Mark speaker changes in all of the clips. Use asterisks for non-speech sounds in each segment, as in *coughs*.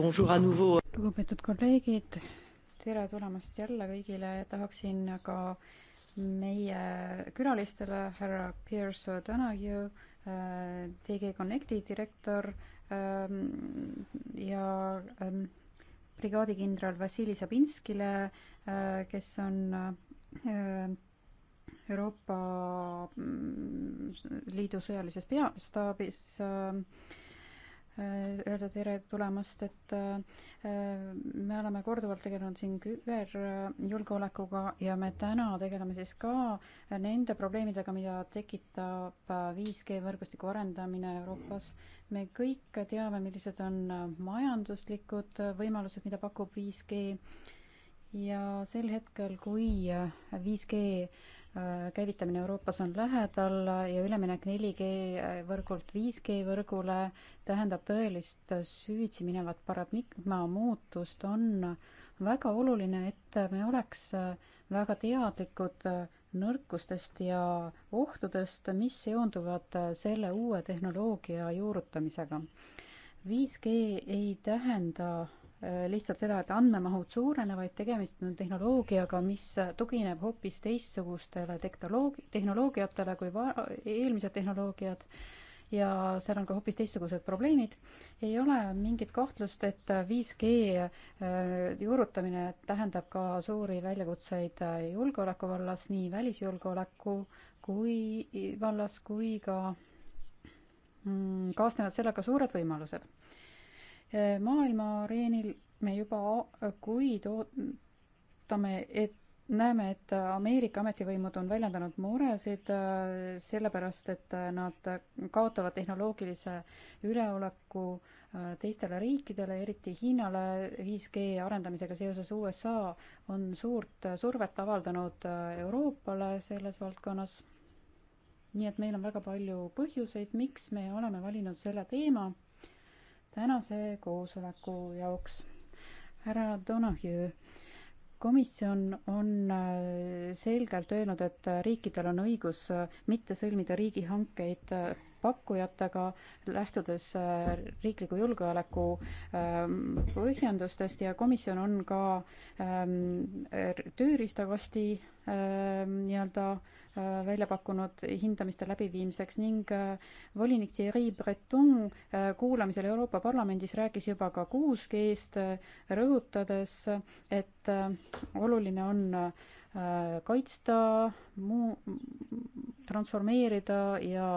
Speaker 1: lugupeetud kolleegid, tere tulemast jälle kõigile, tahaksin ka meie külalistele, härra Pierce Donahue, äh, TG Connecti direktor ähm, ja ähm, brigaadikindral Vassili Sabinskile, äh, kes on äh, Euroopa mm, Liidu sõjalises peastaabis äh, Äh, öelda tere tulemast, et äh, me oleme korduvalt tegelenud siin küberjulgeolekuga ja me täna tegeleme siis ka nende probleemidega, mida tekitab 5G äh, võrgustiku arendamine Euroopas. me kõik teame, millised on majanduslikud võimalused, mida pakub 5G ja sel hetkel, kui 5G Äh, käivitamine Euroopas on lähedal ja üleminek 4G äh, võrgult 5G võrgule tähendab tõelist süvitsi minevat paradigma muutust, on väga oluline, et me oleks äh, väga teadlikud nõrkustest ja ohtudest, mis seonduvad selle uue tehnoloogia juurutamisega. 5G ei tähenda Äh, lihtsalt seda, et andmemahud suurenevad, tegemist on tehnoloogiaga, mis tugineb hoopis teistsugustele tehnoloogi-, tehnoloogiatele kui va-, eelmised tehnoloogiad ja seal on ka hoopis teistsugused probleemid. ei ole mingit kahtlust, et 5G äh, juurutamine tähendab ka suuri väljakutseid äh, julgeoleku vallas, nii välisjulgeoleku kui vallas kui ka mm, kaasnevad sellega suured võimalused maailma areenil me juba kuid ootame, et näeme, et Ameerika ametivõimud on väljendanud muresid sellepärast, et nad kaotavad tehnoloogilise üleoleku äh, teistele riikidele, eriti Hiinale 5G arendamisega seoses USA on suurt survet avaldanud äh, Euroopale selles valdkonnas. nii et meil on väga palju põhjuseid, miks me oleme valinud selle teema tänase koosoleku jaoks. härra Donahue, komisjon on äh, selgelt öelnud, et riikidel on õigus äh, mitte sõlmida riigihankeid äh, pakkujatega, lähtudes riikliku julgeoleku ähm, põhjendustest ja komisjon on ka ähm, tööriistakasti ähm, nii-öelda äh, Äh, välja pakkunud hindamiste läbiviimiseks ning äh, volinik Thierry Breton äh, kuulamisel Euroopa Parlamendis rääkis juba ka 6G-st, rõhutades, et oluline on kaitsta, muu, transformeerida ja,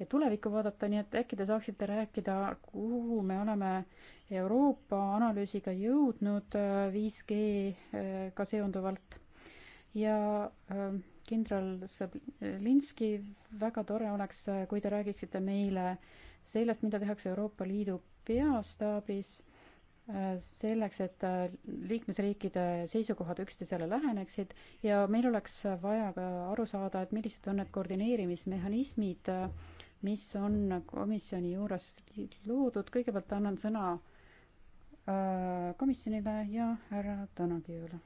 Speaker 1: ja tulevikku vaadata, nii et äkki te saaksite rääkida, kuhu me oleme Euroopa analüüsiga jõudnud 5G-ga seonduvalt ja äh, kindral Sablinski, väga tore oleks, kui te räägiksite meile sellest, mida tehakse Euroopa Liidu peastaabis selleks, et liikmesriikide seisukohad üksteisele läheneksid ja meil oleks vaja ka aru saada, et millised on need koordineerimismehhanismid, mis on komisjoni juures loodud. kõigepealt annan sõna äh, komisjonile ja härra Tanakijule.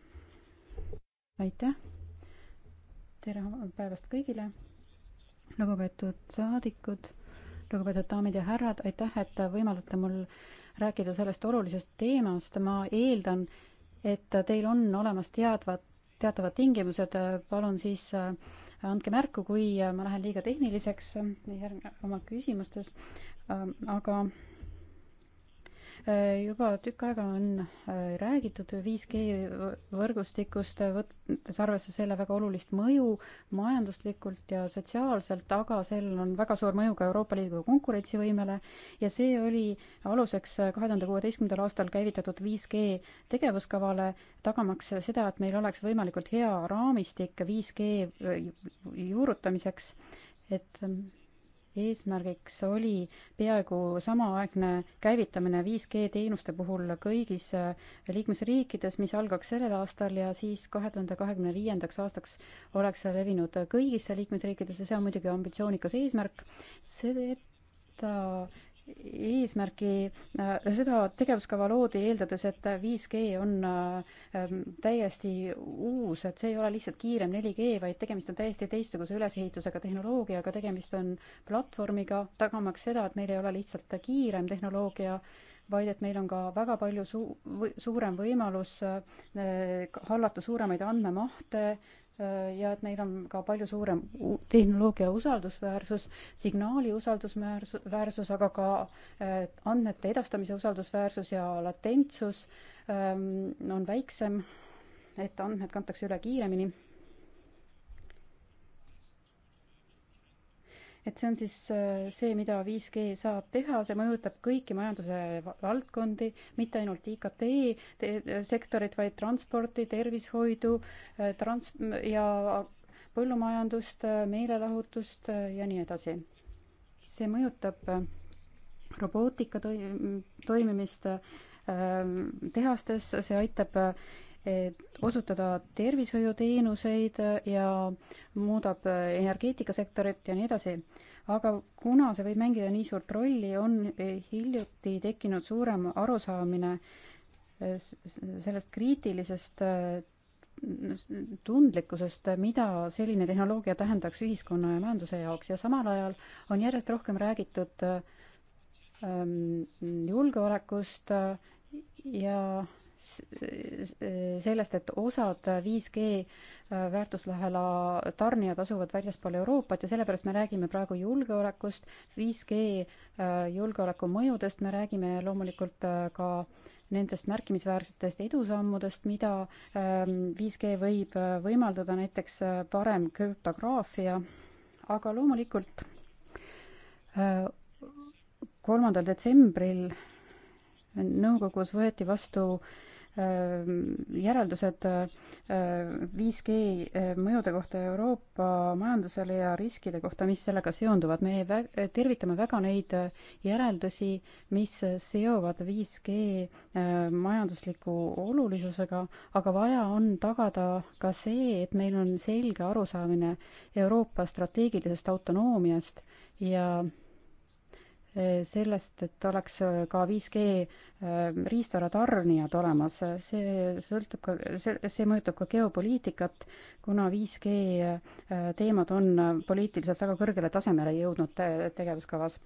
Speaker 1: aitäh tere päevast kõigile, lugupeetud saadikud, lugupeetud daamid ja härrad, aitäh, et võimaldate mul rääkida sellest olulisest teemast, ma eeldan, et teil on olemas teadvad, teatavad tingimused, palun siis äh, andke märku, kui äh, ma lähen liiga tehniliseks äh, järgne-, oma küsimustes, aga Äh, juba tükk aega on äh, räägitud 5G võrgustikust, äh, võttes arvesse selle väga olulist mõju majanduslikult ja sotsiaalselt, aga sellel on väga suur mõju ka Euroopa Liidu konkurentsivõimele ja see oli aluseks kahe tuhande kuueteistkümnendal aastal käivitatud 5G tegevuskavale, tagamaks seda, et meil oleks võimalikult hea raamistik 5G juurutamiseks, et ähm, eesmärgiks oli peaaegu samaaegne käivitamine 5G teenuste puhul kõigis äh, liikmesriikides, mis algaks sellel aastal ja siis kahe tuhande kahekümne viiendaks aastaks oleks see levinud kõigisse liikmesriikidesse, see on muidugi ambitsioonikas eesmärk. seda eesmärki, seda tegevuskava loodi eeldades, et 5G on ähm, täiesti uus, et see ei ole lihtsalt kiirem 4G, vaid tegemist on täiesti teistsuguse ülesehitusega tehnoloogiaga, tegemist on platvormiga, tagamaks seda, et meil ei ole lihtsalt kiirem tehnoloogia, vaid et meil on ka väga palju su-, või, suurem võimalus äh, hallata suuremaid andmemahte, Äh, ja et meil on ka palju suurem tehnoloogia usaldusväärsus, signaali usaldusväärsus, aga ka äh, andmete edastamise usaldusväärsus ja latentsus ähm, on väiksem, et andmed kantakse üle kiiremini et see on siis äh, see, mida 5G saab teha, see mõjutab kõiki majanduse valdkondi, mitte ainult IKT sektorit, vaid transporti, tervishoidu, äh, trans- ja põllumajandust, äh, meelelahutust ja nii edasi. see mõjutab robootika toi-, toimimist tehastes, see aitab osutada tervishoiuteenuseid ja muudab energeetikasektorit ja nii edasi. aga kuna see võib mängida nii suurt rolli, on hiljuti tekkinud suurem arusaamine sellest kriitilisest tundlikkusest, mida selline tehnoloogia tähendaks ühiskonna ja majanduse jaoks ja samal ajal on järjest rohkem räägitud ähm, julgeolekust ja sellest, et osad 5G äh, väärtuslahela tarnijad asuvad väljaspool Euroopat ja sellepärast me räägime praegu julgeolekust, 5G äh, julgeoleku mõjudest, me räägime loomulikult äh, ka nendest märkimisväärsetest edusammudest, mida 5G ähm, võib võimaldada, näiteks parem krüptograafia, aga loomulikult kolmandal detsembril nõukogus võeti vastu äh, järeldused 5G äh, äh, mõjude kohta Euroopa majandusele ja riskide kohta, mis sellega seonduvad. me vä-, tervitame väga neid järeldusi, mis seovad 5G majandusliku olulisusega, aga vaja on tagada ka see, et meil on selge arusaamine Euroopa strateegilisest autonoomiast ja Eh, sellest, et oleks eh, ka 5G eh, riistvara tarnijad olemas, see sõltub ka, see, see mõjutab ka geopoliitikat, kuna 5G teemad on poliitiliselt väga kõrgele tasemele jõudnud tegevuskavas.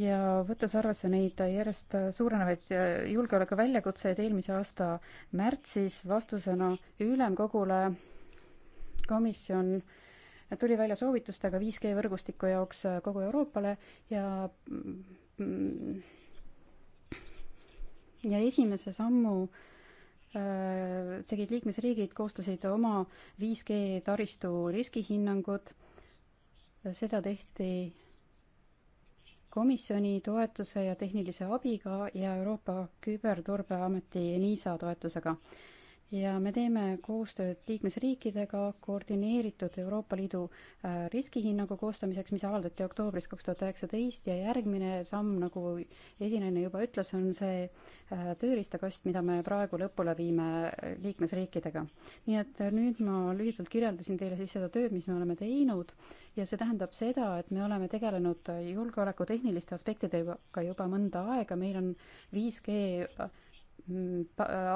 Speaker 1: ja võttes arvesse neid järjest suurenevaid julgeoleku väljakutseid eelmise aasta märtsis vastusena ülemkogule komisjon äh, tuli välja soovitustega 5G võrgustiku jaoks äh, kogu Euroopale ja mm, ja esimese sammu äh, tegid liikmesriigid, koostasid oma 5G taristu riskihinnangud, seda tehti komisjoni toetuse ja tehnilise abiga ja Euroopa Küberturbeameti ENISA toetusega ja me teeme koostööd liikmesriikidega koordineeritud Euroopa Liidu äh, riskihinnangu koostamiseks, mis avaldati oktoobris kaks tuhat üheksateist ja järgmine samm, nagu esinejana juba ütles, on see äh, tööriistakast, mida me praegu lõpule viime äh, liikmesriikidega. nii et nüüd ma lühidalt kirjeldasin teile siis seda tööd, mis me oleme teinud ja see tähendab seda, et me oleme tegelenud julgeoleku tehniliste aspektidega juba mõnda aega, meil on 5G Mm,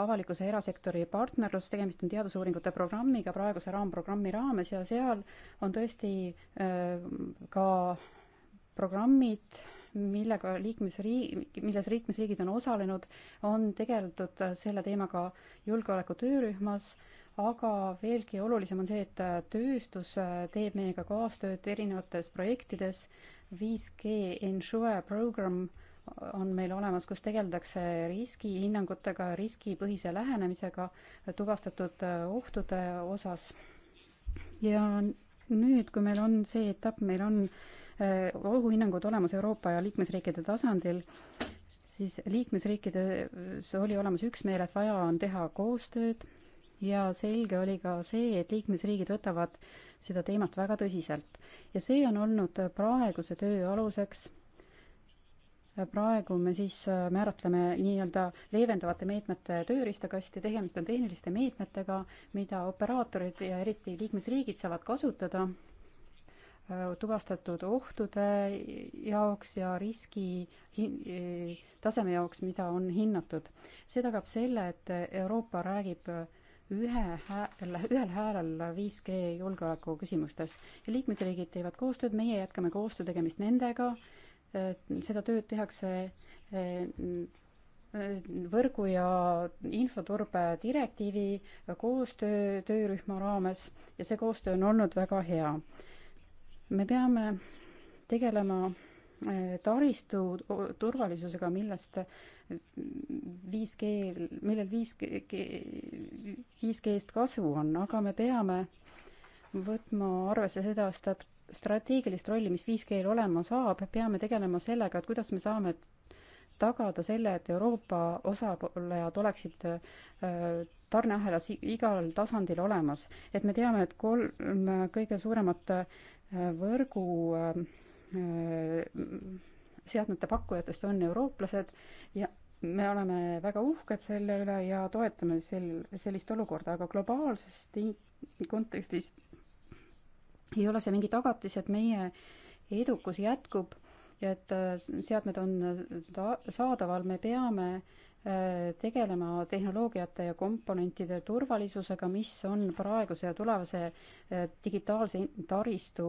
Speaker 1: avalikkuse ja erasektori partnerlus, tegemist on teadusuuringute programmiga praeguse raamprogrammi raames ja seal on tõesti ka programmid, millega liikmesriik, milles liikmesriigid on osalenud, on tegeletud selle teemaga julgeoleku töörühmas, aga veelgi olulisem on see, et tööstus teeb meiega kaastööd erinevates projektides, 5G Ensure programm on meil olemas, kus tegeldakse riskihinnangutega, riskipõhise lähenemisega tuvastatud äh, ohtude osas. ja nüüd, kui meil on see etapp, meil on äh, ohuhinnangud olemas Euroopa ja liikmesriikide tasandil, siis liikmesriikides oli olemas üksmeel, et vaja on teha koostööd ja selge oli ka see, et liikmesriigid võtavad seda teemat väga tõsiselt. ja see on olnud praeguse töö aluseks praegu me siis äh, määratleme nii-öelda leevendavate meetmete tööriistakasti, tegemist on tehniliste meetmetega, mida operaatorid ja eriti liikmesriigid saavad kasutada äh, tuvastatud ohtude jaoks ja riski hin-, äh, taseme jaoks, mida on hinnatud. see tagab selle, et Euroopa räägib ühe hääl, ühel häälel 5G julgeoleku küsimustes ja liikmesriigid teevad koostööd, meie jätkame koostöö tegemist nendega seda tööd tehakse eh, võrgu ja infoturbe direktiivi koostöö töörühma raames ja see koostöö on olnud väga hea. me peame tegelema eh, taristu turvalisusega, millest 5G, millel 5G, 5G-st kasu on, aga me peame võtma arvesse seda stat-, strateegilist rolli, mis 5G-l olema saab, peame tegelema sellega, et kuidas me saame tagada selle, et Euroopa osapoolejad oleksid äh, tarneahelas igal tasandil olemas. et me teame, et kolm kõige suuremat äh, võrgu äh, seadmete pakkujatest on eurooplased ja me oleme väga uhked selle üle ja toetame sel, sellist olukorda, aga globaalses
Speaker 2: kontekstis
Speaker 1: ei ole see mingi tagatis, et meie edukus jätkub ja et äh, seadmed on äh, ta-, saadaval, me peame äh, tegelema tehnoloogiate ja komponentide turvalisusega, mis on praeguse ja tulevase digitaalse taristu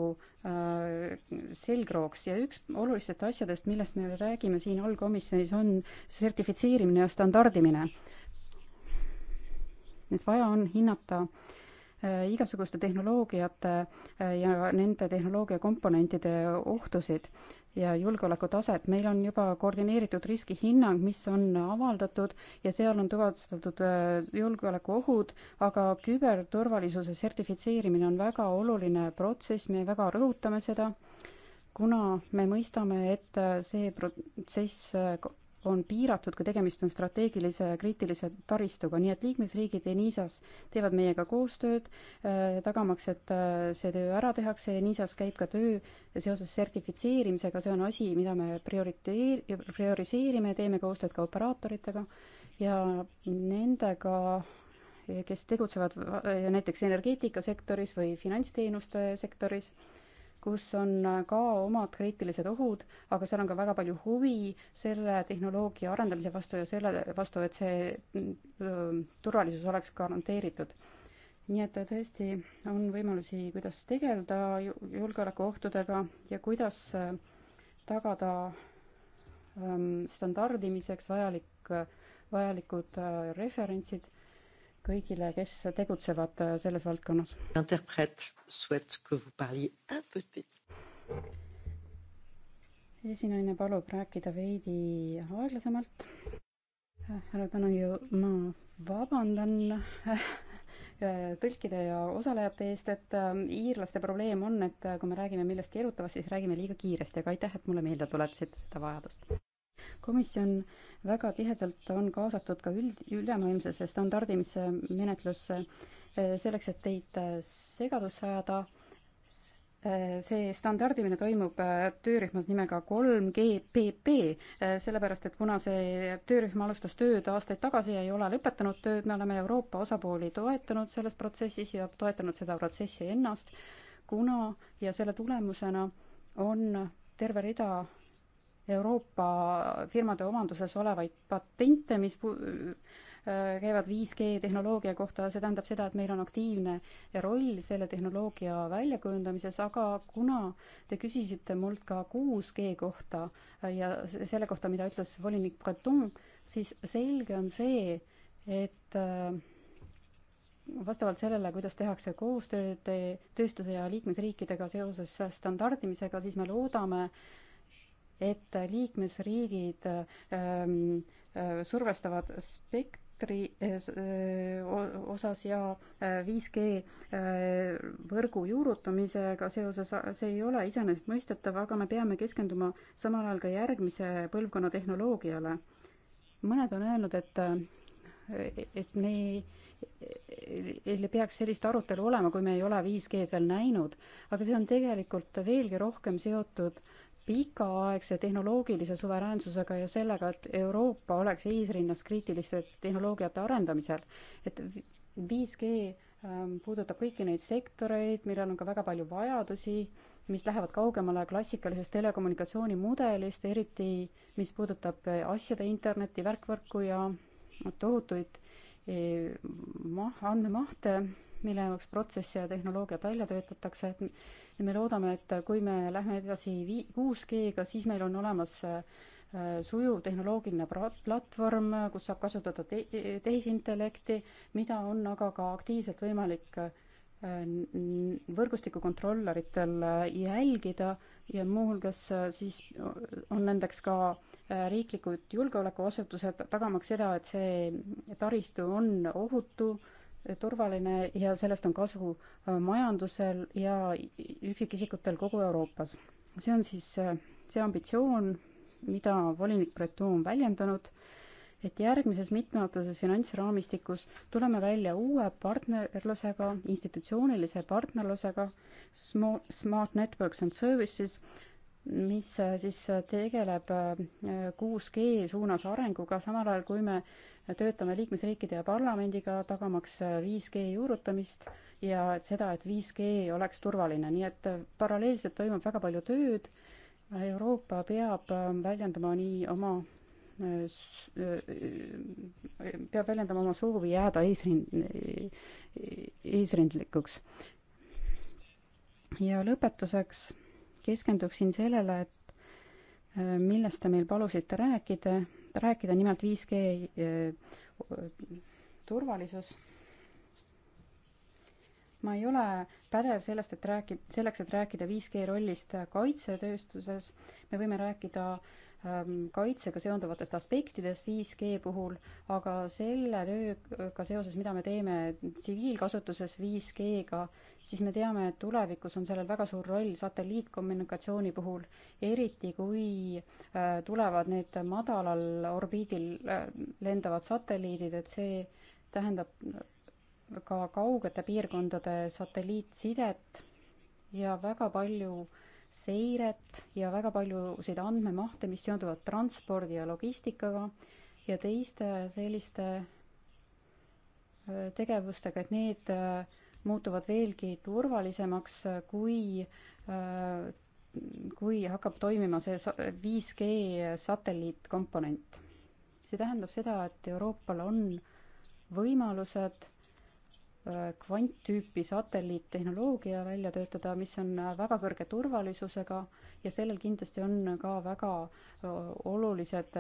Speaker 1: selgrooks ja üks olulistest asjadest, millest me räägime siin allkomisjonis, on sertifitseerimine ja standardimine. et vaja on hinnata äh, Äh, igasuguste tehnoloogiate äh, ja nende tehnoloogiakomponentide ohtusid ja julgeolekutaset. meil on juba koordineeritud riskihinnang, mis on avaldatud ja seal on tuvastatud äh, julgeolekuohud, aga küberturvalisuse sertifitseerimine on väga oluline protsess, me väga rõhutame seda, kuna me mõistame, et see protsess on piiratud, kui tegemist on strateegilise kriitilise taristuga, nii et liikmesriigid ENISA-s teevad meiega koostööd, äh, tagamaks, et äh, see töö ära tehakse, ENISA-s käib ka töö seoses sertifitseerimisega, see on asi, mida me prioriteer-, prioriseerime, teeme koostööd ka operaatoritega ja nendega kes tegutsevad näiteks energeetikasektoris või finantsteenuste sektoris kus on äh, ka omad kriitilised ohud, aga seal on ka väga palju huvi selle tehnoloogia arendamise vastu ja selle vastu, et see mm, turvalisus oleks garanteeritud. nii et äh, tõesti on võimalusi, kuidas tegeleda julgeolekuohtudega ja kuidas äh, tagada ähm, standardimiseks vajalik, vajalikud referentsid kõigile, kes tegutsevad äh, selles valdkonnas. esinaine palub rääkida veidi aeglasemalt. Äh, härra Tanel, ma vabandan äh, tõlkide ja osalejate eest, et ähm, iirlaste probleem on, et kui me räägime millestki erutavast, siis räägime liiga kiiresti, aga aitäh, et mulle meelde tuletasid seda vajadust komisjon väga tihedalt on kaasatud ka üld, ülemaailmsesse standardimisse menetlusse eh, selleks, et teid eh, segadusse ajada. Eh, see standardimine toimub töörühmas nimega 3GPP, sellepärast et kuna see töörühm alustas tööd aastaid tagasi ja ei ole lõpetanud tööd, me oleme Euroopa osapooli toetanud selles protsessis ja toetanud seda protsessi ennast, kuna ja selle tulemusena on terve rida Euroopa firmade omanduses olevaid patente, mis äh, käivad 5G tehnoloogia kohta, see tähendab seda, et meil on aktiivne roll selle tehnoloogia väljakujundamises, aga kuna te küsisite mult ka 6G kohta äh, ja selle kohta, mida ütles volinik Breton, siis selge on see, et äh, vastavalt sellele, kuidas tehakse koostööd tööstuse ja liikmesriikidega seoses standardimisega, siis me loodame äh, et liikmesriigid ähm, äh, survestavad spektri äh, äh osas ja äh, 5G äh, võrgu juurutamisega seoses, see ei ole iseenesestmõistetav, aga me peame keskenduma samal ajal ka järgmise põlvkonna tehnoloogiale. mõned on öelnud, et, äh, et me ei ei peaks sellist arutelu olema, kui me ei ole 5G-d veel näinud, aga see on tegelikult veelgi rohkem seotud äh, pikaaegse tehnoloogilise suveräänsusega ja sellega, et Euroopa oleks eesrinnas kriitiliste tehnoloogiate arendamisel. et 5G ähm, puudutab kõiki neid sektoreid, millel on ka väga palju vajadusi, mis lähevad kaugemale klassikalisest telekommunikatsioonimudelist, eriti mis puudutab äh, asjade internetti, värkvõrku ja tohutuid äh, andmemahte mille jaoks protsesse ja tehnoloogiat välja töötatakse, et me loodame, et kui me lähme edasi vii-, 6G-ga, siis meil on olemas äh, sujuv tehnoloogiline platvorm, kus saab kasutada te-, tehisintellekti, mida on aga ka aktiivselt võimalik äh, võrgustikukontrolleritel äh, jälgida ja muuhulgas siis on nendeks ka riiklikud julgeolekuasutused, tagamaks seda, et see taristu on ohutu turvaline ja sellest on kasu äh, majandusel ja üksikisikutel kogu Euroopas. see on siis äh, see ambitsioon, mida volinik Breton on väljendanud, et järgmises mitmeaastases finantsraamistikus tuleme välja uue partnerlusega, institutsioonilise partnerlusega, Smart Networks and Services, mis äh, siis tegeleb 6G suunas arenguga, samal ajal kui me töötame liikmesriikide ja parlamendiga, tagamaks 5G äh, juurutamist ja seda, et 5G oleks turvaline, nii et äh, paralleelselt toimub väga palju tööd. Euroopa peab äh, väljendama nii oma peab väljendama oma soovi jääda eesrind, eesrindlikuks. ja lõpetuseks keskenduksin sellele, et millest te meil palusite rääkida, rääkida, nimelt 5G eh, turvalisus. ma ei ole pädev sellest, et rääkida, selleks, et rääkida 5G rollist kaitsetööstuses, me võime rääkida äh, Ähm, kaitsega seonduvatest aspektidest 5G puhul, aga selle tööga seoses, mida me teeme tsiviilkasutuses 5G-ga, siis me teame, et tulevikus on sellel väga suur roll satelliitkommunikatsiooni puhul, eriti kui äh, tulevad need madalal orbiidil äh, lendavad satelliidid, et see tähendab äh, ka kaugete piirkondade satelliitsidet ja väga palju äh, seiret ja väga paljusid andmemahte, mis seonduvad transpordi ja logistikaga ja teiste selliste äh, tegevustega, et need äh, muutuvad veelgi turvalisemaks, äh, kui, kui hakkab toimima see 5G satelliitkomponent. see tähendab seda, et Euroopal on võimalused kvanttüüpi satelliittehnoloogia välja töötada, mis on väga kõrge turvalisusega ja sellel kindlasti on ka väga olulised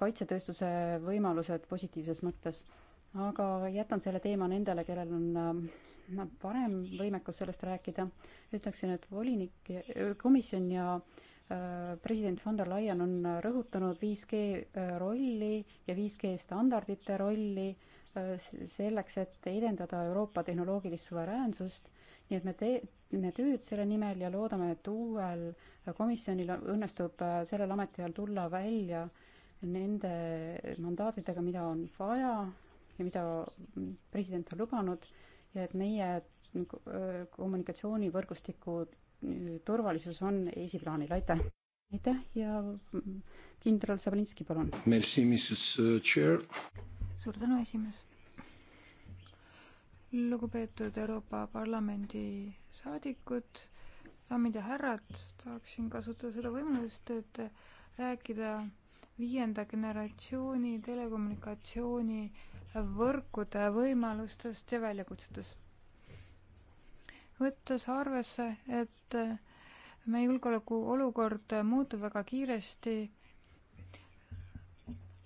Speaker 1: kaitsetööstuse võimalused positiivses mõttes. aga jätan selle teema nendele, kellel on parem võimekus sellest rääkida. ütleksin, et volinik, komisjon ja president von der Leyen on rõhutanud 5G rolli ja 5G standardite rolli selleks, et edendada Euroopa tehnoloogilist suveräänsust, nii et me teeme tööd selle nimel ja loodame, et uuel komisjonil õnnestub sellel ametiajal tulla välja nende mandaatidega, mida on vaja ja mida president on lubanud ja et meie äh, kommunikatsioonivõrgustiku äh, turvalisus on esiplaanil, aitäh! aitäh ja kindral Sabalinski, palun!
Speaker 3: Äh,
Speaker 2: suur tänu, esimees. lugupeetud Euroopa Parlamendi saadikud, daamid ja härrad, tahaksin kasutada seda võimalust, et rääkida viienda generatsiooni telekommunikatsiooni võrkude võimalustest ja väljakutsetest. võttes arvesse, et meie julgeolekuolukord muutub väga kiiresti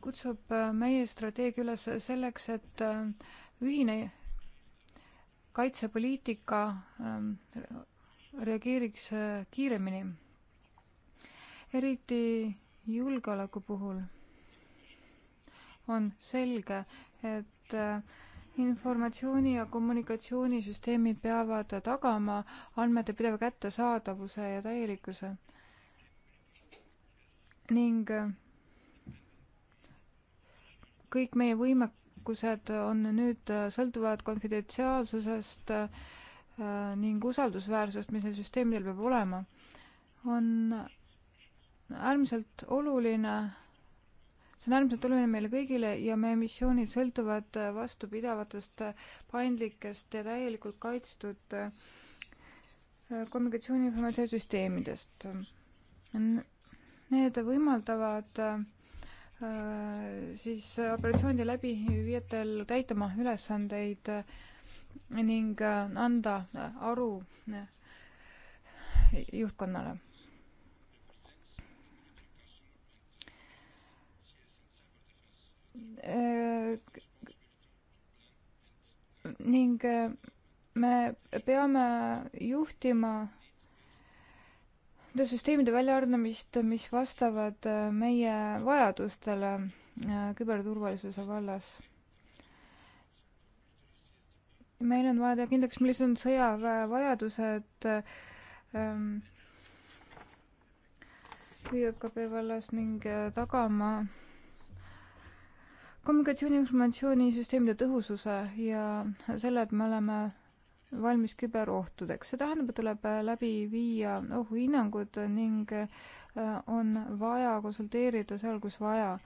Speaker 2: kutsub äh, meie strateegia üles selleks, et äh, ühine kaitsepoliitika ähm, reageeriks äh, kiiremini, eriti julgeoleku puhul on selge, et informatsiooni- ja kommunikatsioonisüsteemid peavad tagama andmete pideva kättesaadavuse ja täielikkuse ning kõik meie võimekused on nüüd, äh, sõltuvad konfidentsiaalsusest äh, ning usaldusväärsusest, mis neil süsteemidel peab olema. on äärmiselt oluline see on äärmiselt oluline meile kõigile ja meie missioonid sõltuvad äh, vastupidavatest, paindlikest ja täielikult kaitstud kommunikatsiooni informatsioonisüsteemidest. Need võimaldavad Äh, siis äh, operatsiooni läbiviijatel täitma ülesandeid äh, ning anda aru juhtkonnale. ning me peame juhtima nende süsteemide väljaarendamist, mis vastavad äh, meie vajadustele äh, küberturvalisuse vallas. meil on vaja teha kindlaks, millised on sõjaväe vajadused äh, ähm, ÜKP vallas ning tagama kommunikatsiooni informatsioonisüsteemide tõhususe ja selle, et me oleme valmis küberohtudeks. see tähendab, et tuleb äh, läbi viia ohuhinnangud ning äh, on vaja konsulteerida seal, kus vaja.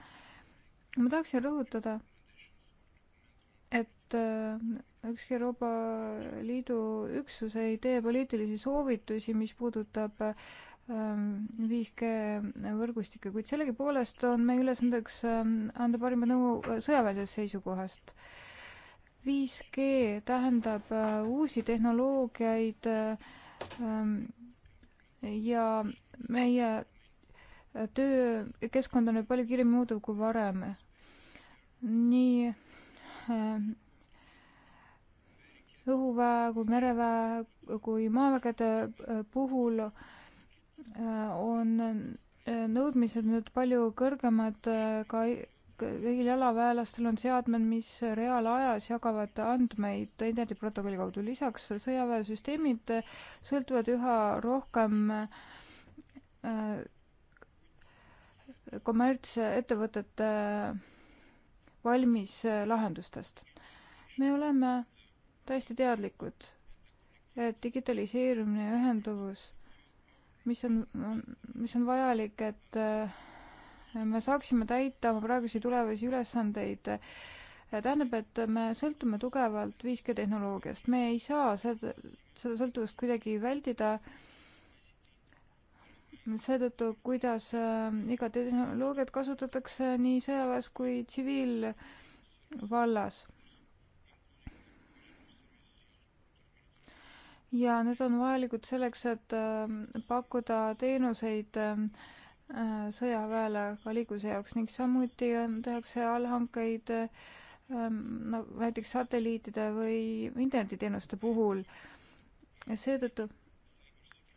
Speaker 2: ma tahaksin rõhutada, et äh, ükski Euroopa Liidu üksus ei tee poliitilisi soovitusi, mis puudutab 5G võrgustikke, kuid sellegipoolest on meie ülesandeks anda parimat nõu sõjaväelisest seisukohast 5G tähendab äh, uusi tehnoloogiaid ähm, ja meie töökeskkond on nüüd palju kiiremini muutuv kui varem. nii ähm, õhuväe kui mereväe kui maavägede äh, puhul äh, on nõudmised nüüd palju kõrgemad ka kõigil jalaväelastel on seadmed, mis reaalajas jagavad andmeid internetiprotokolli kaudu. lisaks sõjaväesüsteemid sõltuvad üha rohkem äh, kommertsettevõtete valmis lahendustest. me oleme täiesti teadlikud, et digitaliseerimine ja ühenduvus, mis on, mis on vajalik, et äh, me saaksime täita oma praegusi tulevasi ülesandeid. tähendab, et me sõltume tugevalt 5G tehnoloogiast, me ei saa seda, seda sõltuvust kuidagi vältida. seetõttu, kuidas äh, iga tehnoloogiat kasutatakse nii sõjaväes kui tsiviilvallas. ja need on vajalikud selleks, et äh, pakkuda teenuseid äh, sõjaväele ka liikluse jaoks ning samuti ähm, tehakse allhankeid ähm, no näiteks satelliitide või internetiteenuste puhul. seetõttu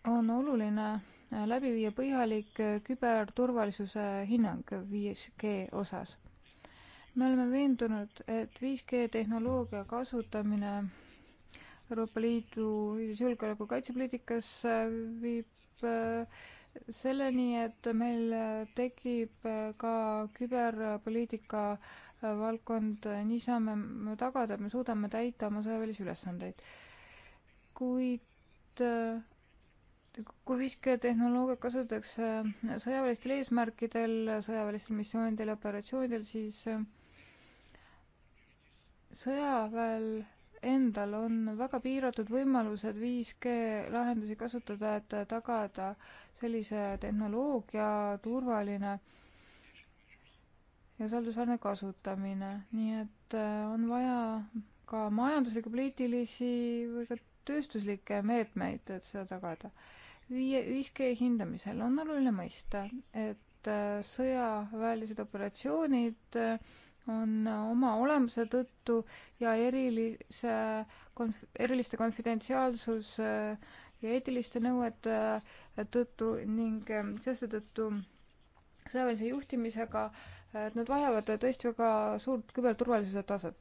Speaker 2: on oluline äh, läbi viia põhjalik äh, küberturvalisuse hinnang 5G osas. me oleme veendunud, et 5G tehnoloogia kasutamine Euroopa Liidu ühise julgeoleku kaitsepoliitikas äh, viib äh, selleni, et meil tekib ka küberpoliitika valdkond, nii saame tagada, et me suudame täita oma sõjaväelisi ülesandeid. kuid kui visketehnoloogiat kasutatakse sõjaväelistel eesmärkidel, sõjaväelistel missioonidel ja operatsioonidel, siis sõjaväel endal on väga piiratud võimalused 5G lahendusi kasutada, et tagada äh, sellise tehnoloogia turvaline ja usaldusväärne kasutamine, nii et äh, on vaja ka majanduslikke, poliitilisi või ka tööstuslikke meetmeid, et seda tagada. viie, 5G hindamisel on oluline mõista, et äh, sõjaväelised operatsioonid äh, on oma olemuse tõttu ja erilise konf-, eriliste konfidentsiaalsus äh, ja eetiliste nõuete äh, tõttu ning ähm, seetõttu sõjaväelise juhtimisega, äh, et nad vajavad äh, tõesti väga suurt küberturvalisuse taset.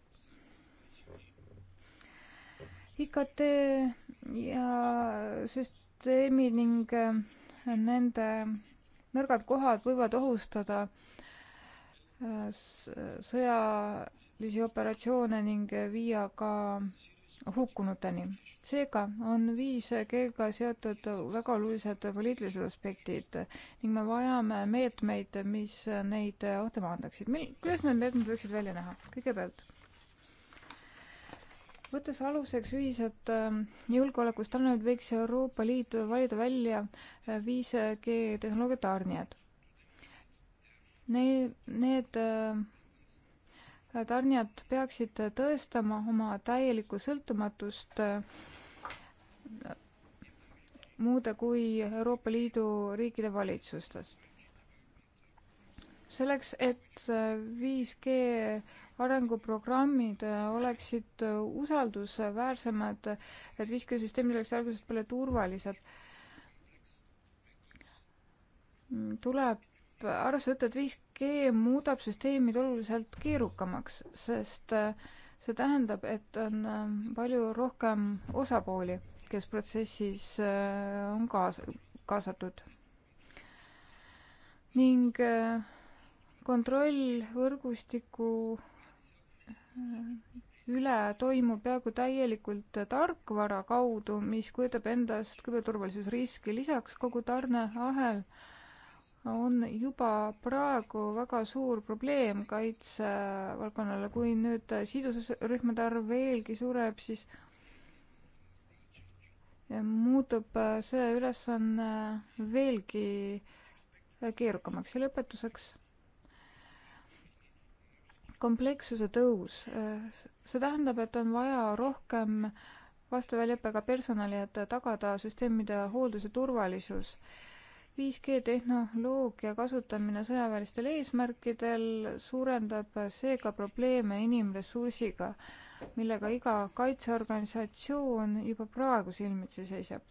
Speaker 2: IKT ja süsteemi ning nende nõrgad kohad võivad ohustada sõjalisi operatsioone ning viia ka hukkunuteni. seega on 5G-ga seotud väga olulised poliitilised aspektid ning me vajame meetmeid, mis neid ohte maandaksid. mil-, kuidas need meetmed võiksid välja näha? kõigepealt, võttes aluseks ühised ähm, julgeolekustandardid, võiks Euroopa Liit valida välja 5G äh, tehnoloogia tarnijad. Neil, need, need äh, tarnijad peaksid tõestama oma täielikku sõltumatust muude kui Euroopa Liidu riikide valitsustest. selleks, et 5G arenguprogrammid oleksid usaldusväärsemad, et 5G süsteemid oleks algusest peale turvalised, tuleb arvesse võtta, et 5G muudab süsteemid oluliselt keerukamaks, sest äh, see tähendab, et on äh, palju rohkem osapooli, kes protsessis äh, on kaas-, kaasatud. ning kontroll võrgustiku üle toimub peaaegu täielikult tarkvara kaudu, mis kujutab endast küberturvalisusriski, lisaks kogu tarneahel äh, on juba praegu väga suur probleem kaitsevaldkonnale, kui nüüd sidusrühmade arv veelgi sureb, siis muutub see ülesanne veelgi keerukamaks ja lõpetuseks komplekssuse tõus. see tähendab, et on vaja rohkem vastava väljaõppega personali, et tagada süsteemide hooldus ja turvalisus 5G tehnoloogia kasutamine sõjaväelistel eesmärkidel suurendab seega probleeme inimressursiga, millega iga kaitseorganisatsioon juba praegu silmitsi seisab.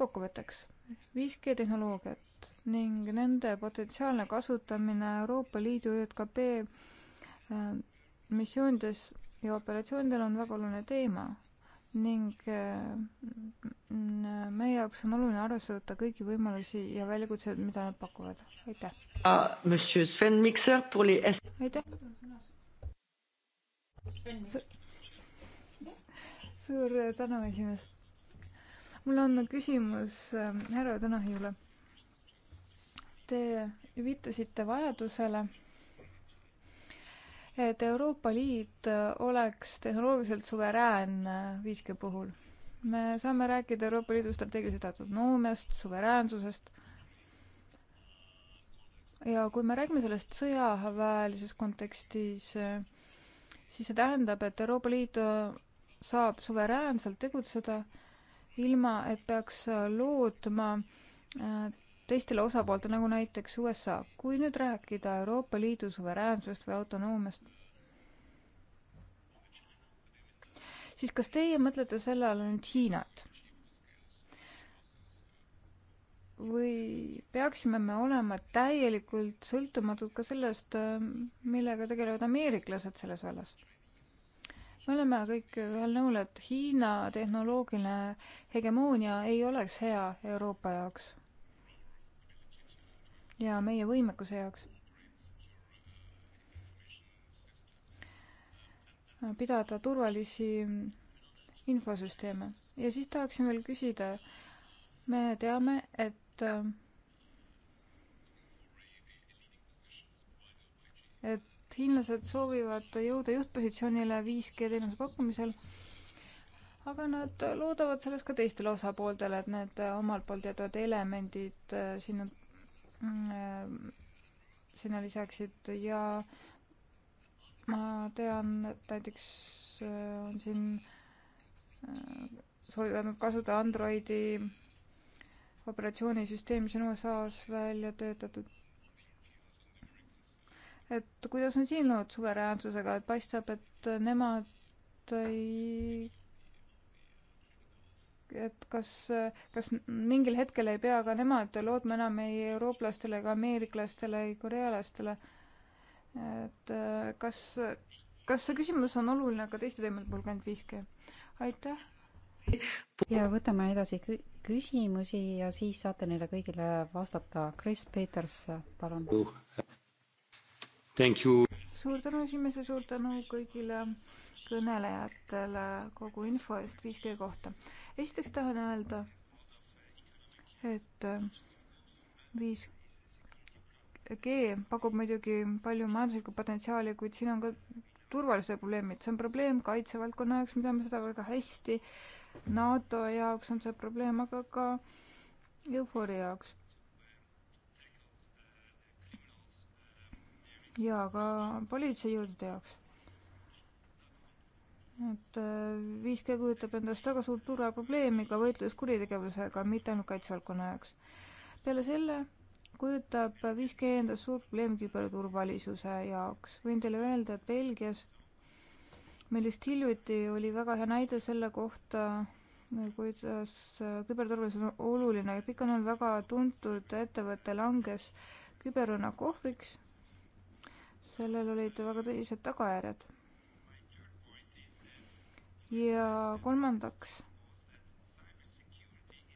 Speaker 2: kokkuvõtteks, 5G tehnoloogiat ning nende potentsiaalne kasutamine Euroopa Liidu ÜKP äh, missioonides ja operatsioonidel on väga oluline teema ning äh, meie jaoks on oluline arvesse võtta kõiki võimalusi ja väljakutseid, mida nad pakuvad. aitäh
Speaker 4: uh,! aitäh!
Speaker 2: suur tänu, esimees! mul on küsimus äh, härra Tõnahiule. Te viitasite vajadusele et Euroopa Liit oleks tehnoloogiliselt suveräänne 5G puhul. me saame rääkida Euroopa Liidu strateegilisest autonoomiast, suveräänsusest ja kui me räägime sellest sõjaväelises kontekstis, siis see tähendab, et Euroopa Liit saab suveräänselt tegutseda, ilma et peaks lootma teistele osapooltele, nagu näiteks USA. kui nüüd rääkida Euroopa Liidu suveräänsusest või autonoomiast, siis kas teie mõtlete selle all nüüd Hiinat? või peaksime me olema täielikult sõltumatud ka sellest, millega tegelevad ameeriklased selles vallas? me oleme kõik ühel nõul, et Hiina tehnoloogiline hegemoonia ei oleks hea Euroopa jaoks ja meie võimekuse jaoks. pidada turvalisi infosüsteeme ja siis tahaksin veel küsida, me teame, et et hiinlased soovivad jõuda juhtpositsioonile 5G teenuse pakkumisel aga nad loodavad selles ka teistele osapooltele, et need omalt poolt jätavad elemendid sinna Mm, äh, sinna lisaksid ja ma tean, et näiteks äh, on siin äh, soovivad nad kasutada Androidi operatsioonisüsteemi, mis on USA-s välja töötatud. et kuidas on siin lood suveräänsusega, et paistab, et nemad ei et kas, kas mingil hetkel ei pea ka nemad lootma enam ei eurooplastele ega ameeriklastele, ei korealastele. et äh, kas, kas see küsimus on oluline ka teiste teemade puhul kui ainult 5G? aitäh!
Speaker 1: ja võtame edasi kü-, küsimusi ja siis saate neile kõigile vastata. Kris Peters, palun!
Speaker 2: suur tänu esimese, suur tänu kõigile kõnelejatele kogu info eest 5G kohta. esiteks tahan öelda, et 5G äh, pakub muidugi palju majanduslikku potentsiaali, kuid siin on ka turvalisuse probleemid, see on probleem kaitsevaldkonna jaoks, me teame seda väga hästi, NATO jaoks on see probleem, aga ka EUFOR-i jaoks. ja ka politseijõudude jaoks et 5G äh, kujutab endast väga suurt turvaprobleemi ka võitluses kuritegevusega, mitte ainult kaitsevaldkonna jaoks. peale selle kujutab 5G e endast suurt probleemi küberturvalisuse jaoks. võin teile öelda, et Belgias meil just hiljuti oli väga hea näide selle kohta, kuidas äh, küberturvalisus on oluline. pikaajaline väga tuntud ettevõte langes küberrünnaku ohvriks. sellel olid väga tõsised tagajärjed ja kolmandaks,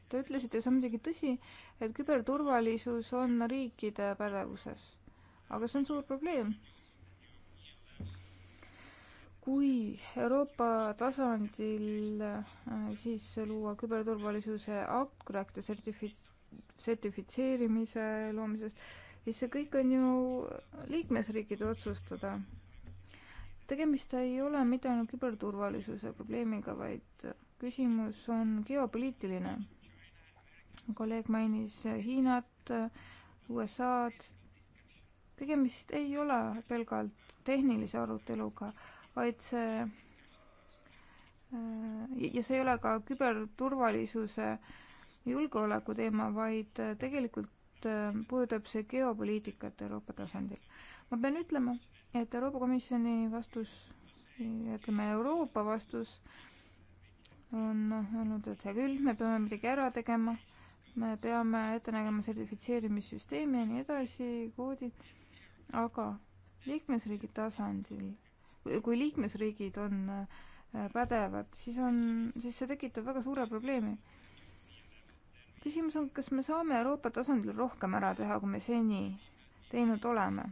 Speaker 2: te ütlesite, see on muidugi tõsi, et küberturvalisus on riikide pädevuses, aga see on suur probleem kui Euroopa tasandil äh, siis luua küberturvalisuse akrakte sertifi-, sertifitseerimise loomisest, siis see kõik on ju liikmesriikide otsustada tegemist ei ole mitte ainult küberturvalisuse probleemiga, vaid küsimus on geopoliitiline. kolleeg mainis Hiinat, USA-d. tegemist ei ole pelgalt tehnilise aruteluga, vaid see äh, ja see ei ole ka küberturvalisuse julgeoleku teema, vaid tegelikult äh, puudutab see geopoliitikat Euroopa tasandil ma pean ütlema, et Euroopa Komisjoni vastus, ütleme Euroopa vastus on olnud, noh, et hea küll, me peame midagi ära tegema, me peame ette nägema sertifitseerimissüsteemi ja nii edasi, koodid, aga liikmesriigi tasandil, kui liikmesriigid on äh, pädevad, siis on, siis see tekitab väga suure probleemi küsimus on, kas me saame Euroopa tasandil rohkem ära teha, kui me seni teinud oleme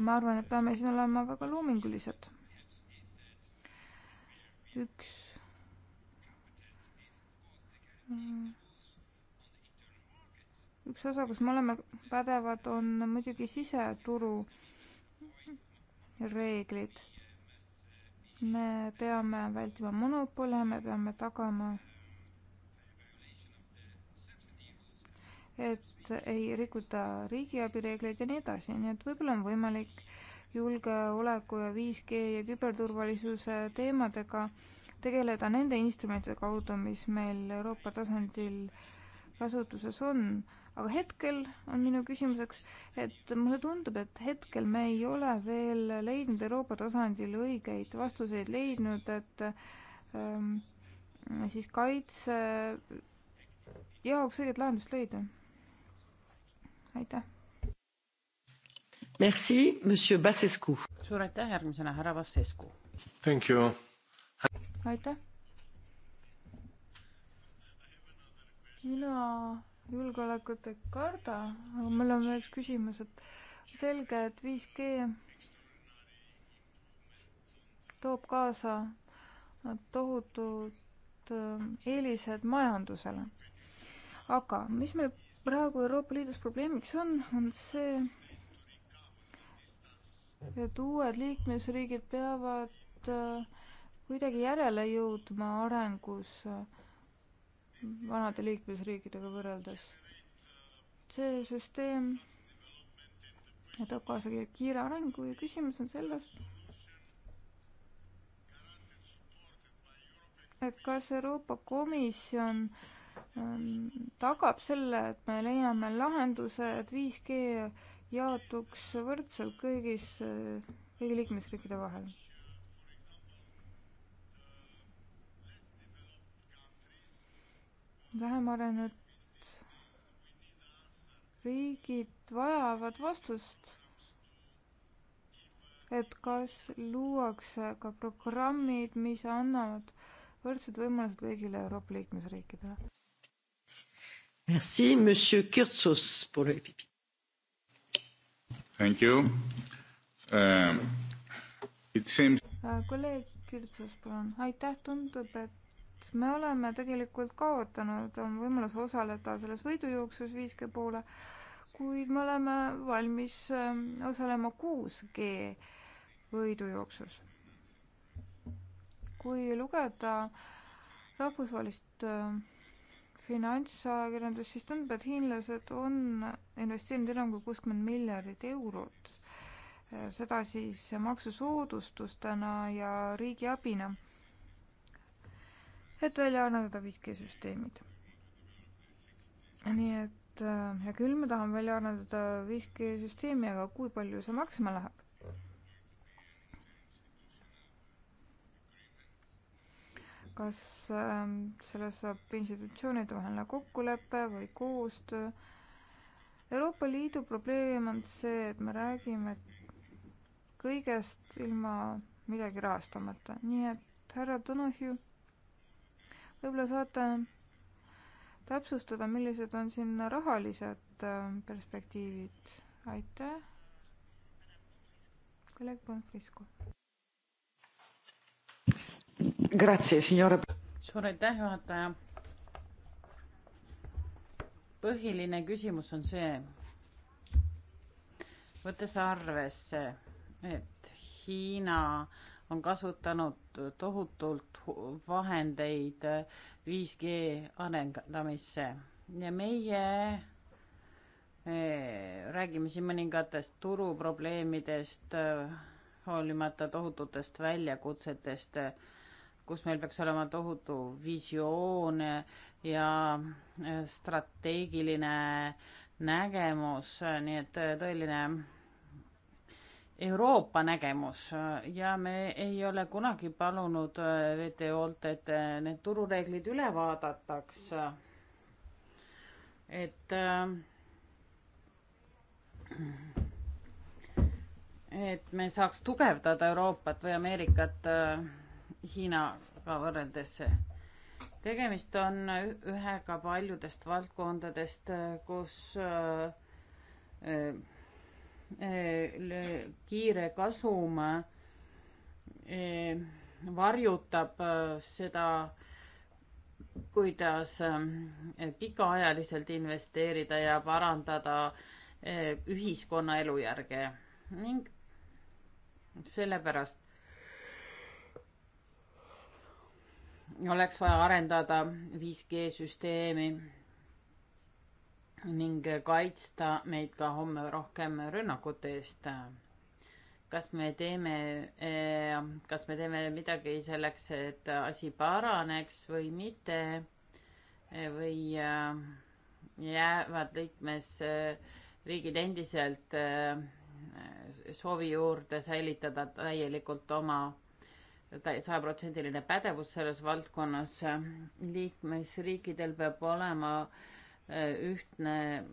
Speaker 2: ma arvan, et peame siin olema väga loomingulised. üks üks osa, kus me oleme pädevad, on muidugi siseturu reeglid. me peame vältima monopole, me peame tagama et ei rikuta riigiabi reegleid ja nii edasi, nii et võib-olla on võimalik julgeoleku ja 5G ja küberturvalisuse teemadega tegeleda nende instrumentide kaudu, mis meil Euroopa tasandil kasutuses on. aga hetkel on minu küsimuseks, et mulle tundub, et hetkel me ei ole veel leidnud Euroopa tasandil õigeid vastuseid, leidnud, et ähm, siis kaitse jaoks õiget lahendust leida
Speaker 4: aitäh. Merci, monsieur Basescu.
Speaker 2: suur aitäh,
Speaker 5: järgmisena härra Basescu.
Speaker 2: Thank you. aitäh. mina julgeolekut ei karda, aga mul on veel üks küsimus, et selge, et 5G toob kaasa tohutud ähm, eelised majandusele aga mis meil praegu Euroopa Liidus probleemiks on, on see, et uued liikmesriigid peavad äh, kuidagi järele jõudma arengus äh, vanade liikmesriikidega võrreldes. see süsteem toob kaasa kiire arengu ja küsimus on selles, et kas Euroopa Komisjon äh, Ähm, tagab selle, et me leiame lahenduse, et 5G jaotuks võrdselt kõigis, kõigi liikmesriikide vahel. vähem arenenud riigid vajavad vastust, et kas luuakse ka programmid, mis annavad võrdsed võimalused kõigile Euroopa liikmesriikidele.
Speaker 4: Merci. Monsieur Kurtzos pour le EPP.
Speaker 3: Thank you. Uh, it seems...
Speaker 2: Äh, kolleeg Kirtsus, palun. aitäh, tundub, et me oleme tegelikult kaotanud, on võimalus osaleda selles võidujooksus 5G poole, kuid me oleme valmis ähm, osalema 6G võidujooksus. kui lugeda rahvusvahelist ähm, finantsajakirjandus, siis tundub, et hiinlased on investeerinud enam kui kuuskümmend miljardit eurot. seda siis maksusoodustustena ja riigiabina, et välja arendada 5G süsteemid. nii et äh, hea küll, me tahame välja arendada 5G süsteemi, aga kui palju see maksma läheb? kas ähm, selles saab institutsioonide vaheline kokkulepe või koostöö. Euroopa Liidu probleem on see, et me räägime kõigest ilma midagi rahastamata, nii et härra Donohju, võib-olla saate täpsustada, millised on siin rahalised ähm, perspektiivid, aitäh. kolleeg Bonfrisco
Speaker 5: suur aitäh, juhataja. põhiline küsimus on see, võttes arvesse, et Hiina on kasutanud tohutult vahendeid 5G arendamisse ja meie räägime siin mõningatest turuprobleemidest, hoolimata tohututest väljakutsetest kus meil peaks olema tohutu visioon ja strateegiline nägemus, nii et tõeline Euroopa nägemus ja me ei ole kunagi palunud WTO-lt, et need turureeglid üle vaadataks. et et me saaks tugevdada Euroopat või Ameerikat Hiinaga võrreldes. tegemist on ühega paljudest valdkondadest, kus äh, äh, kiire kasum äh, varjutab seda, kuidas pikaajaliselt investeerida ja parandada ühiskonna elujärge ning sellepärast oleks vaja arendada 5G süsteemi ning kaitsta meid ka homme rohkem rünnakute eest. kas me teeme, eh, kas me teeme midagi selleks, et asi paraneks või mitte või eh, jäävad liikmesriigid eh, endiselt soovi juurde säilitada täielikult oma sajaprotsendiline pädevus selles valdkonnas. liikmesriikidel peab olema äh, ühtne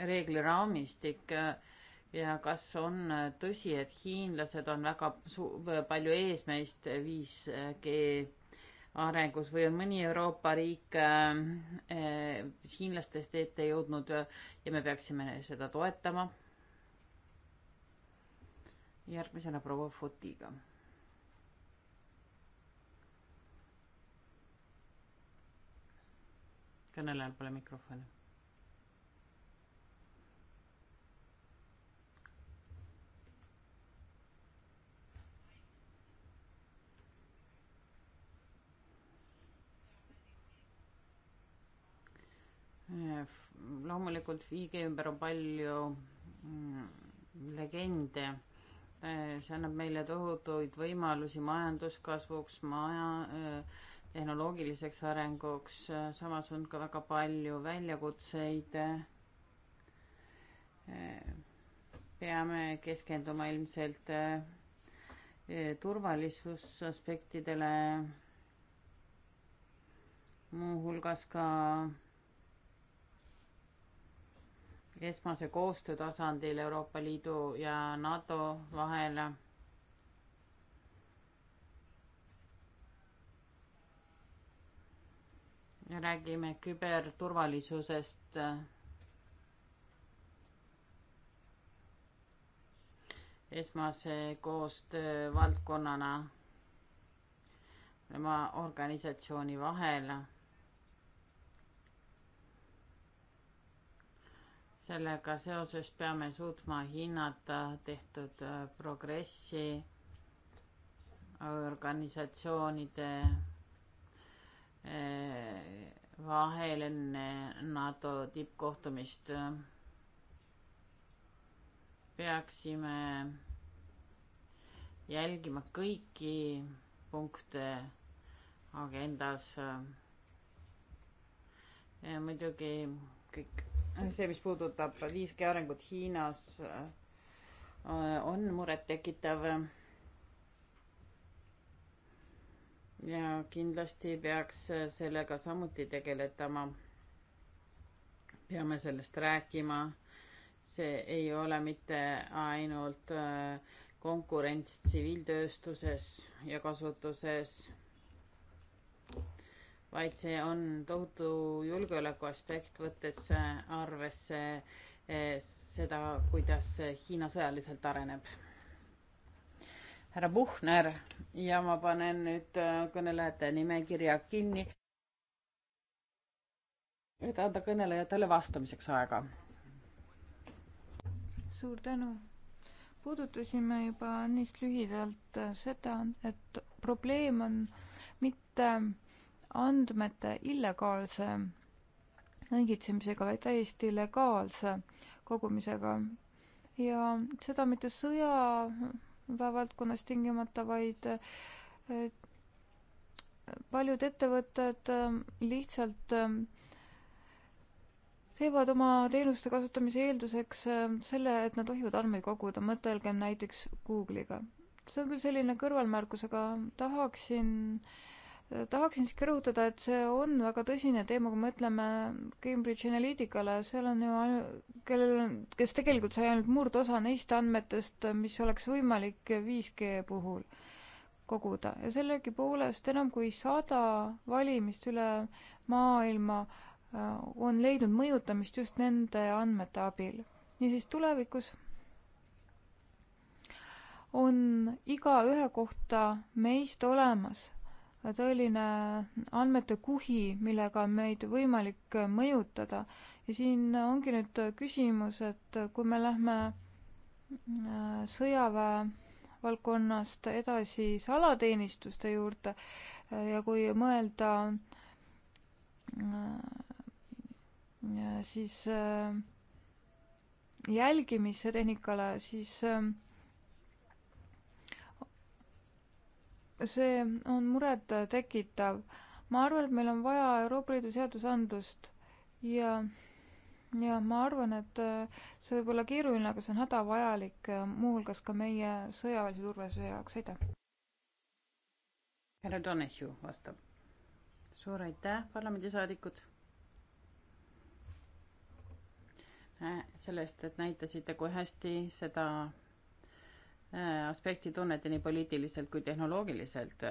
Speaker 5: reegliraamistik äh, ja kas on äh, tõsi, et hiinlased on väga palju ees meist 5G arengus või on mõni Euroopa riik äh, hiinlastest ette jõudnud ja me peaksime seda toetama? järgmisena proua Fotiga kõnelejal pole mikrofoni. loomulikult Viige ümber on palju mm, legende. Äh, see annab meile tohutuid võimalusi majanduskasvuks, maja äh, tehnoloogiliseks arenguks, samas on ka väga palju väljakutseid. peame keskenduma ilmselt eh, turvalisusaspektidele, muuhulgas ka esmase koostöö tasandil Euroopa Liidu ja NATO vahel räägime küberturvalisusest. esmase koostöö valdkonnana tema organisatsiooni vahel. sellega seoses peame suutma hinnata tehtud äh, progressi organisatsioonide Äh, vahel enne NATO tippkohtumist äh, peaksime jälgima kõiki punkte agendas. Äh, muidugi kõik see, mis puudutab 5G arengut Hiinas, on murettekitav ja kindlasti peaks sellega samuti tegeletama. peame sellest rääkima. see ei ole mitte ainult äh, konkurents tsiviiltööstuses ja kasutuses, vaid see on tohutu julgeoleku aspekt, võttes äh, arvesse äh, seda, kuidas Hiina sõjaliselt areneb härra Puhner ja ma panen nüüd äh, kõnelejate nimekirja kinni, et anda kõnelejatele vastamiseks aega.
Speaker 2: suur tänu. puudutasime juba neist lühidalt äh, seda, et probleem on mitte andmete illegaalse õngitsemisega, vaid täiesti legaalse kogumisega. ja seda mitte sõja valdkonnas tingimata, vaid äh, paljud ettevõtted äh, lihtsalt äh, teevad oma teenuste kasutamise eelduseks selle, et nad tohivad andmeid koguda, mõtelgem näiteks Google'iga. see on küll selline kõrvalmärkus, aga tahaksin äh, tahaksin siiski rõhutada, et see on väga tõsine teema, kui mõtleme Cambridge Analyticale, seal on ju ainu-, kellel on, kes tegelikult sai ainult murdosa neist andmetest, mis oleks võimalik 5G puhul koguda ja sellegipoolest enam kui sada valimist üle maailma äh, on leidnud mõjutamist just nende andmete abil. niisiis tulevikus on igaühe kohta meist olemas tõeline andmete kuhi, millega on meid võimalik mõjutada. ja siin ongi nüüd küsimus, et kui me lähme äh, sõjaväe valdkonnast edasi salateenistuste juurde äh, ja kui mõelda äh, siis jälgimistehnikale, siis see on muret tekitav. ma arvan, et meil on vaja Euroopa Liidu seadusandlust ja, ja ma arvan, et äh, see võib olla keeruline, aga see on hädavajalik äh, muuhulgas ka meie sõjaväelise turvalisuse jaoks, aitäh.
Speaker 5: härra Donahue vastab. suur aitäh, parlamendisaadikud. Äh, selle eest, et näitasite, kui hästi seda Äh, aspekti tunnete nii poliitiliselt kui tehnoloogiliselt?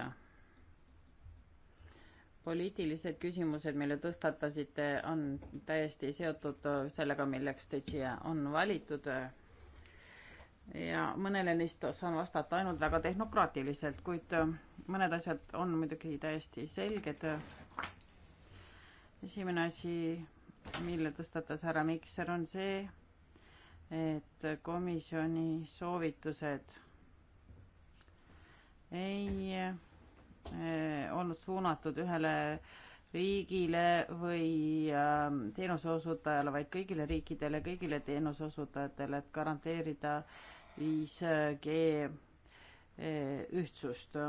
Speaker 5: poliitilised küsimused, mille tõstatasite, on täiesti seotud sellega, milleks teid siia on valitud. ja mõnele neist saan vastata ainult väga tehnokraatiliselt, kuid äh, mõned asjad on muidugi täiesti selged. esimene asi, mille tõstatas härra Mikser, on see, et komisjoni soovitused ei eh, olnud suunatud ühele riigile või ähm, teenuseosutajale, vaid kõigile riikidele, kõigile teenuseosutajatele, et garanteerida 5G eh, ühtsust.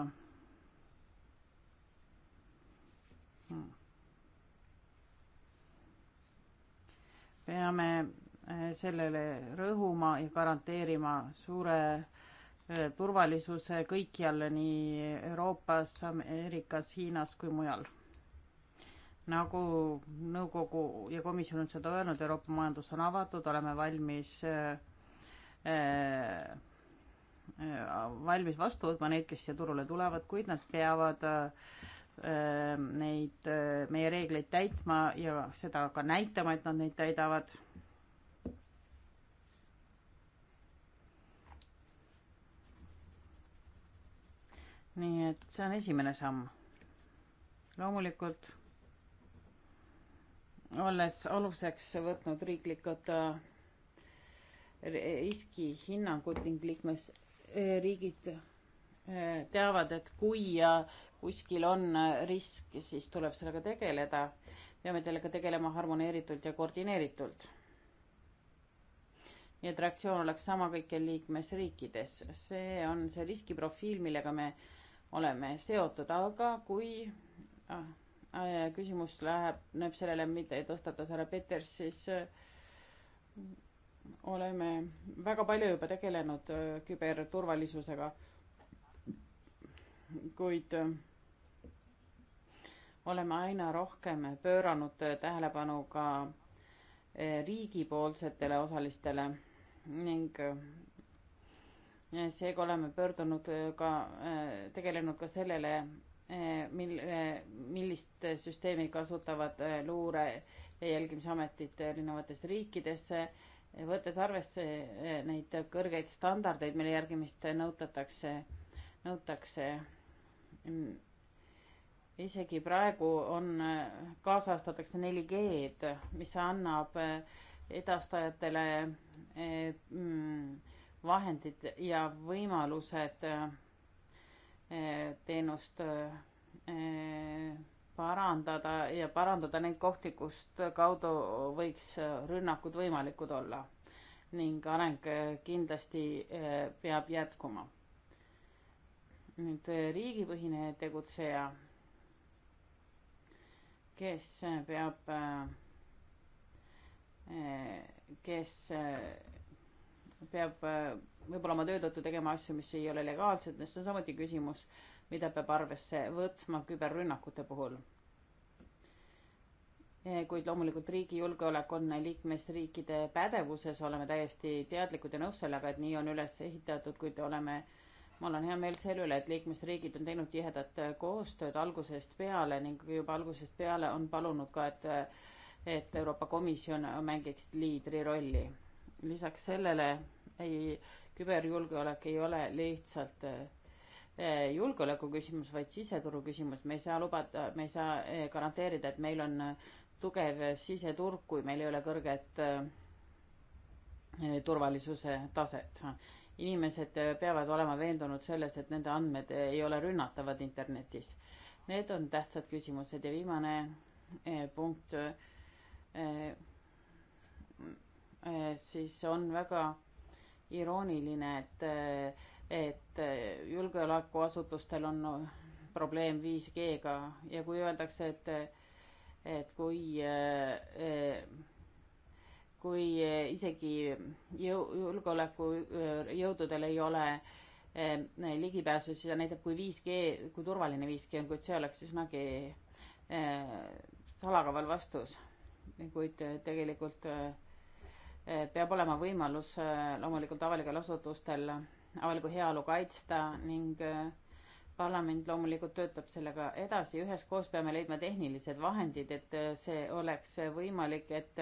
Speaker 5: Hmm. peame Eh, sellele rõhuma ja garanteerima suure eh, turvalisuse kõikjal nii Euroopas, Ameerikas, Hiinas kui mujal. nagu nõukogu ja komisjon on seda öelnud, Euroopa majandus on avatud, oleme valmis äh, äh, valmis vastu võtma neid, kes siia turule tulevad, kuid nad peavad äh, neid, meie reegleid täitma ja seda ka näitama, et nad neid täidavad nii et see on esimene samm. loomulikult olles aluseks võtnud riiklikud äh, riskihinnangud ning liikmesriigid äh, äh, teavad, et kui kuskil on risk, siis tuleb sellega tegeleda. peame sellega tegelema harmoneeritult ja koordineeritult. nii et reaktsioon oleks sama kõikjal liikmesriikides. see on see riskiprofiil, millega me äh, oleme seotud, aga kui ah, äh, küsimus läheb, näeb sellele, mida tõstatas härra Peters, siis äh, oleme väga palju juba tegelenud äh, küberturvalisusega. kuid oleme aina rohkem pööranud tähelepanu ka riigipoolsetele osalistele ning seega oleme pöördunud äh, ka, äh, tegelenud ka sellele, äh, mil-, millist süsteemi kasutavad luure- ja jälgimisametid erinevates riikides, võttes arvesse neid kõrgeid standardeid, mille järgimist nõutatakse, nõutakse. Mm, isegi praegu on, kaasajastatakse 4G-d, mis annab edastajatele mm, vahendid ja võimalused äh, teenust äh, parandada ja parandada neid kohti, kust kaudu võiks rünnakud võimalikud olla. ning areng äh, kindlasti peab jätkuma. nüüd riigipõhine tegutseja, kes peab, kes peab võib-olla äh, oma töö tõttu tegema asju, mis ei ole legaalsed, see on samuti küsimus, mida peab arvesse võtma küberrünnakute puhul. Äh, kuid loomulikult riigi julgeolek on liikmesriikide pädevuses, oleme täiesti teadlikud ja nõus sellega, et nii on üles ehitatud, kuid oleme, mul on hea meel selle üle, et liikmesriigid on teinud tihedat äh, koostööd algusest peale ning juba algusest peale on palunud ka, et et Euroopa Komisjon mängiks liidri rolli lisaks sellele ei, küberjulgeolek ei ole lihtsalt eh, julgeoleku küsimus, vaid siseturu küsimus, me ei saa lubada, me ei saa eh, garanteerida, et meil on tugev siseturg, kui meil ei ole kõrget eh, turvalisuse taset. inimesed peavad olema veendunud selles, et nende andmed ei ole rünnatavad internetis. Need on tähtsad küsimused ja viimane punkt Eh, siis on väga irooniline, et, eh, et eh, julgeolekuasutustel on probleem 5G-ga ja kui öeldakse, et, et kui, kui isegi jõu, julgeolekujõududel ei ole ligipääsu, siis ta näitab, kui 5G, kui turvaline 5G on, kuid see oleks üsnagi salakaval vastus. kuid tegelikult äh, peab olema võimalus äh, loomulikult avalikel asutustel avalikku heaolu kaitsta ning äh, parlament loomulikult töötab sellega edasi, üheskoos peame leidma tehnilised vahendid, et äh, see oleks võimalik, et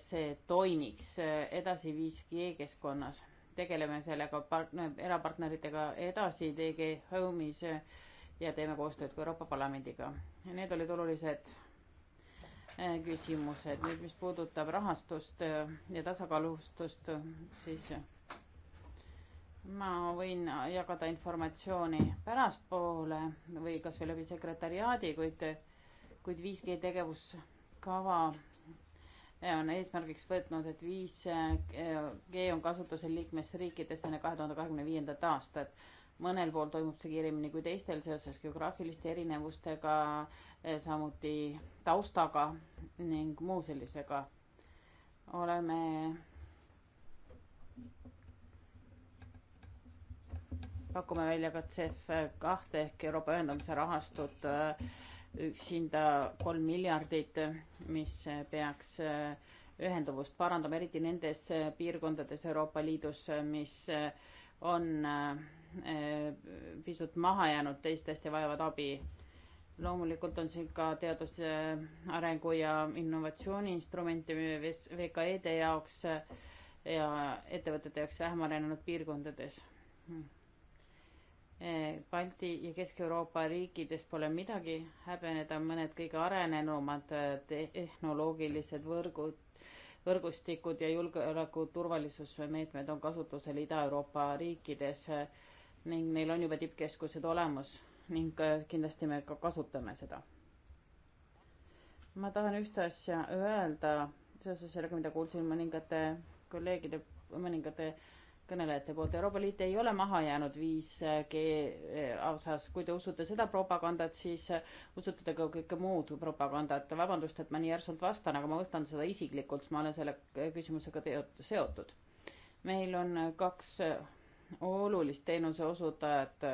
Speaker 5: see toimiks edasi 5G keskkonnas. tegeleme sellega partner, erapartneritega edasi DG Home'is ja teeme koostööd ka Euroopa Parlamendiga. Need olid olulised küsimused. nüüd, mis puudutab rahastust äh, ja tasakaalustust, siis äh, ma võin jagada informatsiooni pärastpoole või kas või läbi sekretäriaadi, kuid, kuid 5G tegevuskava on eesmärgiks võtnud, et 5G on kasutusel liikmesriikides enne kahe tuhande kahekümne viiendat aastat mõnel pool toimub see kiiremini kui teistel seoses geograafiliste erinevustega, eh, samuti taustaga ning muu sellisega. oleme pakume välja ka CEF kahte ehk Euroopa ühendamise rahastut eh, üksinda kolm miljardit, mis peaks eh, ühenduvust parandama, eriti nendes piirkondades Euroopa Liidus, mis on Äh, pisut maha jäänud teistest ja vajavad abi. loomulikult on siin ka teaduse arengu ja innovatsiooni instrumente VKE-de jaoks ja ettevõtete jaoks vähem arenenud piirkondades. Äh, Balti ja Kesk-Euroopa riikides pole midagi häbeneda, mõned kõige arenenumad äh, tehnoloogilised võrgud võrgustikud ja julgeoleku turvalisusmeetmed on kasutusel Ida-Euroopa riikides ning meil on juba tippkeskused olemas ning äh, kindlasti me ka kasutame seda. ma tahan ühte asja öelda seoses sellega, mida kuulsin mõningate kolleegide, mõningate kõnelejate poolt. Euroopa Liit ei ole maha jäänud 5G äh, osas. kui te usute seda propagandat, siis äh, usute te ka kõike muud propagandat. vabandust, et ma nii järsult vastan, aga ma võtan seda isiklikult, sest ma olen selle küsimusega seotud. meil on kaks olulist teenuseosutajat,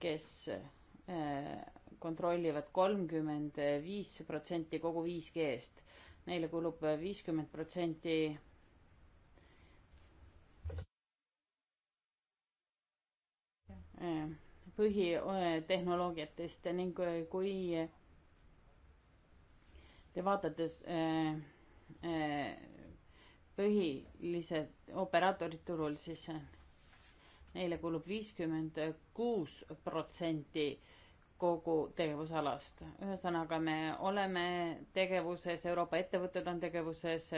Speaker 5: kes eh, kontrollivad kolmkümmend viis protsenti kogu 5G-st. Neile kulub viiskümmend protsenti eh, põhitehnoloogiatest ning eh, kui te vaatate põhilised operaatorid turul, siis neile kulub viiskümmend kuus protsenti kogu tegevusalast. ühesõnaga, me oleme tegevuses, Euroopa ettevõtted on tegevuses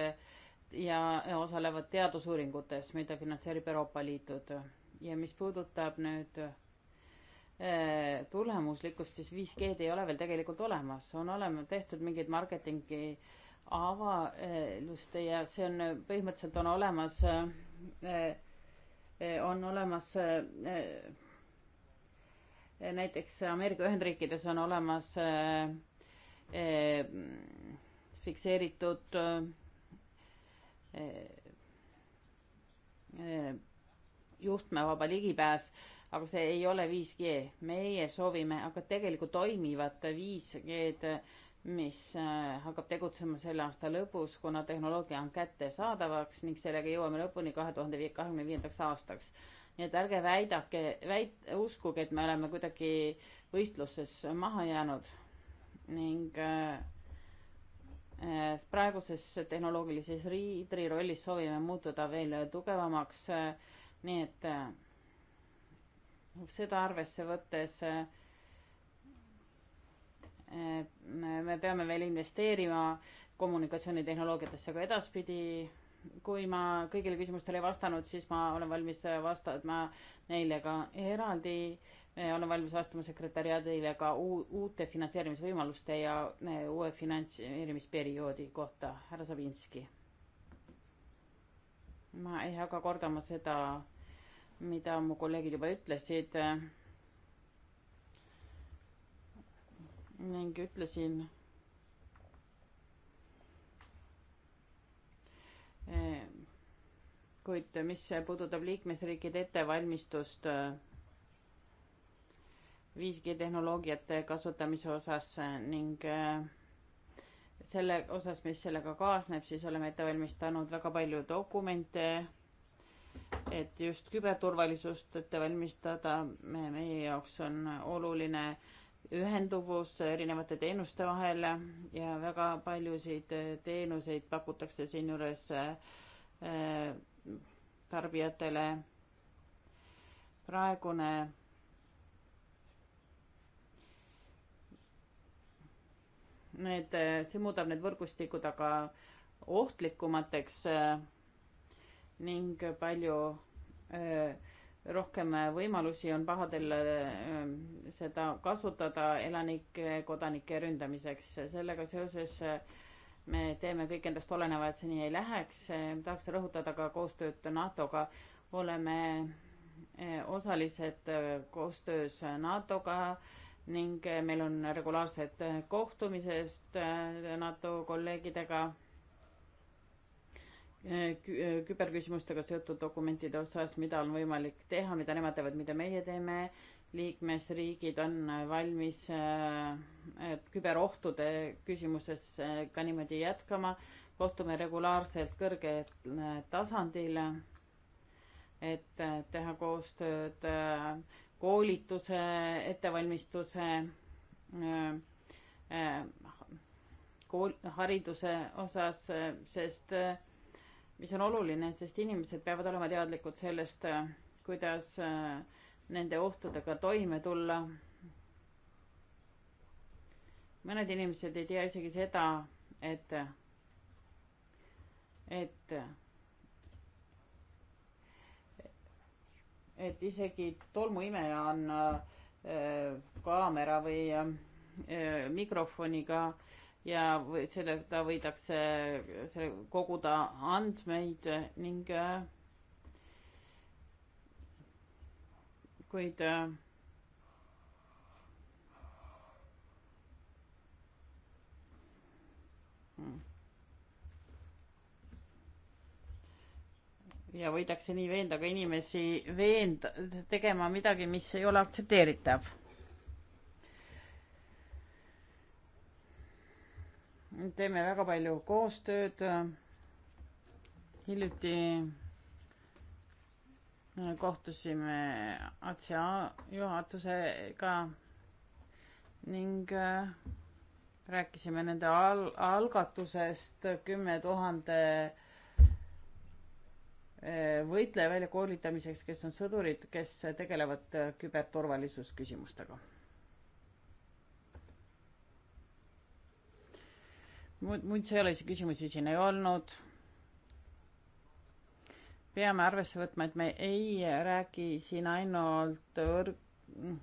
Speaker 5: ja osalevad teadusuuringutes, mida finantseerib Euroopa Liidud. ja mis puudutab nüüd eh, tulemuslikkust, siis 5G-d ei ole veel tegelikult olemas, on olema tehtud mingeid marketingi avaluste ja see on põhimõtteliselt on olemas äh, on olemas eh, näiteks Ameerika Ühendriikides on olemas eh, fikseeritud eh, juhtmevaba ligipääs, aga see ei ole 5G. meie soovime aga tegelikult toimivat 5G-d mis äh, hakkab tegutsema selle aasta lõpus, kuna tehnoloogia on kättesaadavaks ning sellega jõuame lõpuni kahe tuhande kahekümne viiendaks aastaks. nii et ärge väidake, väit-, uskuge, et me oleme kuidagi võistluses maha jäänud ning äh, äh, praeguses tehnoloogilises riidri rollis soovime muutuda veel tugevamaks, nii et seda arvesse võttes äh, me peame veel investeerima kommunikatsioonitehnoloogiatesse ka edaspidi. kui ma kõigile küsimustele ei vastanud, siis ma olen valmis vastama neile ka eraldi. olen valmis vastama sekretäriaadile ka uute finantseerimisvõimaluste ja e, uue finantseerimisperioodi kohta. härra Savinski. ma ei hakka kordama seda, mida mu kolleegid juba ütlesid ning ütlesin, eh, kuid mis puudutab liikmesriikide ettevalmistust 5G eh, tehnoloogiate kasutamise osas eh, ning selle osas, mis sellega kaasneb, siis oleme ette valmistanud väga palju dokumente, et just küberturvalisust ette valmistada. meie jaoks on oluline äh, ühenduvus erinevate teenuste vahel ja väga paljusid teenuseid pakutakse siinjuures äh, tarbijatele. praegune need, see muudab need võrgustikud aga ohtlikumateks äh, ning palju öö, äh, rohkem võimalusi on pahadel eh, seda kasutada elanike, kodanike ründamiseks. sellega seoses eh, me teeme kõik endast oleneva, et see nii ei läheks. Eh, tahaks rõhutada ka koostööd NATO-ga. oleme osalised koostöös NATO-ga ning meil on regulaarsed kohtumised NATO kolleegidega Eh, eh, küberküsimustega seotud dokumentide osas, mida on võimalik teha, mida nemad teevad, mida meie teeme. liikmesriigid on valmis eh, küberohtude küsimuses ka niimoodi jätkama. kohtume regulaarselt kõrgel tasandil, et teha koostööd koolituse, ettevalmistuse, kool, hariduse osas, sest mis on oluline, sest inimesed peavad olema teadlikud sellest, kuidas äh, nende ohtudega toime tulla. mõned inimesed ei tea isegi seda, et, et, et isegi tolmuimeja on äh, kaamera või äh, mikrofoniga äh, ja või sellega võidakse selle koguda andmeid ning kuid hmm. ja võidakse nii veenda ka inimesi veenda tegema midagi, mis ei ole aktsepteeritav teeme väga palju koostööd. hiljuti kohtusime ATSA juhatusega ning äh, rääkisime nende al-, algatusest kümne tuhande äh, võitleja väljakoolitamiseks, kes on sõdurid, kes tegelevad äh, küberturvalisusküsimustega muid, muid sõjalisi küsimusi siin ei olnud. peame arvesse võtma, et me ei räägi siin ainult võrg-,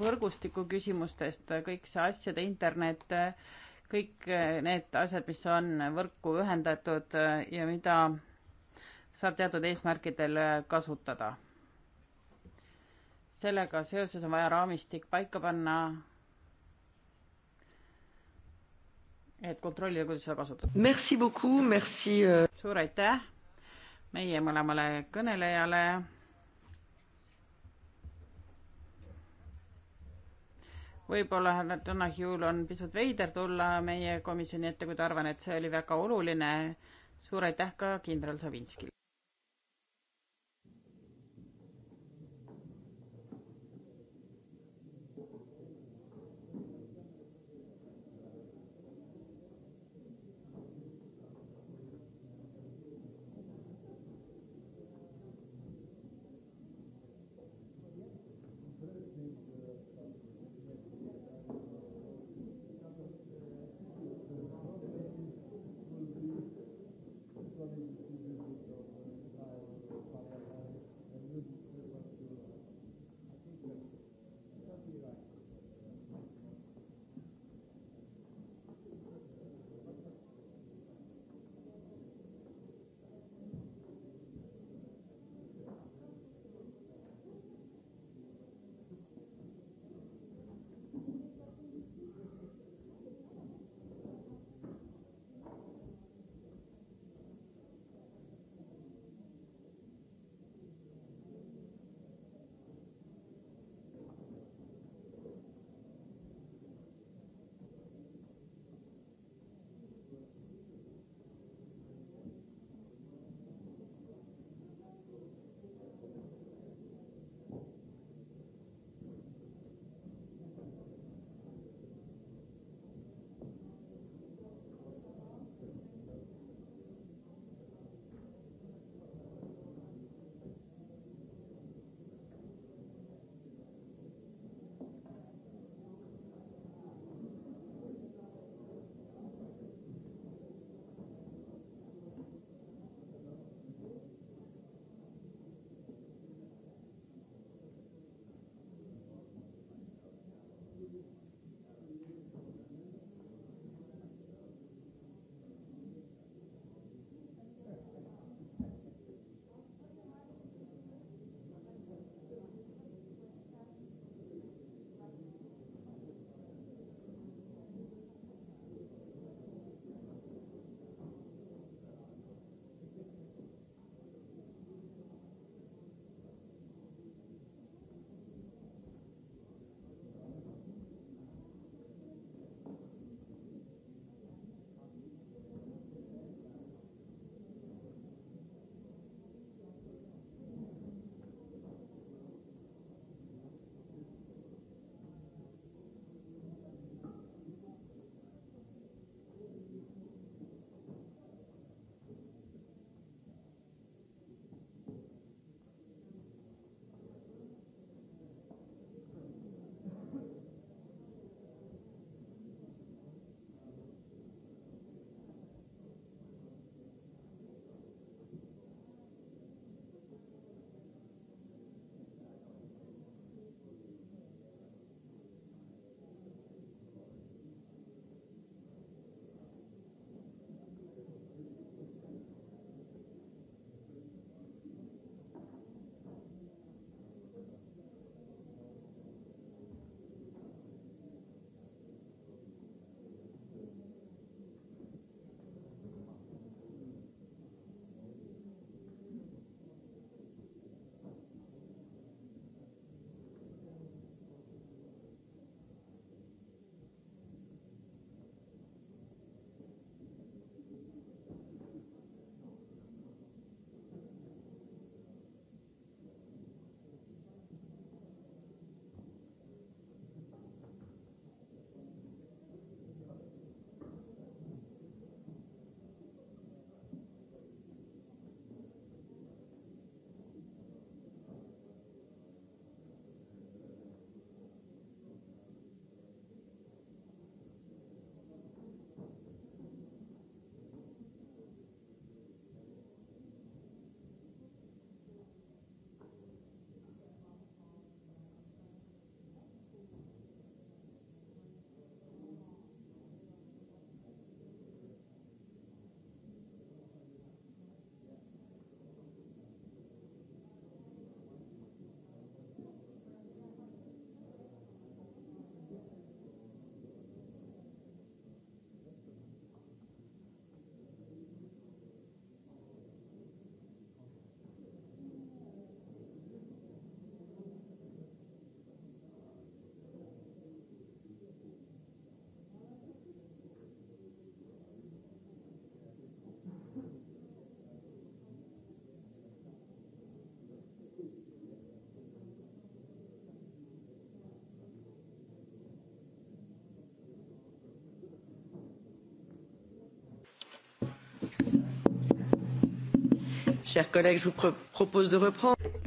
Speaker 5: võrgustiku küsimustest, kõik see asjade internet, kõik need asjad, mis on võrku ühendatud ja mida saab teatud eesmärkidel kasutada. sellega seoses on vaja raamistik paika panna et kontrollida, kuidas seda kasutada.
Speaker 4: Merci beaucoup,
Speaker 5: merci. Euh. suur aitäh meie mõlemale kõnelejale. võib-olla härra Donahul on pisut veider tulla meie komisjoni ette, kuid arvan, et see oli väga oluline. suur aitäh ka kindral Savinskile.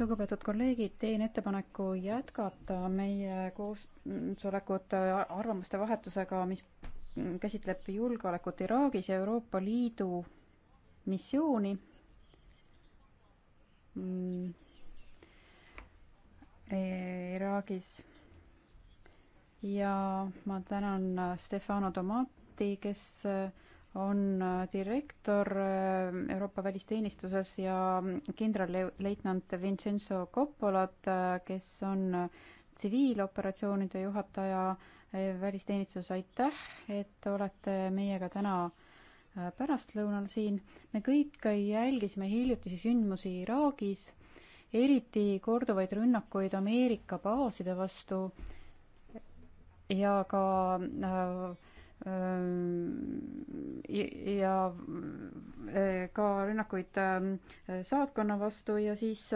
Speaker 1: lugupeetud kolleegid, teen ettepaneku jätkata meie koosolekut äh, arvamuste vahetusega, mis käsitleb julgeolekut Iraagis ja Euroopa Liidu missiooni. Mm. E, Iraagis. ja ma tänan Stefano Tomati, kes äh, on äh, direktor äh, Euroopa välisteenistuses ja kindralleitnant Vincenzo Coppolat, äh, kes on tsiviiloperatsioonide juhataja välisteenistuses, aitäh, et olete meiega täna pärastlõunal siin. me kõik jälgisime hiljutisi sündmusi Iraagis, eriti korduvaid rünnakuid Ameerika baaside vastu ja ka äh, ja ka rünnakuid saatkonna vastu ja siis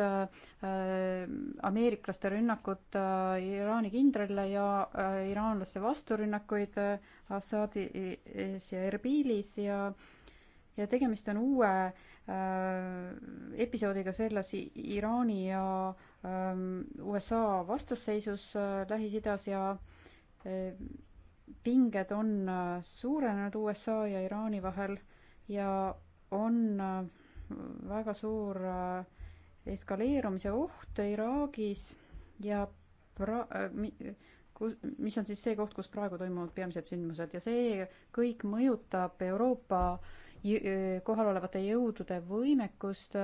Speaker 1: ameeriklaste rünnakut Iraani kindralile ja iraanlaste vasturünnakuid Assadis ja Erbilis ja ja tegemist on uue episoodiga selles Iraani ja USA vastasseisus Lähis-Idas ja pinged on äh, suurenenud USA ja Iraani vahel ja on äh, väga suur äh, eskaleerumise oht Iraagis ja pra-, kus, mis on siis see koht, kus praegu toimuvad peamised sündmused ja see kõik mõjutab Euroopa äh, kohalolevate jõudude võimekust,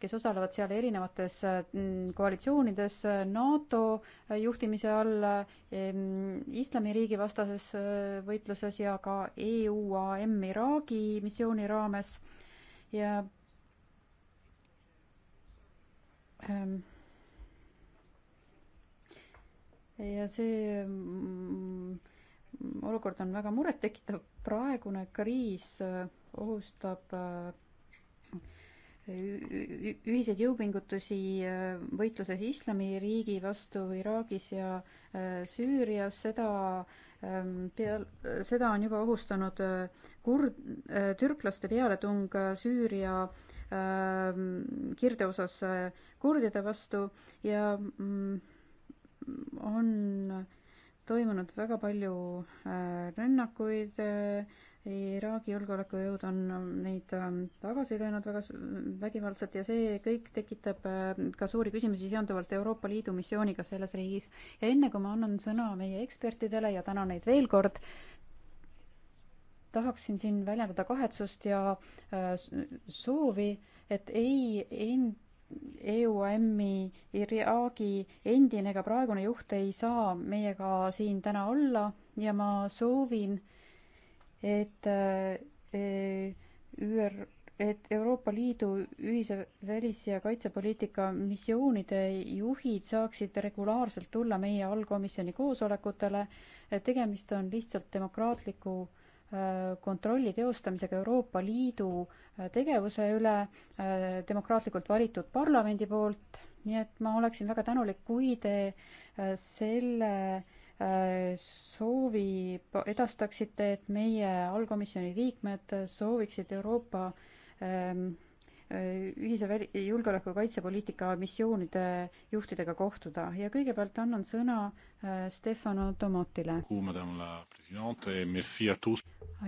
Speaker 1: kes osalevad seal erinevates mm, koalitsioonides NATO juhtimise all, islamiriigi vastases võitluses ja ka EUAM Iraagi missiooni raames ja ja see mm, olukord on väga murettekitav, praegune kriis äh, ohustab äh, ühiseid jõupingutusi äh, võitluses islamiriigi vastu Iraagis ja äh, Süürias, seda ähm, peal, seda on juba ohustanud kurd-, türklaste pealetung Süüria ähm, kirdeosas kurdide vastu ja mm, on toimunud väga palju rünnakuid Iraagi julgeolekujõud on ähm, neid ähm, tagasi löönud väga vägivaldselt ja see kõik tekitab äh, ka suuri küsimusi seonduvalt Euroopa Liidu missiooniga selles riigis. ja enne kui ma annan sõna meie ekspertidele ja tänan neid veel kord, tahaksin siin väljendada kahetsust ja äh, soovi, et ei end-, EUM-i Iraagi endine ega praegune juht ei saa meiega siin täna olla ja ma soovin äh, et äh, äh, ÜR, et Euroopa Liidu ühise välis- ja kaitsepoliitika missioonide juhid saaksid regulaarselt tulla meie allkomisjoni koosolekutele. tegemist on lihtsalt demokraatliku äh, kontrolli teostamisega Euroopa Liidu tegevuse üle demokraatlikult valitud parlamendi poolt, nii et ma oleksin väga tänulik, kui te selle Äh, soovi edastaksite, et meie allkomisjoni liikmed sooviksid Euroopa ähm, äh, ühise väli-, julgeoleku- ja kaitsepoliitika missioonide juhtidega kohtuda ja kõigepealt annan sõna äh, Stefano Tomatile.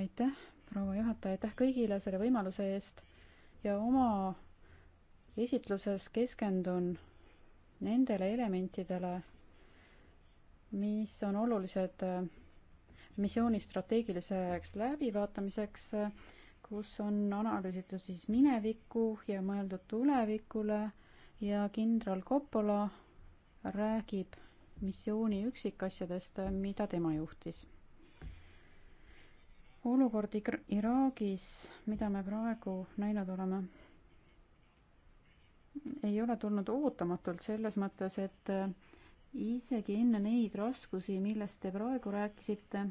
Speaker 1: aitäh, proua juhataja, aitäh kõigile selle võimaluse eest ja oma esitluses keskendun nendele elementidele, mis on olulised äh, missiooni strateegiliseks läbivaatamiseks, äh, kus on analüüsitud siis minevikku ja mõeldud tulevikule ja kindral Coppola räägib missiooni üksikasjadest, äh, mida tema juhtis. olukord Iraagis, mida me praegu näinud oleme, ei ole tulnud ootamatult selles mõttes, et isegi enne neid raskusi, millest te praegu rääkisite,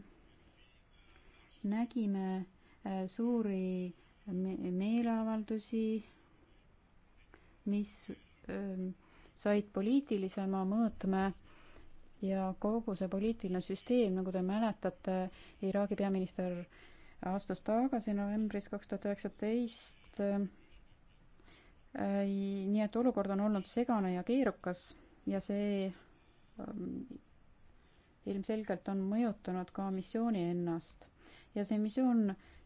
Speaker 1: nägime äh, suuri meeleavaldusi, mis ähm, said poliitilisema mõõtme ja kogu see poliitiline süsteem, nagu te mäletate, Iraagi peaminister astus tagasi novembris kaks tuhat üheksateist. Ähm, äh, nii et olukord on olnud segane ja keerukas ja see Ähm, ilmselgelt on mõjutanud ka missiooni ennast ja see missioon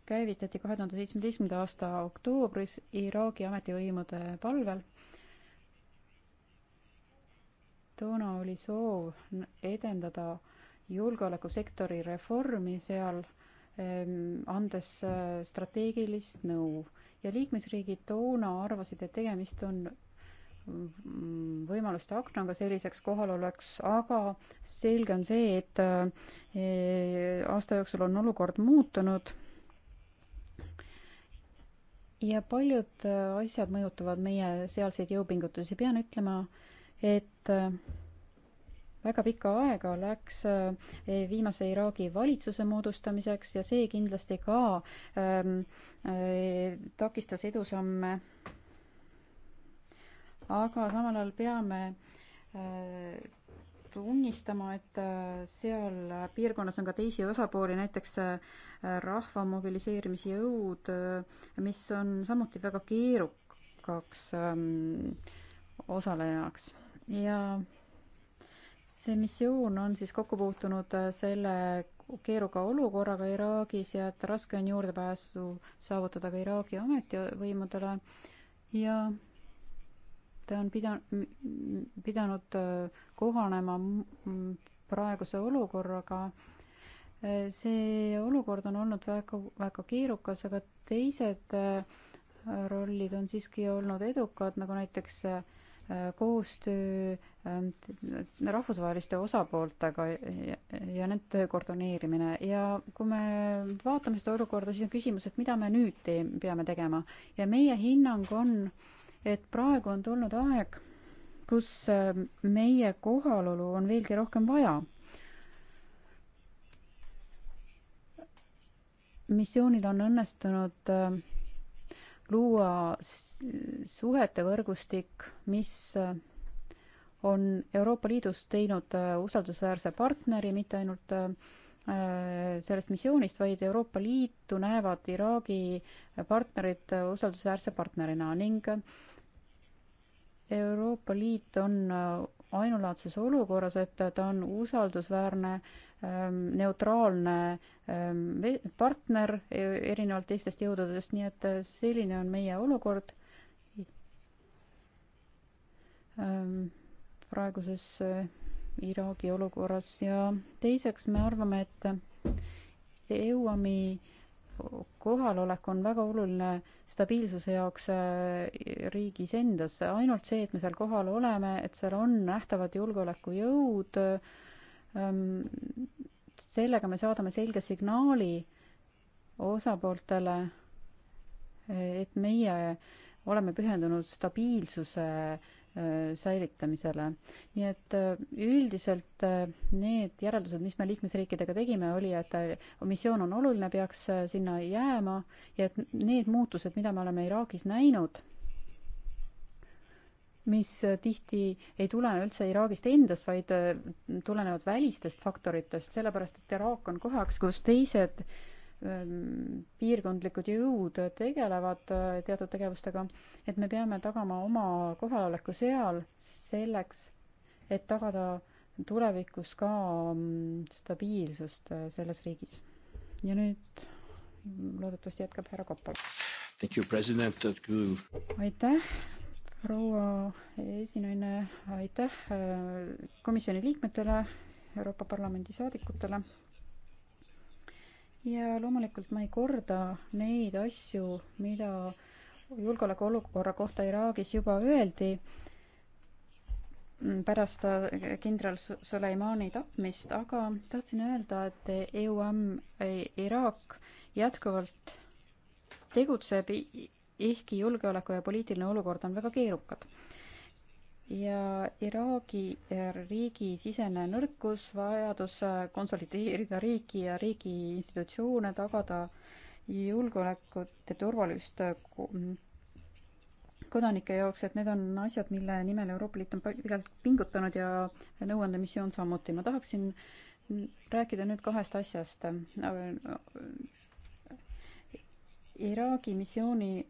Speaker 1: käivitati kahe tuhande seitsmeteistkümnenda aasta oktoobris Iraagi ametivõimude palvel. toona oli soov edendada julgeolekusektori reformi seal, ähm, andes äh, strateegilist nõu ja liikmesriigid toona arvasid, et tegemist on võimaluste aknaga selliseks kohaloleks, aga selge on see, et eh, aasta jooksul on olukord muutunud. ja paljud eh, asjad mõjutavad meie sealseid jõupingutusi, pean ütlema, et eh, väga pikka aega läks viimase Iraagi valitsuse moodustamiseks ja see kindlasti ka ähm, äh, takistas edusamme aga samal ajal peame äh, tunnistama, et äh, seal piirkonnas on ka teisi osapooli, näiteks äh, rahva mobiliseerimisjõud, mis on samuti väga keerukaks ähm, osalejaks ja see missioon on siis kokku puutunud selle keeruka olukorraga Iraagis ja et raske on juurdepääsu saavutada ka Iraagi ametivõimudele ja ta on pida-, pidanud äh, kohanema praeguse olukorraga. Äh, see olukord on olnud väga, väga keerukas, aga teised äh, rollid on siiski olnud edukad, nagu näiteks koostöö rahvusvaheliste osapooltega ja, ja nende töö koordineerimine ja kui me vaatame seda olukorda, siis on küsimus, et mida me nüüd teeme, peame tegema ja meie hinnang on äh, et praegu on tulnud aeg, kus äh, meie kohalolu on veelgi rohkem vaja. missioonil on õnnestunud äh, luua suhete võrgustik, mis äh, on Euroopa Liidus teinud usaldusväärse partneri, mitte ainult sellest missioonist, vaid Euroopa Liitu näevad Iraagi partnerid usaldusväärse partnerina ning Euroopa Liit on äh, ainulaadses olukorras, et ta on usaldusväärne, ähm, neutraalne ähm, partner e-, erinevalt teistest jõududest, nii et äh, selline on meie olukord ähm, praeguses äh, Iraagi olukorras ja teiseks me arvame, et EUAM-i kohalolek on väga oluline stabiilsuse jaoks äh, riigis endas. ainult see, et me seal kohal oleme, et seal on nähtavad julgeolekujõud, ähm, sellega me saadame selge signaali osapooltele, äh, et meie oleme pühendunud stabiilsuse Äh, säilitamisele. nii et äh, üldiselt äh, need järeldused, mis me liikmesriikidega tegime, oli, et missioon on oluline, peaks sinna jääma ja et need muutused, mida me oleme Iraagis näinud, mis tihti ei tulene üldse Iraagist endast, vaid tulenevad välistest faktoritest, sellepärast et Iraak on kohaks, kus teised äh, Ähm, piirkondlikud jõud tegelevad äh, teatud tegevustega, et me peame tagama oma kohaloleku seal selleks, et tagada tulevikus ka mm, stabiilsust äh, selles riigis. ja nüüd loodetavasti jätkab härra Koppel. aitäh, proua esinaine, aitäh äh, komisjoni liikmetele, Euroopa Parlamendi saadikutele ja loomulikult ma ei korda neid asju, mida julgeolekuolukorra kohta Iraagis juba öeldi pärast äh, kindral Suleimani tapmist, aga tahtsin öelda, et EUM äh, Iraak jätkuvalt tegutseb, ehkki julgeoleku ja poliitiline olukord on väga keerukad ja Iraagi riigisisene nõrkus, vajadus äh, konsolideerida riiki ja riigi institutsioone, tagada julgeolekut ja turvalist äh, mm, kodanike jaoks, et need on asjad, mille nimel Euroopa Liit on pigem pingutanud ja nõuandemissioon samuti. ma tahaksin rääkida nüüd kahest asjast. Iraagi missiooni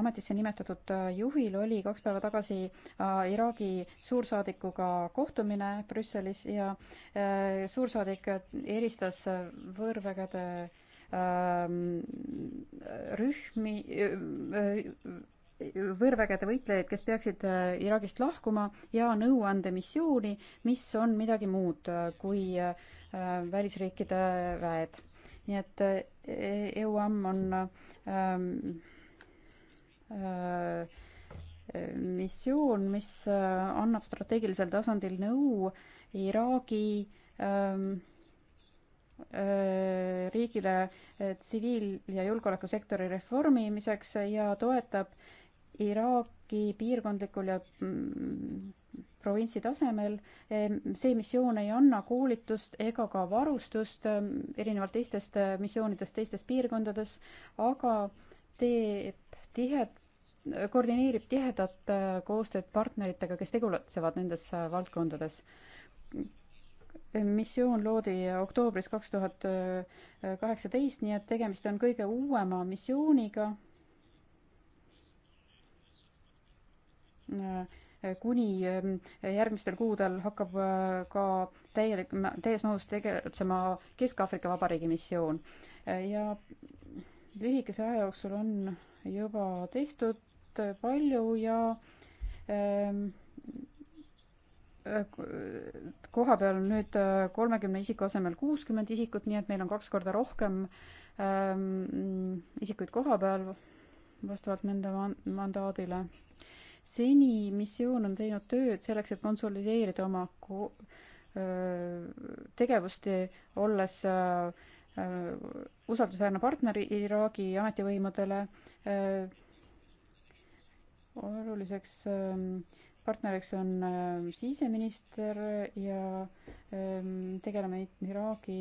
Speaker 1: ametisse nimetatud juhil oli kaks päeva tagasi äh, Iraagi suursaadikuga kohtumine Brüsselis ja äh, suursaadik eristas võõrvägede ähm, rühmi, äh, võõrvägede võitlejaid, kes peaksid Iraagist lahkuma ja nõuandemissiooni, mis on midagi muud kui välisriikide väed nii et EUAM eh, e on ähm, äh, missioon, mis äh, annab strateegilisel tasandil nõu Iraagi ähm, äh, riigile äh, tsiviil- ja julgeolekusektori reformimiseks ja toetab Iraaki piirkondlikul ja mm, provintsi tasemel. Ehm, see missioon ei anna koolitust ega ka varustust ehm, erinevalt teistest eh, missioonidest teistes piirkondades, aga teeb tihed, koordineerib tihedat eh, koostööd partneritega, kes tegutsevad nendes eh, valdkondades. missioon loodi oktoobris kaks tuhat kaheksateist, nii et tegemist on kõige uuema missiooniga äh, kuni ehm, järgmistel kuudel hakkab äh, ka täielik, täies mahus tegutsema Kesk-Aafrika Vabariigi missioon. ja lühikese aja jooksul on juba tehtud palju ja ähm, koha peal on nüüd äh, kolmekümne isiku asemel kuuskümmend isikut, nii et meil on kaks korda rohkem ähm, isikuid koha peal vastavalt nende mandaadile seni missioon on teinud tööd selleks, et konsolideerida oma ko-, tegevust, olles usaldusväärne partner Iraagi ametivõimudele, oluliseks partneriks on siseminister ja tegeleme Iraagi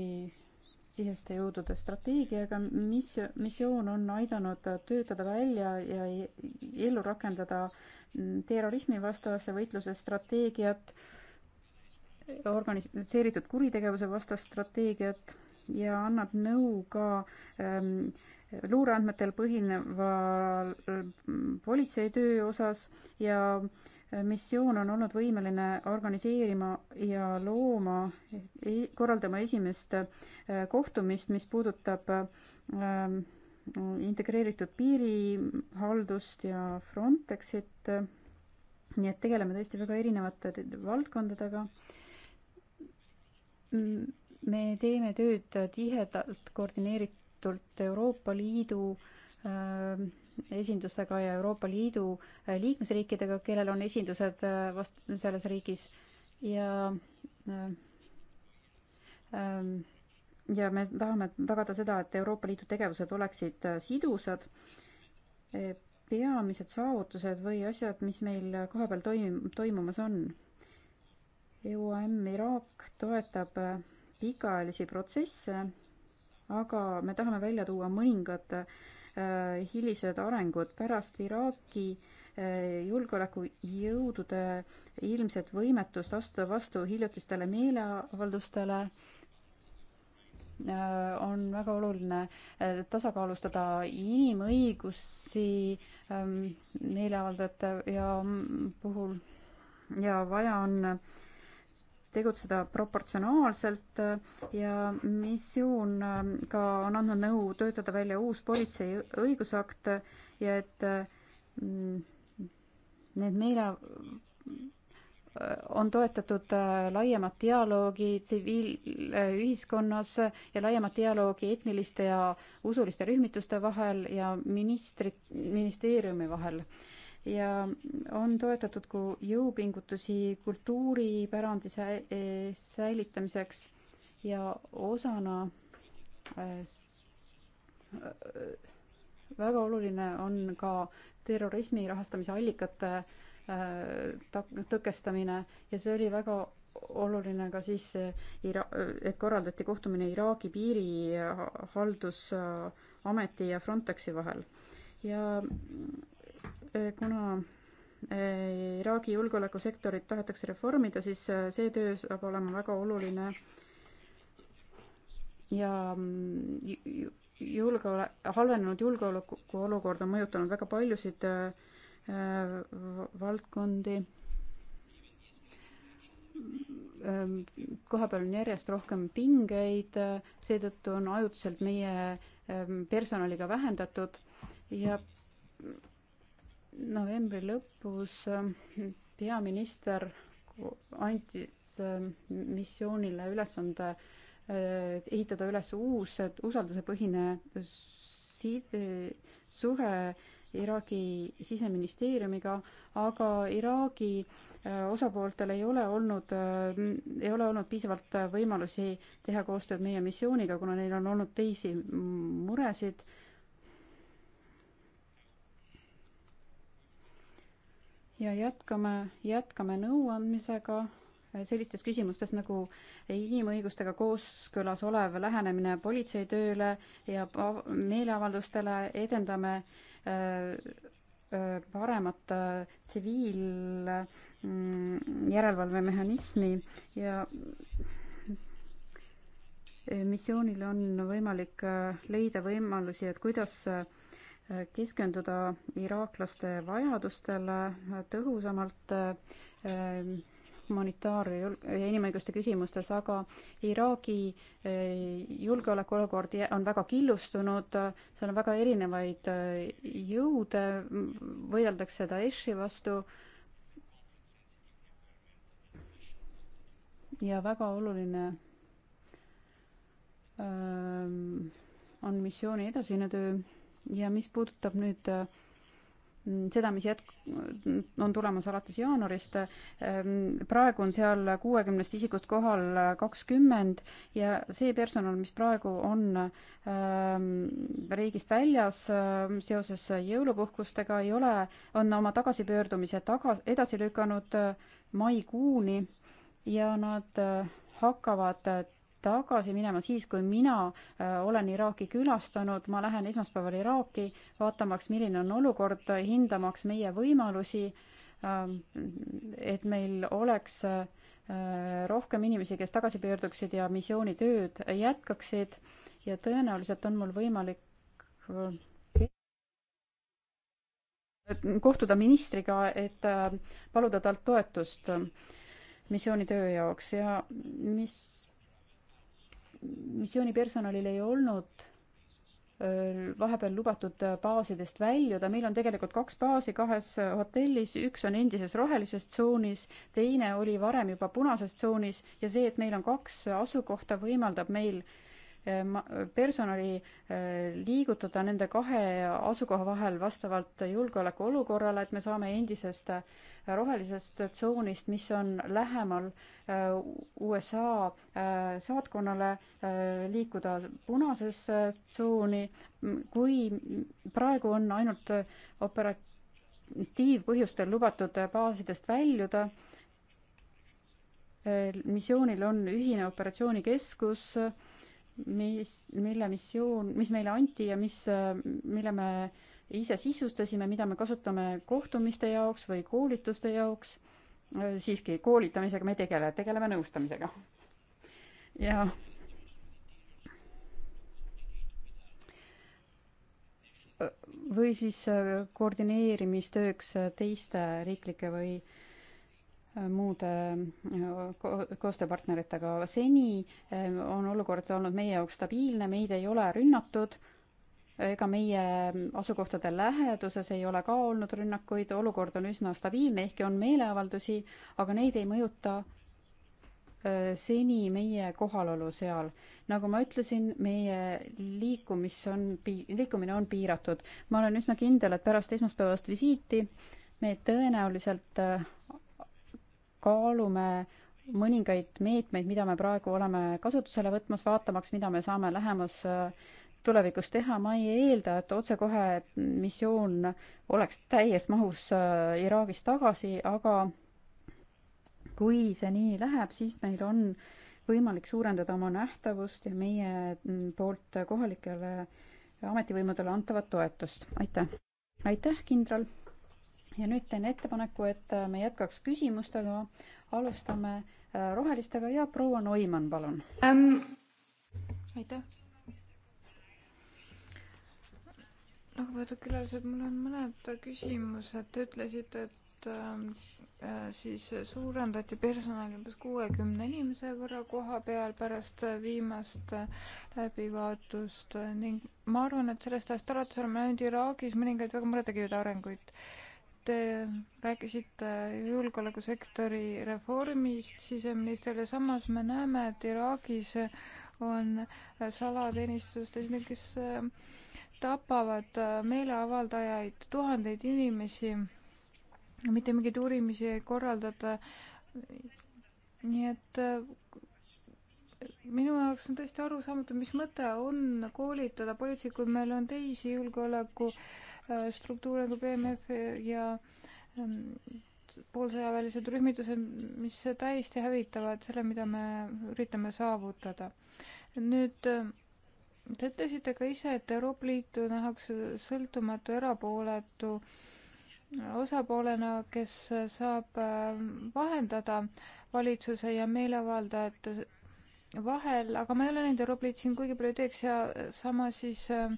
Speaker 1: siseste jõudude strateegiaga, mis missioon on aidanud töötada välja ja ellu rakendada terrorismivastase võitluse strateegiat, organiseeritud kuritegevuse vastast strateegiat ja annab nõu ka ähm, luureandmetel põhineva ähm, politsei töö osas ja äh, missioon on olnud võimeline organiseerima ja looma, e-, korraldama esimest äh, kohtumist, mis puudutab ähm, integreeritud piirihaldust ja Frontexit. nii et tegeleme tõesti väga erinevate valdkondadega. me teeme tööd tihedalt koordineeritult Euroopa Liidu äh, esindustega ja Euroopa Liidu äh, liikmesriikidega, kellel on esindused äh, vast-, selles riigis ja äh, ähm, ja me tahame tagada seda, et Euroopa Liidu tegevused oleksid äh, sidusad. E, peamised saavutused või asjad, mis meil kohapeal toim-, toimumas on. EUAM Iraak toetab äh, pikaajalisi protsesse, aga me tahame välja tuua mõningad äh, hilised arengud pärast Iraaki äh, julgeolekujõudude ilmset võimetust astuda vastu hiljutistele meeleavaldustele äh, Äh, on väga oluline äh, tasakaalustada inimõigusi ähm, meeleavaldajate ja mm, puhul ja vaja on tegutseda proportsionaalselt äh, ja missioon ähm, ka on andnud nõu töötada välja uus politsei õigusakt ja et mm, need meele on toetatud äh, laiemat dialoogi tsiviilühiskonnas äh, ja laiemat dialoogi etniliste ja usuliste rühmituste vahel ja ministri, ministeeriumi vahel. ja on toetatud ka jõupingutusi kultuuripärandi äh, säilitamiseks ja osana väga oluline on ka terrorismi rahastamise allikate äh, Äh, tõkestamine ja see oli väga oluline ka siis, et korraldati kohtumine Iraagi piirihaldusameti ja Frontexi vahel. ja äh, kuna äh, Iraagi julgeolekusektorit tahetakse reformida, siis see töö saab olema väga oluline ja mm, julgeole-, halvenenud julgeolekuolukord on mõjutanud väga paljusid äh, Äh, valdkondi. Ähm, kohapeal on järjest rohkem pingeid, seetõttu on ajutiselt meie ähm, personaliga vähendatud ja novembri lõpus ähm, peaminister andis missioonile ülesande äh, ehitada üles uus usaldusepõhine suhe Iraagi siseministeeriumiga, aga Iraagi äh, osapooltel ei ole olnud, äh, ei ole olnud piisavalt äh, võimalusi teha koostööd meie missiooniga, kuna neil on olnud teisi muresid. ja jätkame, jätkame nõuandmisega sellistes küsimustes nagu inimõigustega kooskõlas olev lähenemine politsei tööle ja meeleavaldustele, edendame äh, äh, paremat äh, tsiviiljärelevalvemehhanismi mm, ja missioonil on võimalik leida võimalusi, et kuidas keskenduda iraaklaste vajadustele tõhusamalt humanitaar- ja inimõiguste küsimustes, aga Iraagi eh, julgeolekuolukord on väga killustunud, seal on väga erinevaid eh, jõude, võideldakse Daeshi vastu ja väga oluline öö, ähm, on missiooni edasine töö ja mis puudutab nüüd öö, äh, Mm, seda, mis jätk-, mm, on tulemas alates jaanuarist. Ähm, praegu on seal kuuekümnest isikust kohal kakskümmend ja see personal, mis praegu on ähm, riigist väljas ähm, seoses jõulupuhkustega, ei ole, on oma tagasipöördumise taga, edasi lükanud äh, maikuuni ja nad äh, hakkavad äh, tagasi minema siis, kui mina äh, olen Iraaki külastanud, ma lähen esmaspäeval Iraaki, vaatamaks, milline on olukord, hindamaks meie võimalusi, ähm, et meil oleks äh, rohkem inimesi, kes tagasi pöörduksid ja missioonitööd jätkaksid ja tõenäoliselt on mul võimalik äh, kohtuda ministriga, et paluda talt toetust missioonitöö jaoks ja mis missioonipersonalil ei olnud vahepeal lubatud äh, baasidest väljuda, meil on tegelikult kaks baasi kahes äh, hotellis, üks on endises rohelises tsoonis, teine oli varem juba punases tsoonis ja see, et meil on kaks asukohta, võimaldab meil äh, personali liigutada nende kahe asukoha vahel vastavalt julgeolekuolukorrale, et me saame endisest rohelisest tsoonist, mis on lähemal USA saatkonnale, liikuda punasesse tsooni, kui praegu on ainult operatiivpõhjustel lubatud baasidest väljuda, missioonil on ühine operatsioonikeskus, mis, mille missioon, mis meile anti ja mis, mille me ise sisustasime, mida me kasutame kohtumiste jaoks või koolituste jaoks. siiski, koolitamisega me ei tegele, tegeleme nõustamisega. ja või siis koordineerimistööks teiste riiklike või äh, muude koostööpartneritega. seni eh, on olukord olnud meie jaoks stabiilne, meid ei ole rünnatud ega meie asukohtade läheduses ei ole ka olnud rünnakuid, olukord on üsna stabiilne, ehkki on meeleavaldusi, aga neid ei mõjuta eh, seni meie kohalolu seal. nagu ma ütlesin, meie liikumis on, liikumine on piiratud. ma olen üsna kindel, et pärast esmaspäevast visiiti me tõenäoliselt eh, kaalume mõningaid meetmeid, mida me praegu oleme kasutusele võtmas, vaatamaks, mida me saame lähemas äh, tulevikus teha, ma ei eelda, et otsekohe missioon oleks täies mahus äh, Iraagis tagasi, aga kui see nii läheb, siis meil on võimalik suurendada oma nähtavust ja meie mm, poolt kohalikele ametivõimudele antavat toetust. aitäh! aitäh, kindral! ja nüüd teen ettepaneku, et äh, me jätkaks küsimustega. alustame äh, rohelistega ja proua Neumann, palun ähm..
Speaker 2: aitäh. lugupeetud külalised, mul on mõned küsimused. Te ütlesite, et äh, äh siis suurendati personali umbes kuuekümne inimese võrra koha peal pärast viimast läbivaatust ning ma arvan, et sellest ajast alates oleme näinud Iraagis mõningaid väga murettekirjude arenguid äh, Te rääkisite julgeolekusektori reformist siseministrile, samas me näeme, et Iraagis on salateenistuste esindajad, kes äh, tapavad äh, meeleavaldajaid, tuhandeid inimesi. mitte mingeid uurimisi ei korraldata. nii et äh, minu jaoks on tõesti arusaamatu, mis mõte on koolitada politseid, kui meil on teisi julgeoleku äh, Äh, struktuure nagu BMF e ja ähm, poolsõjaväelised rühmitused, mis täiesti hävitavad selle, mida me üritame saavutada. nüüd äh, te ütlesite ka ise, et Euroopa Liitu nähakse sõltumatu erapooletu osapoolena, kes saab äh, vahendada valitsuse ja meeleavaldajate vahel, aga ma ei ole nende rublit siin kuigi palju teeks ja sama siis äh,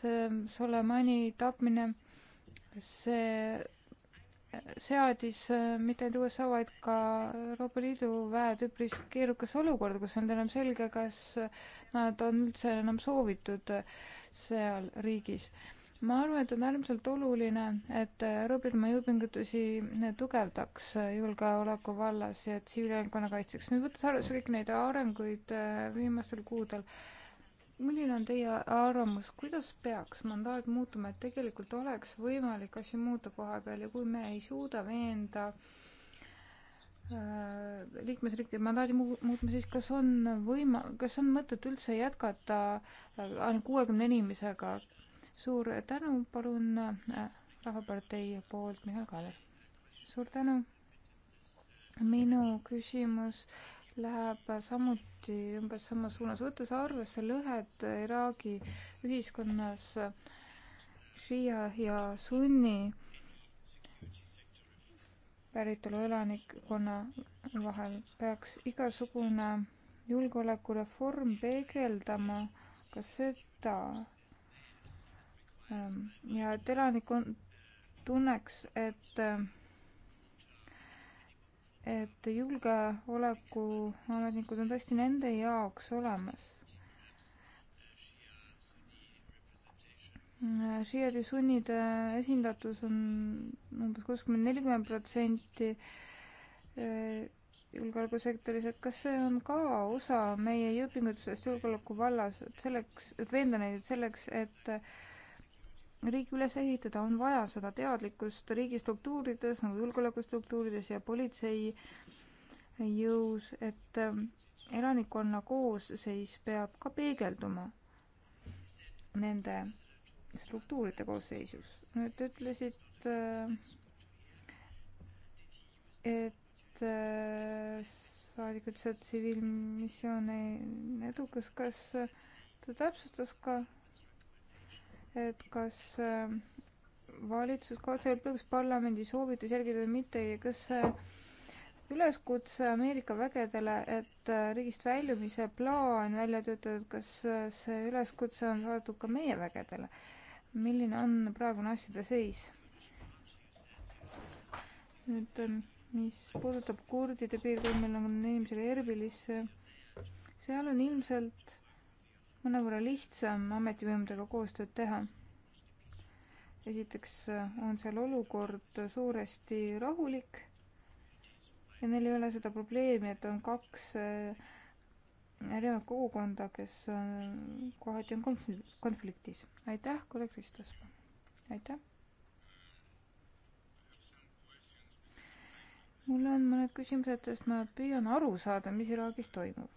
Speaker 2: see Soleimani tapmine, see seadis äh, mitte ainult USA, vaid ka Euroopa Liidu väed üpris keerukasse olukorda, kus on enam selge, kas nad on üldse enam soovitud äh, seal riigis ma arvan, et on äärmiselt oluline, et Euroopa Liidu jõupingutusi tugevdaks julgeoleku vallas ja tsiviilelanikkonna kaitseks. nüüd võttes arvesse kõiki neid arenguid äh, viimastel kuudel, milline on teie arvamus, kuidas peaks mandaat muutuma, et tegelikult oleks võimalik asju muuta koha peal ja kui me ei suuda veenda äh, liikmesriikide mandaadi muutma, siis kas on võima-, kas on mõtet üldse jätkata äh, ainult kuuekümne inimesega, suur tänu, palun äh, Rahvapartei poolt Mihhail Kaller. suur tänu. minu küsimus läheb samuti umbes samas suunas, võttes arvesse lõhed Iraagi ühiskonnas Shia ja sunni päritolu elanikkonna vahel, peaks igasugune julgeolekureform peegeldama ka seda, Ähm, ja et elanik on, tunneks, et, et julgeolekuametnikud on tõesti nende jaoks olemas. šiiadi sunnide esindatus on umbes kuuskümmend, nelikümmend protsenti äh, julgeolekusektoris, et kas see on ka osa meie jõupingutusest julgeoleku vallas, et selleks, et veenda neid, et selleks, et äh, riigi üles ehitada, on vaja seda teadlikkust riigistruktuurides nagu julgeolekustruktuurides ja politseijõus, et ähm, elanikkonna koosseis peab ka peegelduma nende struktuuride koosseisus. nüüd ütlesite, et äh, saadik ütles, et tsiviilmissioon ei edukas, kas ta täpsustas ka et kas äh, valitsus kavatseb lõpuks parlamendi soovitus järgida või mitte ja kas see äh, üleskutse Ameerika vägedele, et äh, riigist väljumise plaan välja töötatud, kas see üleskutse on saadetud ka meie vägedele? milline on praegune asjade seis? nüüd, mis puudutab kurdide piirkond, meil on inimesega Erbilis, seal on ilmselt mõnevõrra lihtsam ametivõimudega koostööd teha. esiteks äh, on seal olukord suuresti rahulik ja neil ei ole seda probleemi, et on kaks äh, erinevat kogukonda, kes äh, kohati on konfliktis. aitäh, kolleeg Kristus. aitäh. mul on mõned küsimused, sest ma püüan aru saada, mis Iraagis toimub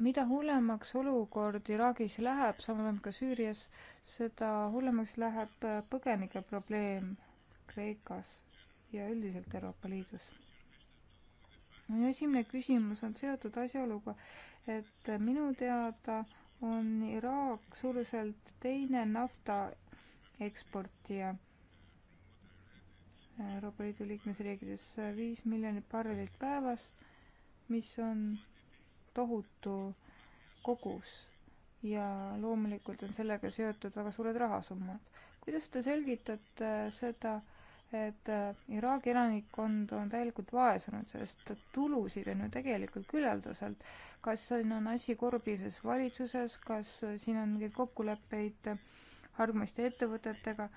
Speaker 2: mida hullemaks olukord Iraagis läheb, samamoodi ka Süürias, seda hullemaks läheb äh, põgenike probleem Kreekas ja üldiselt Euroopa Liidus. minu esimene küsimus on seotud asjaoluga, et minu teada on Iraak suuruselt teine nafta eksportija Euroopa Liidu liikmesriikides, viis miljonit barrelit päevas, mis on tohutu kogus ja loomulikult on sellega seotud väga suured rahasummad. kuidas te selgitate seda, et äh, Iraagi elanikkond on täielikult vaesunud, sest tulusid on ju tegelikult küllaldaselt. kas siin on asi korruptiivses valitsuses, kas siin on mingeid kokkuleppeid hargmaiste ettevõtetega?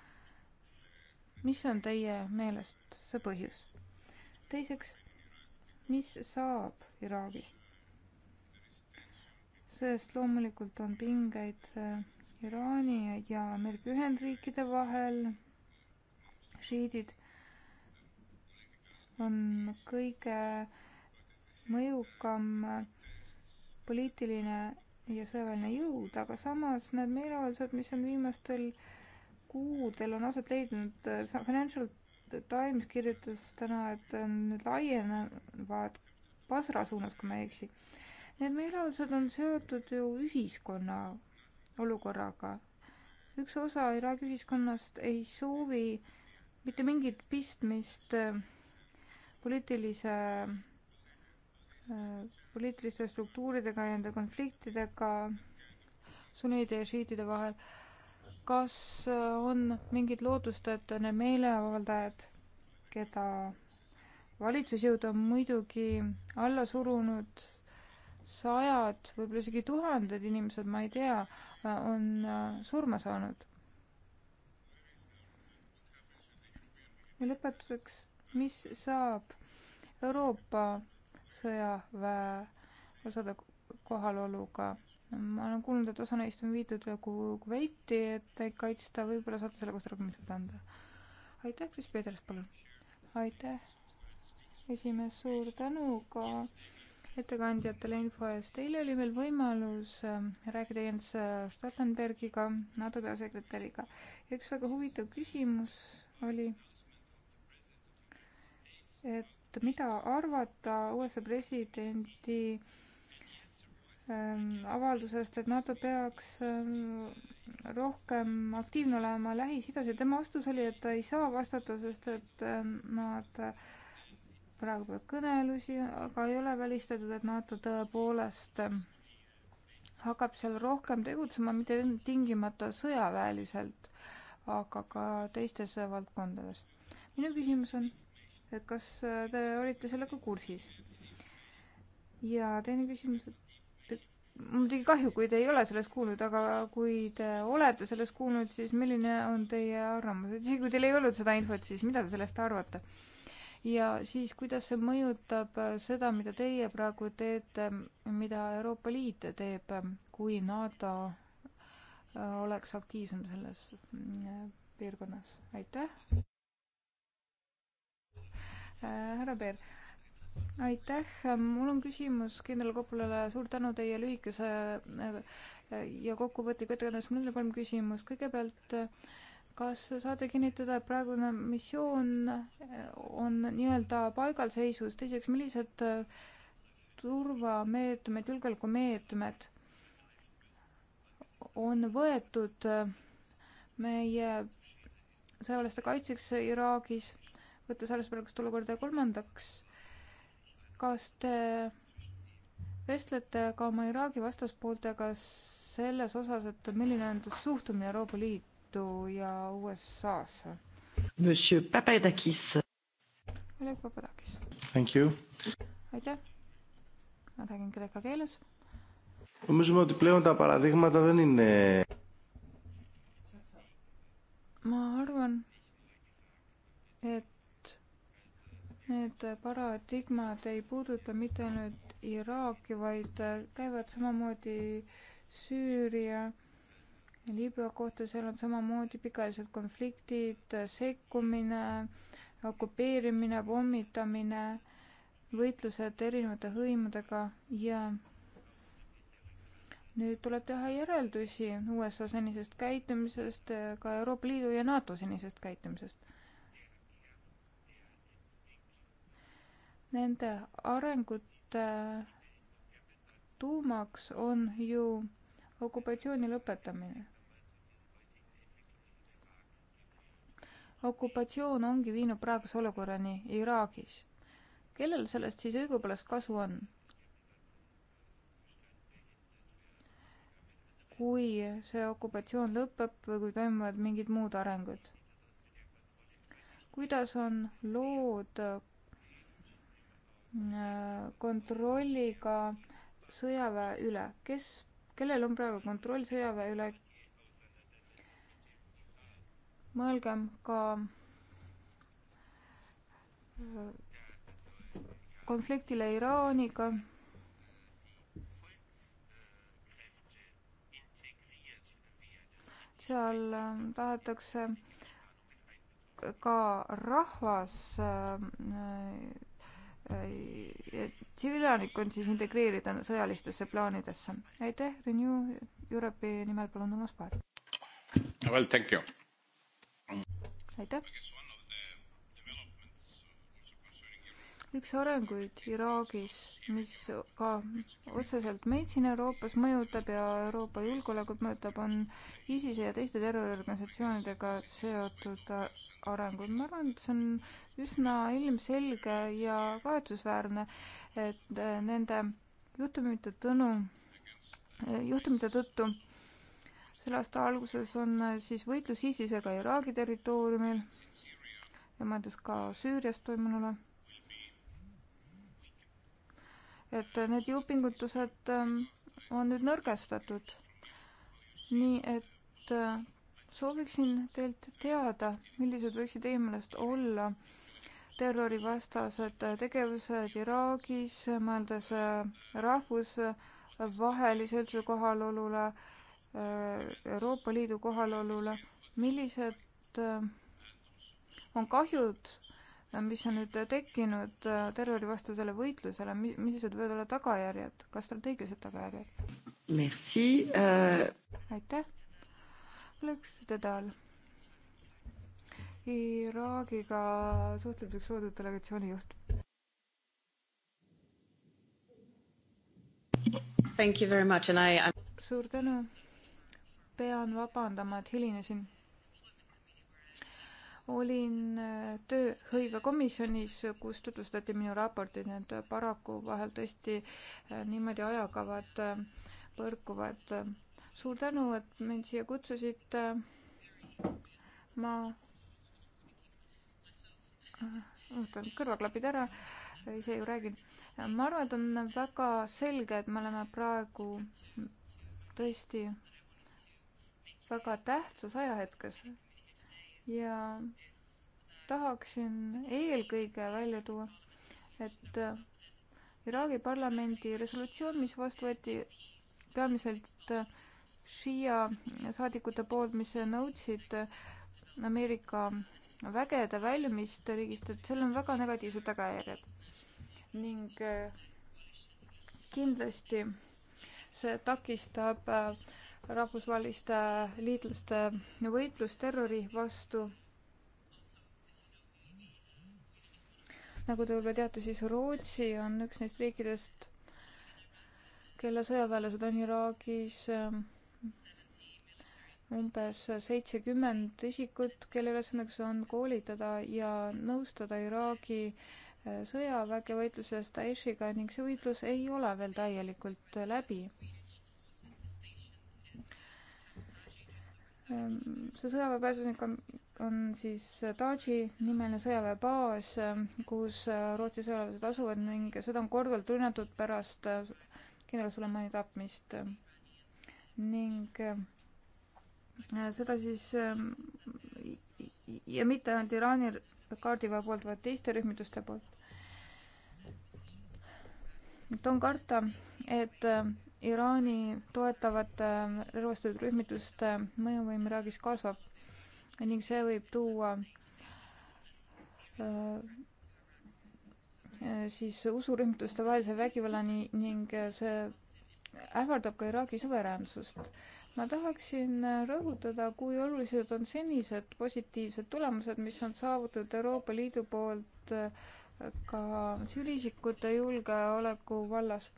Speaker 2: mis on teie meelest see põhjus? teiseks, mis saab Iraagist? sest loomulikult on pingeid äh, Iraani ja Ameerika Ühendriikide vahel. šiidid on kõige mõjukam äh, poliitiline ja sõjaväeline jõud, aga samas need meeleavaldused, mis on viimastel kuudel on aset leidnud, äh, Financial Times kirjutas täna, et nüüd laienevad Basra suunas, kui ma ei eksi Need meeleavaldused on seotud ju ühiskonna olukorraga. üks osa Iraagi ühiskonnast ei soovi mitte mingit pistmist äh, poliitilise, äh, poliitiliste struktuuridega ja nende konfliktidega sunniide ja šiitide vahel. kas äh, on mingit lootust, et need meeleavaldajad, keda valitsusjõud on muidugi alla surunud sajad, võib-olla isegi tuhanded inimesed, ma ei tea, on äh, surma saanud. ja lõpetuseks, mis saab Euroopa sõjaväe osade kohaloluga? ma olen kuulnud, et osa neist on viidud Kuveiti, et neid kaitsta, võib-olla saate selle kohta rohkem infot anda. aitäh, Kris Peeters, palun! aitäh, esimees, suur tänu ka ettekandjatele info eest. eile oli meil võimalus äh, rääkida Jens äh, Stoltenbergiga, NATO peasekretäriga. üks väga huvitav küsimus oli, et mida arvata USA presidendi ähm, avaldusest, et NATO peaks ähm, rohkem aktiivne olema Lähis-Idas ja tema vastus oli, et ta ei saa vastata, sest et ähm, nad äh, praegu peavad kõnelusi, aga ei ole välistatud, et NATO tõepoolest hakkab seal rohkem tegutsema, mitte tingimata sõjaväeliselt, aga ka teistes valdkondades. minu küsimus on, et kas te olite sellega kursis? ja teine küsimus, et muidugi kahju, kui te ei ole sellest kuulnud, aga kui te olete sellest kuulnud, siis milline on teie arvamus, et isegi kui teil ei olnud seda infot, siis mida te sellest arvate? ja siis, kuidas see mõjutab äh, seda, mida teie praegu teete, mida Euroopa Liit teeb, äh, kui NATO äh, oleks aktiivsem selles piirkonnas? aitäh! härra Peer aitäh, mul on küsimus kindral Kopulale, suur tänu teie lühikese ja kokkuvõtliku ettekande eest, mul on kolm küsimust, kõigepealt äh, kas saate kinnitada, et praegune missioon eh, on nii-öelda paigalseisus, teiseks, millised eh, turvameetmed, julgeolekumeetmed on võetud eh, meie sõjaväelaste kaitseks Iraagis, võttes arvesse praegust olukorda ja kolmandaks, kas te vestlete ka oma Iraagi vastaspooltega selles osas, et milline on suhtumine Euroopa Liitu? Liitu ja USA-sse.
Speaker 4: Monsieur Papadakis.
Speaker 2: Oleg Papadakis. Thank you. aitäh. ma räägin kreeka keeles.
Speaker 6: Νομίζουμε ότι πλέον τα παραδείγματα δεν είναι...
Speaker 2: Ma arvan, et need paradigmad ei puuduta mitte ainult Iraaki, vaid käivad samamoodi Süüria äh, Liibüa kohta, seal on samamoodi pikaajalised konfliktid, sekkumine, okupeerimine, pommitamine, võitlused erinevate hõimudega ja nüüd tuleb teha järeldusi USA senisest käitumisest, ka Euroopa Liidu ja NATO senisest käitumisest. Nende arengute tuumaks on ju okupatsiooni lõpetamine. okupatsioon ongi viinud praeguse olukorrani Iraagis. kellel sellest siis õigupoolest kasu on? kui see okupatsioon lõpeb või kui toimuvad mingid muud arengud? kuidas on lood äh, kontrolliga sõjaväe üle, kes, kellel on praegu kontroll sõjaväe üle, mõelgem ka äh, konfliktile Iraaniga seal äh, tahetakse ka rahvas äh, tsiviilelanikkond siis integreerida sõjalistesse plaanidesse. aitäh, Renew Europe'i nimel palun Urmas Paet. Well, thank you aitäh! üks arenguid Iraagis, mis ka otseselt meid siin Euroopas mõjutab ja Euroopa julgeolekut mõjutab, on ISISe ja teiste terroriorganisatsioonidega seotud arengud. ma arvan, et see on üsna ilmselge ja kahetsusväärne, et eh, nende juhtumite tõnu, juhtumite tõttu selle aasta alguses on äh, siis võitlus ISISega Iraagi territooriumil ja mõeldes ka Süürias toimunule. et äh, need jõupingutused ähm, on nüüd nõrgestatud. nii et äh, sooviksin teilt teada, millised võiksid teie meelest olla terrorivastased tegevused Iraagis, mõeldes rahvusvahelisele kohalolule äh, Euroopa Liidu kohalolule, millised äh, on kahjud, äh, mis on nüüd tekkinud äh, terrorivastasele võitlusele, millised võivad olla tagajärjed, ka strateegilised tagajärjed?
Speaker 4: Merci uh....
Speaker 2: aitäh. mul on üks detail. Iraagiga suhtlemiseks loodud delegatsiooni juht. Thank
Speaker 5: you very much and I.
Speaker 2: suur tänu pean vabandama, et hilinesin. olin äh, tööhõivekomisjonis, kus tutvustati minu raportit, nii et paraku vahel tõesti äh, niimoodi ajakavad äh, põrkuvad. suur tänu, et mind siia kutsusite. ma võtan kõrvaklapid ära, ise ju räägin. ma arvan, et on väga selge, et me oleme praegu tõesti väga tähtsas ajahetkes ja tahaksin eelkõige välja tuua, et Iraagi parlamendi resolutsioon, mis vastu võeti peamiselt Shia saadikute poolt, mis nõudsid Ameerika vägede väljumist riigist, et sellel on väga negatiivsed tagajärjed. ning kindlasti see takistab äh, rahvusvaheliste liitlaste võitlus terrori vastu. nagu te võib-olla teate, siis Rootsi on üks neist riikidest, kelle sõjaväelased on Iraagis ähm, umbes seitsekümmend isikut, kelle ülesandeks on koolitada ja nõustada Iraagi äh, sõjaväge võitluses Daeshiga ning see võitlus ei ole veel täielikult läbi Ehm, see sõjaväepääsunik on, on siis Taji nimeline sõjaväebaas, ehm, kus äh, Rootsi sõjaväelased asuvad ning seda on korduvalt rünnatud pärast äh, kindral Sulemani tapmist. ning äh, seda siis ehm, ja mitte ainult Iraani kaardiväe poolt, vaid teiste rühmituste poolt. et on karta, et Iraani toetavate äh, relvastatud rühmituste äh, mõjuvõim Iraagis kasvab ning see võib tuua äh, siis usurühmituste vahelise vägivallani ning see ähvardab ka Iraagi suveräänsust. ma tahaksin rõhutada, kui olulised on senised positiivsed tulemused, mis on saavutatud Euroopa Liidu poolt ka süüriisikute julgeoleku vallas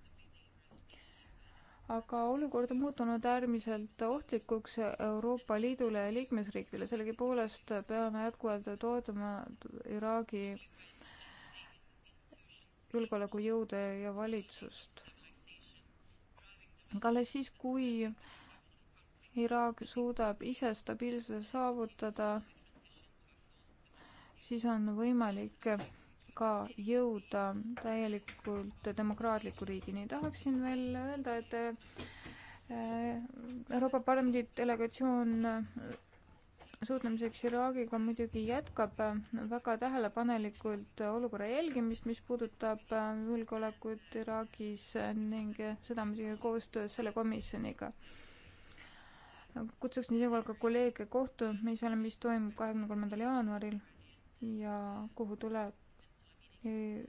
Speaker 2: aga olukord on muutunud äärmiselt ohtlikuks Euroopa Liidule ja liikmesriikidele, sellegipoolest peame jätkuvalt toetama Iraagi julgeolekujõude ja valitsust. aga alles siis, kui Iraak suudab ise stabiilsuse saavutada, siis on võimalik ka jõuda täielikult demokraatliku riigini. tahaksin veel öelda, et äh, Euroopa Parlamendi delegatsioon äh, suhtlemiseks Iraagiga muidugi jätkab äh, väga tähelepanelikult olukorra jälgimist, mis puudutab julgeolekut Iraagis ning seda muidugi koostöös selle komisjoniga kutsuksin siinkohal ka kolleege kohtumisele, mis toimub kahekümne kolmandal jaanuaril ja kuhu tuleb Mm.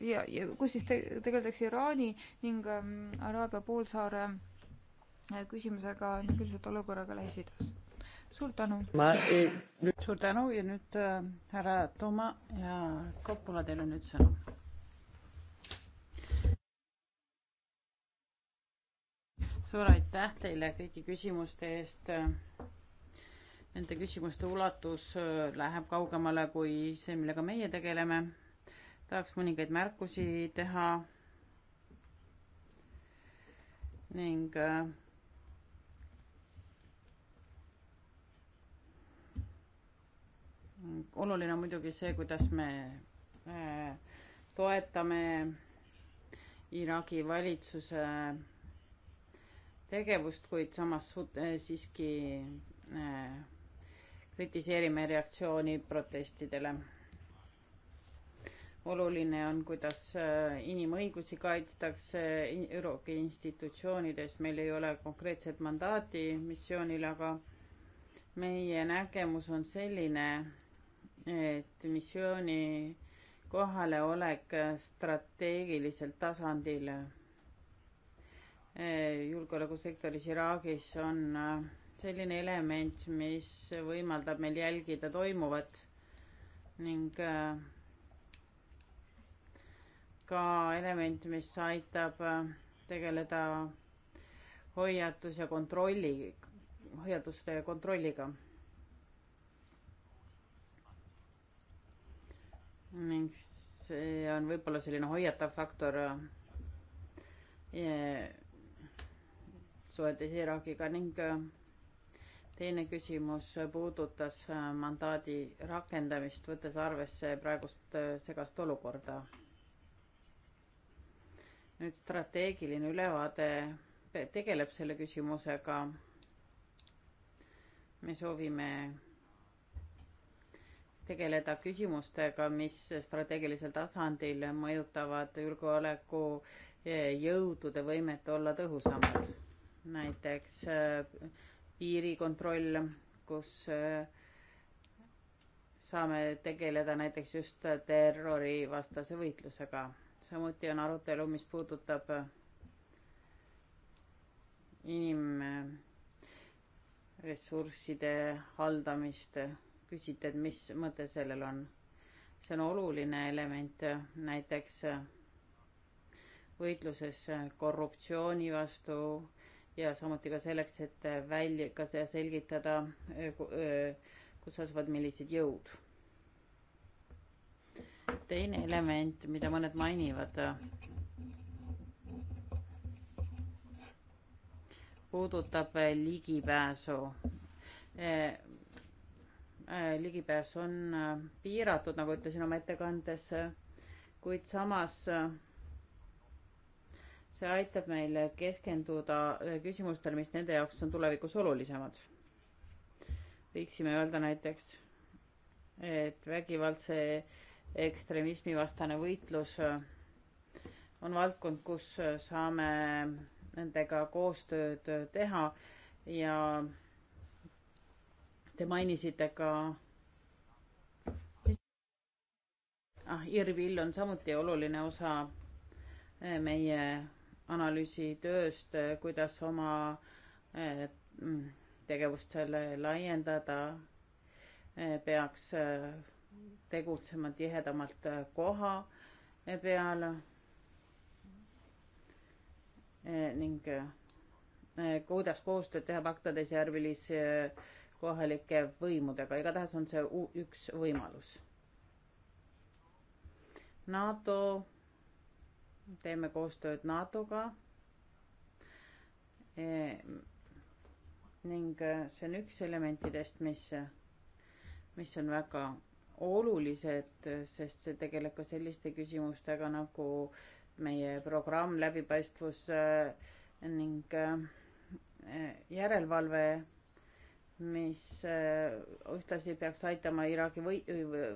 Speaker 2: ja, ja kus siis te, tegeldakse Iraani ning ähm, Araabia poolsaare äh, küsimusega ning üldiselt olukorraga Lähis-Idas. suur tänu!
Speaker 3: ma ei...
Speaker 5: Nüüd... suur tänu ja nüüd äh, härra Toma ja Koppola, teil on nüüd sõna. suur aitäh teile kõigi küsimuste eest äh, nende küsimuste ulatus äh, läheb kaugemale kui see, millega meie tegeleme. tahaks mõningaid märkusi teha ning äh, oluline on muidugi see, kuidas me äh, toetame Iraagi valitsuse tegevust, kuid samas siiski kritiseerime reaktsiooni protestidele. oluline on, kuidas äh, inimõigusi kaitstakse Euroopa institutsioonides, meil ei ole konkreetset mandaati missioonile, aga meie nägemus on selline, et missiooni kohaleolek strateegilisel tasandil äh, julgeolekusektoris Iraagis on äh, selline element, mis võimaldab meil jälgida toimuvat ning äh, ka element, mis aitab äh, tegeleda hoiatus ja kontrolli, hoiatuste ja kontrolliga. ning see on võib-olla selline hoiatav faktor äh, suhetes Iraagiga ning teine küsimus puudutas äh, mandaadi rakendamist, võttes arvesse praegust äh, segast olukorda. nüüd strateegiline ülevaade tegeleb selle küsimusega. me soovime tegeleda küsimustega, mis strateegilisel tasandil mõjutavad julgeoleku äh, jõudude võimet olla tõhusamad. näiteks äh, piirikontroll, kus äh, saame tegeleda näiteks just terrorivastase võitlusega. samuti on arutelu, mis puudutab äh, inimressursside haldamist. küsite, et mis mõte sellel on? see on oluline element äh, näiteks võitluses korruptsiooni vastu ja samuti ka selleks, et välja, ka see selgitada, kus asuvad millised jõud. teine element, mida mõned mainivad, puudutab äh, ligipääsu. Äh, äh, ligipääs on piiratud, nagu ütlesin oma ettekandes, kuid samas see aitab meil keskenduda küsimustele, mis nende jaoks on tulevikus olulisemad. võiksime öelda näiteks, et vägivaldse ekstremismi vastane võitlus on valdkond, kus saame nendega koostööd teha ja te mainisite ka ah, Irvil on samuti oluline osa meie analüüsitööst, kuidas oma eh, mm, tegevust selle laiendada, eh, peaks eh, tegutsema tihedamalt koha peal ning kuidas koostööd teha Bagdadis järvilis kohalike võimudega, igatahes on see üks võimalus. NATO teeme koostööd NATO-ga e. ning äh, see on üks elementidest, mis, mis on väga olulised, sest see tegeleb ka selliste küsimustega nagu meie programm läbipaistvus äh, ning äh, e, järelevalve, mis ühtlasi peaks aitama Iraagi või-,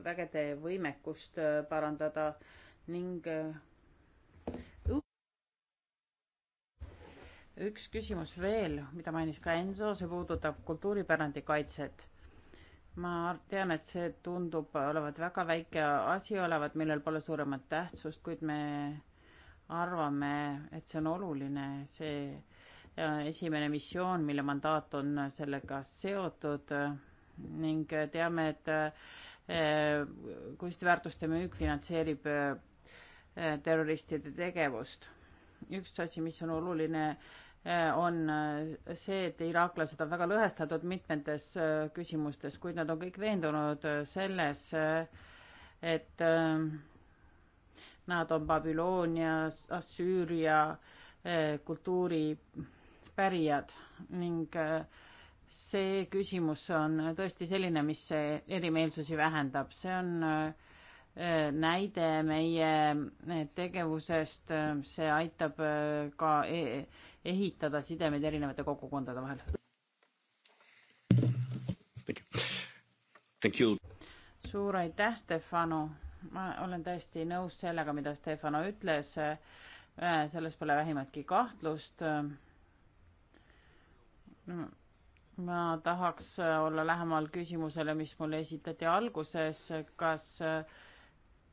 Speaker 5: vägede võimekust parandada ning üks küsimus veel, mida mainis ka Enzo, see puudutab kultuuripärandi kaitset. ma tean, et see tundub olevat väga väike asi olevat, millel pole suuremat tähtsust, kuid me arvame, et see on oluline, see esimene missioon, mille mandaat on sellega seotud ning teame, et eh, kunstiväärtuste müük finantseerib eh, terroristide tegevust. üks asi, mis on oluline on äh, see, et iraaklased on väga lõhestatud mitmetes äh, küsimustes, kuid nad on kõik veendunud äh, selles, et nad on Babyloonia, Assüüria kultuuri pärijad ning see küsimus on tõesti selline, mis erimeelsusi vähendab, see on äh, näide meie tegevusest, see aitab äh, ka e-, ehitada sidemeid erinevate kogukondade vahel. suur aitäh, Stefano. ma olen täiesti nõus sellega, mida Stefano ütles. Äh, selles pole vähimatki kahtlust mm, ma tahaks äh, olla lähemal küsimusele, mis mulle esitati alguses, kas äh,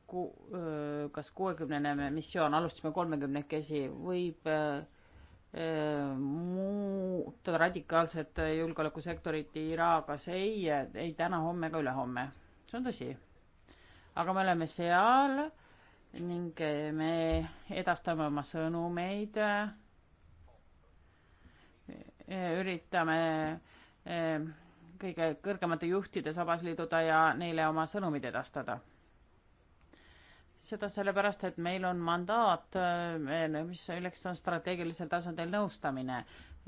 Speaker 5: ku-, kas kuuekümnene missioon, alustasime kolmekümnekesi, võib muuta radikaalset julgeolekusektorit Iraagas ei, ei täna, homme ega ülehomme. see on tõsi. aga me oleme seal ning me edastame oma sõnumeid. üritame kõige kõrgemate juhtide sabas liiduda ja neile oma sõnumid edastada seda sellepärast, et meil on mandaat, eh, mis, milleks on strateegilisel tasandil nõustamine.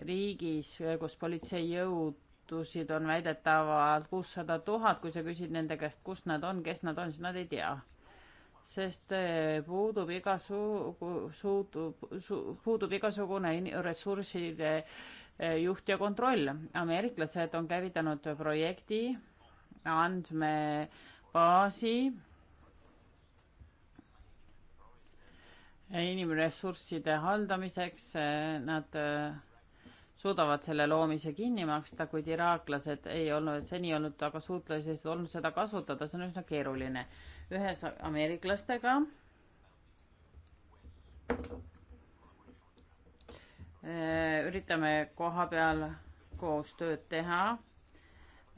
Speaker 5: riigis, eh, kus politseijõudusid on väidetavalt kuussada tuhat, kui sa küsid nende käest, kus nad on, kes nad on, siis nad ei tea. sest eh, puudub igasugu, suutub, su-, puudub igasugune ressursside juht ja kontroll. ameeriklased on käivitanud projekti andmebaasi inimressursside haldamiseks, eh, nad eh, suudavad selle loomise kinni maksta, kuid iraaklased ei olnud, seni olnud aga suutlased olnud seda kasutada, see on üsna keeruline. ühes ameeriklastega eh, üritame koha peal koostööd teha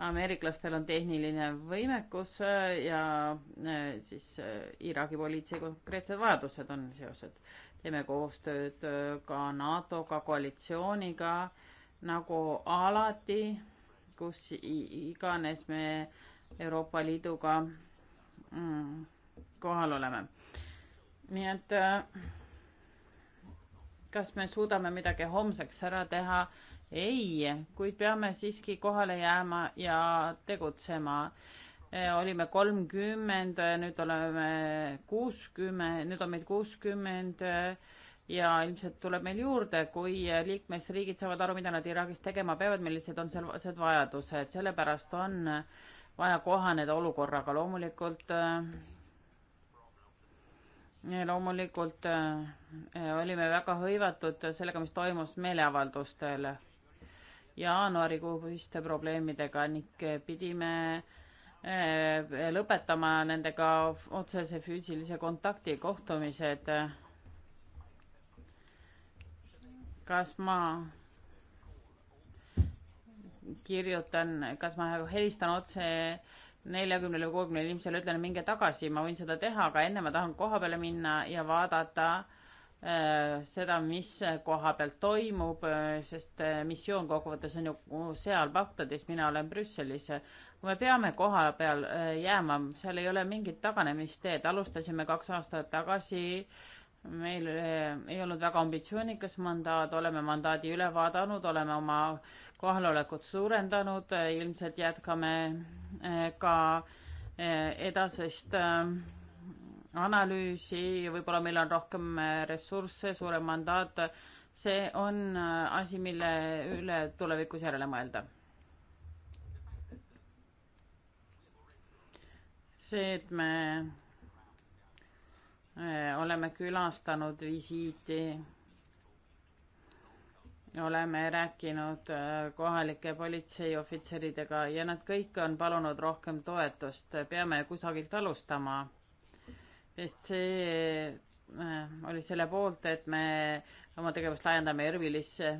Speaker 5: ameeriklastel on tehniline võimekus äh, ja äh, siis äh, Iraagi politsei konkreetsed vajadused on seosed. teeme koostööd ka NATO-ga, koalitsiooniga, nagu alati, kus iganes me Euroopa Liiduga mm, kohal oleme. nii et kas me suudame midagi homseks ära teha äh, ei, kuid peame siiski kohale jääma ja tegutsema. E, olime kolmkümmend, e, nüüd oleme kuuskümmend, nüüd on meid kuuskümmend e, ja ilmselt tuleb meil juurde, kui liikmesriigid saavad aru, mida nad Iraagis tegema peavad, millised on sealsed vajadused, sellepärast on vaja kohaneda olukorraga loomulikult Ja loomulikult äh, olime väga hõivatud sellega, mis toimus meeleavaldustel jaanuarikuupõhiste probleemidega ning pidime eh, lõpetama nendega otsese füüsilise kontakti kohtumised. kas ma kirjutan, kas ma helistan otse neljakümnele või kuuekümnele inimesele, ütlen minge tagasi, ma võin seda teha, aga enne ma tahan koha peale minna ja vaadata äh, Äh, seda, mis koha peal toimub, äh, sest äh, missioon kokkuvõttes on ju seal Bagdadis, mina olen Brüsselis. me peame koha peal jääma, seal ei ole mingit taganemisteed, alustasime kaks aastat tagasi, meil ei olnud väga ambitsioonikas mandaat, oleme mandaadi üle vaadanud, oleme oma kohalolekut suurendanud, ilmselt jätkame ka edasist äh, analüüsi ja võib-olla meil on rohkem äh, ressursse, suurem mandaat. see on äh, asi, mille üle tulevikus järele mõelda. see, et me äh, oleme külastanud visiiti, oleme rääkinud kohalike politseiohvitseridega ja nad kõik on palunud rohkem toetust, peame kusagilt alustama sest see äh, oli selle poolt, et me oma tegevust laiendame Erbilisse.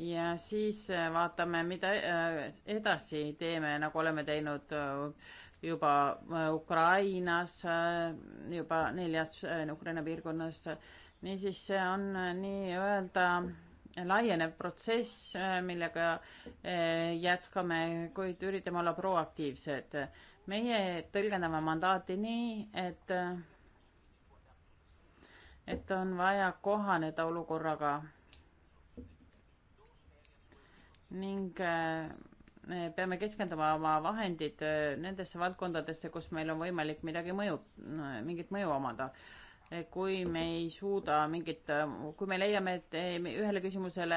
Speaker 5: ja siis äh, vaatame, mida äh, edasi teeme, nagu oleme teinud juba Ukrainas, juba neljas Ukraina piirkonnas. niisiis, see on nii-öelda laienev protsess, äh, millega äh, jätkame, kuid üritame olla proaktiivsed. meie tõlgendame mandaati nii, et, et on vaja kohaneda olukorraga ning äh, me peame keskenduma oma vahendid nendesse valdkondadesse, kus meil on võimalik midagi mõju, mingit mõju omada kui me ei suuda mingit, kui me leiame, et eh, ühele küsimusele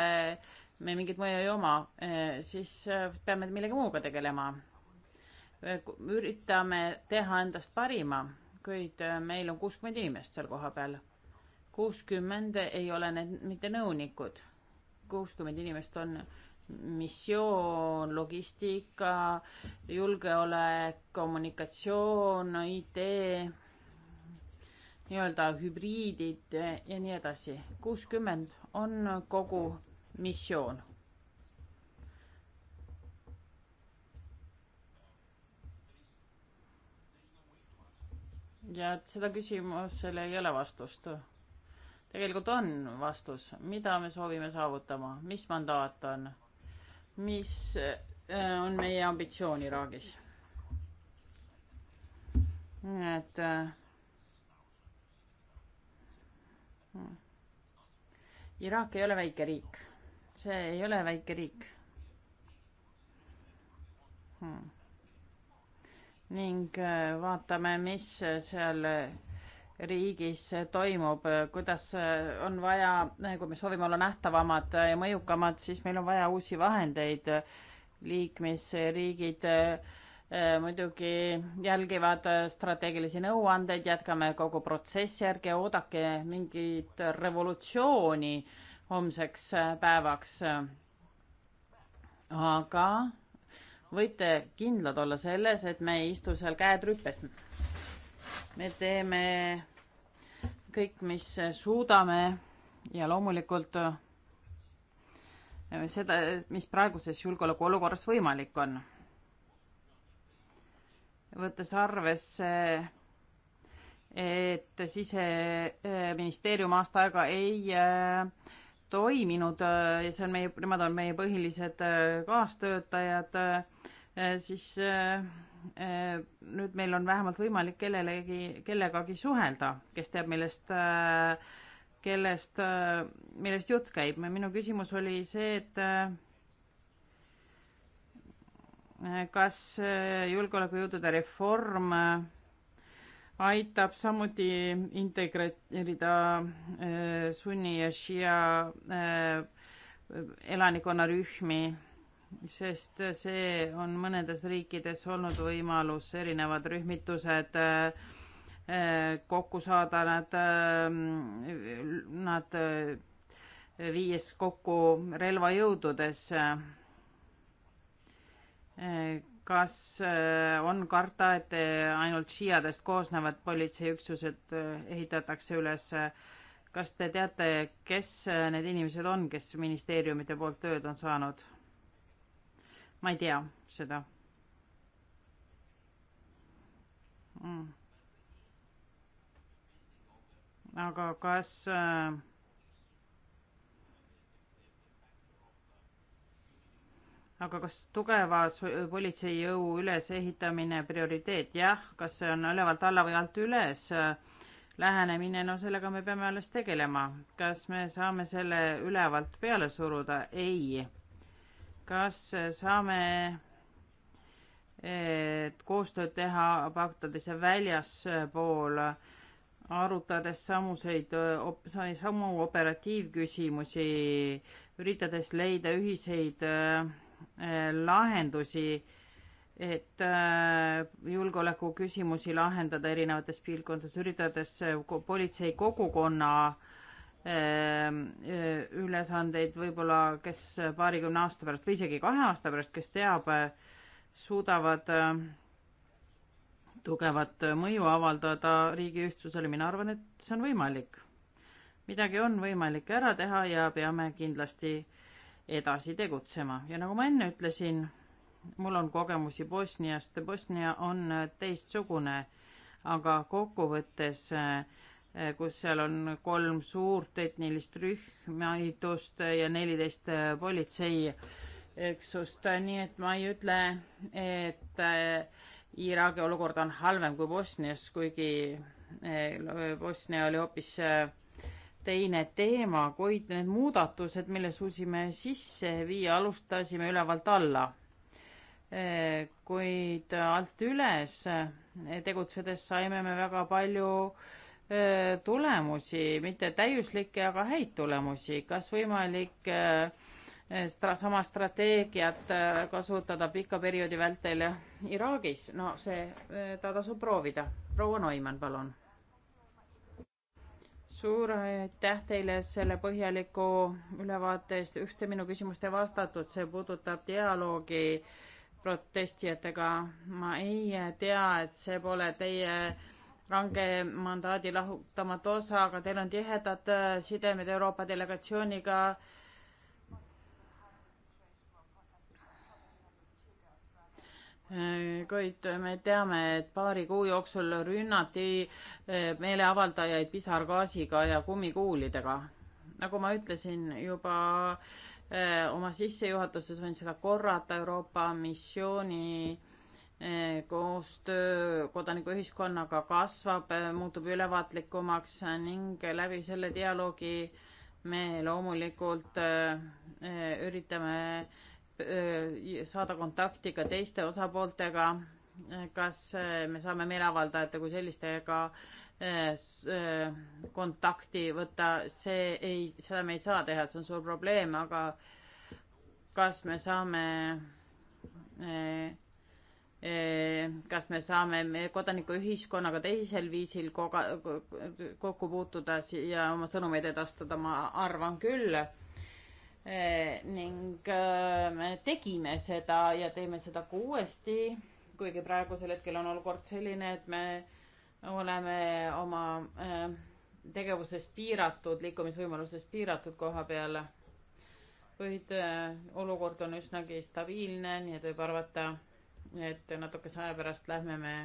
Speaker 5: me mingit mõju ei oma, eh, siis eh, peame millegi muuga tegelema. üritame teha endast parima, kuid meil on kuuskümmend inimest seal kohapeal. kuuskümmend ei ole need mitte nõunikud, kuuskümmend inimest on missioon, logistika, julgeolek, kommunikatsioon, IT nii-öelda hübriidid ja nii edasi. kuuskümmend on kogu missioon. ja et seda küsimusele ei ole vastust. tegelikult on vastus, mida me soovime saavutama, mis mandaat on, mis äh, on meie ambitsioon Iraagis. nii et äh, Hmm. Iraak ei ole väike riik, see ei ole väike riik hmm.. ning äh, vaatame, mis äh, seal äh, riigis toimub, kuidas on vaja, kui me soovime olla nähtavamad ja mõjukamad, siis meil on vaja uusi vahendeid. liikmesriigid äh, Äh, muidugi jälgivad äh, strateegilisi nõuandeid, jätkame kogu protsessi, ärge oodake mingit revolutsiooni homseks äh, päevaks. aga võite kindlad olla selles, et me ei istu seal käed rüpes. me teeme kõik, mis suudame ja loomulikult seda, mis praeguses julgeolekuolukorras võimalik on võttes arvesse, et siseministeerium aasta aega ei äh, toiminud äh, ja see on meie, nemad on meie põhilised äh, kaastöötajad, siis nüüd meil on vähemalt võimalik kellelegi, kellegagi suhelda, kes teab, millest, kellest, millest jutt käib. minu küsimus oli see, et kas äh, julgeolekujõudude reform äh, aitab samuti integreerida äh, sunni ja šia elanikkonnarühmi, sest see on mõnedes riikides olnud võimalus, erinevad rühmitused kokku saada, nad, nad viies kokku relvajõududesse kas äh, on karta, et äh, ainult šiiadest koosnevad politseiüksused äh, ehitatakse üles? kas te teate, kes need inimesed on, kes ministeeriumite poolt tööd on saanud? ma ei tea seda mm.. aga kas äh, aga kas tugeva politseijõu ülesehitamine prioriteet, jah, kas see on ülevalt alla või alt üles lähenemine, no sellega me peame alles tegelema. kas me saame selle ülevalt peale suruda? ei. kas saame koostööd teha paktades ja väljaspool, arutades samuseid, samu operatiivküsimusi, üritades leida ühiseid äh, Äh, lahendusi, et äh, julgeolekuküsimusi lahendada erinevates piirkondades, üritades äh, politsei kogukonna ülesandeid võib-olla, kes paarikümne aasta pärast või isegi kahe aasta pärast, kes teab, suudavad tugevat mõju avaldada riigi ühtsusele, mina arvan, et see on võimalik. midagi on võimalik ära teha ja peame kindlasti edasi tegutsema ja nagu ma enne ütlesin, mul on kogemusi Bosniast, Bosnia on äh, teistsugune, aga kokkuvõttes äh, äh, kus seal on kolm suurt etnilist rühmaitust ja neliteist politseiüksust, nii et ma ei ütle, et Iraagi olukord on halvem kui Bosnias, kuigi Bosnia oli hoopis teine teema, kuid need muudatused, mille suutsime sisse viia, alustasime ülevalt alla. Eh, kuid alt üles eh, tegutsedes saime me väga palju eh, tulemusi, mitte täiuslikke, aga häid tulemusi, kas võimalik stra-, sama strateegiat kasutada pika perioodi vältel Iraagis, no see, ta tasub proovida. proua Neumann, palun suur aitäh teile selle põhjaliku ülevaate eest. ühte minu küsimust ei vastatud, see puudutab dialoogi protestijatega. ma ei tea, et see pole teie range mandaadi lahutamatu osa, aga teil on tihedad sidemed Euroopa delegatsiooniga äh, Äh, kuid me teame, et paari kuu jooksul rünnati äh, meeleavaldajaid pisargaasiga ja kummikuulidega. nagu ma ütlesin juba äh, oma sissejuhatuses, võin seda korrata, Euroopa missiooni koostöö kodanikuühiskonnaga kasvab, muutub ülevaatlikumaks ning läbi selle dialoogi me loomulikult üritame Äh, saada kontakti ka teiste osapooltega, kas äh, me saame meeleavaldajate kui sellistega äh, kontakti võtta, see ei, seda me ei saa teha, see on suur probleem, aga kas me saame kas me saame kodanikuühiskonnaga teisel viisil koga, kokku puutuda ja oma sõnumeid edastada, ma arvan küll Eh, ning eh, me tegime seda ja teeme seda ka uuesti, kuigi praegusel hetkel on olukord selline, et me oleme oma eh, tegevuses piiratud, liikumisvõimaluses piiratud koha peal. kuid olukord on üsnagi stabiilne, nii et võib arvata, et natukese aja pärast lähme me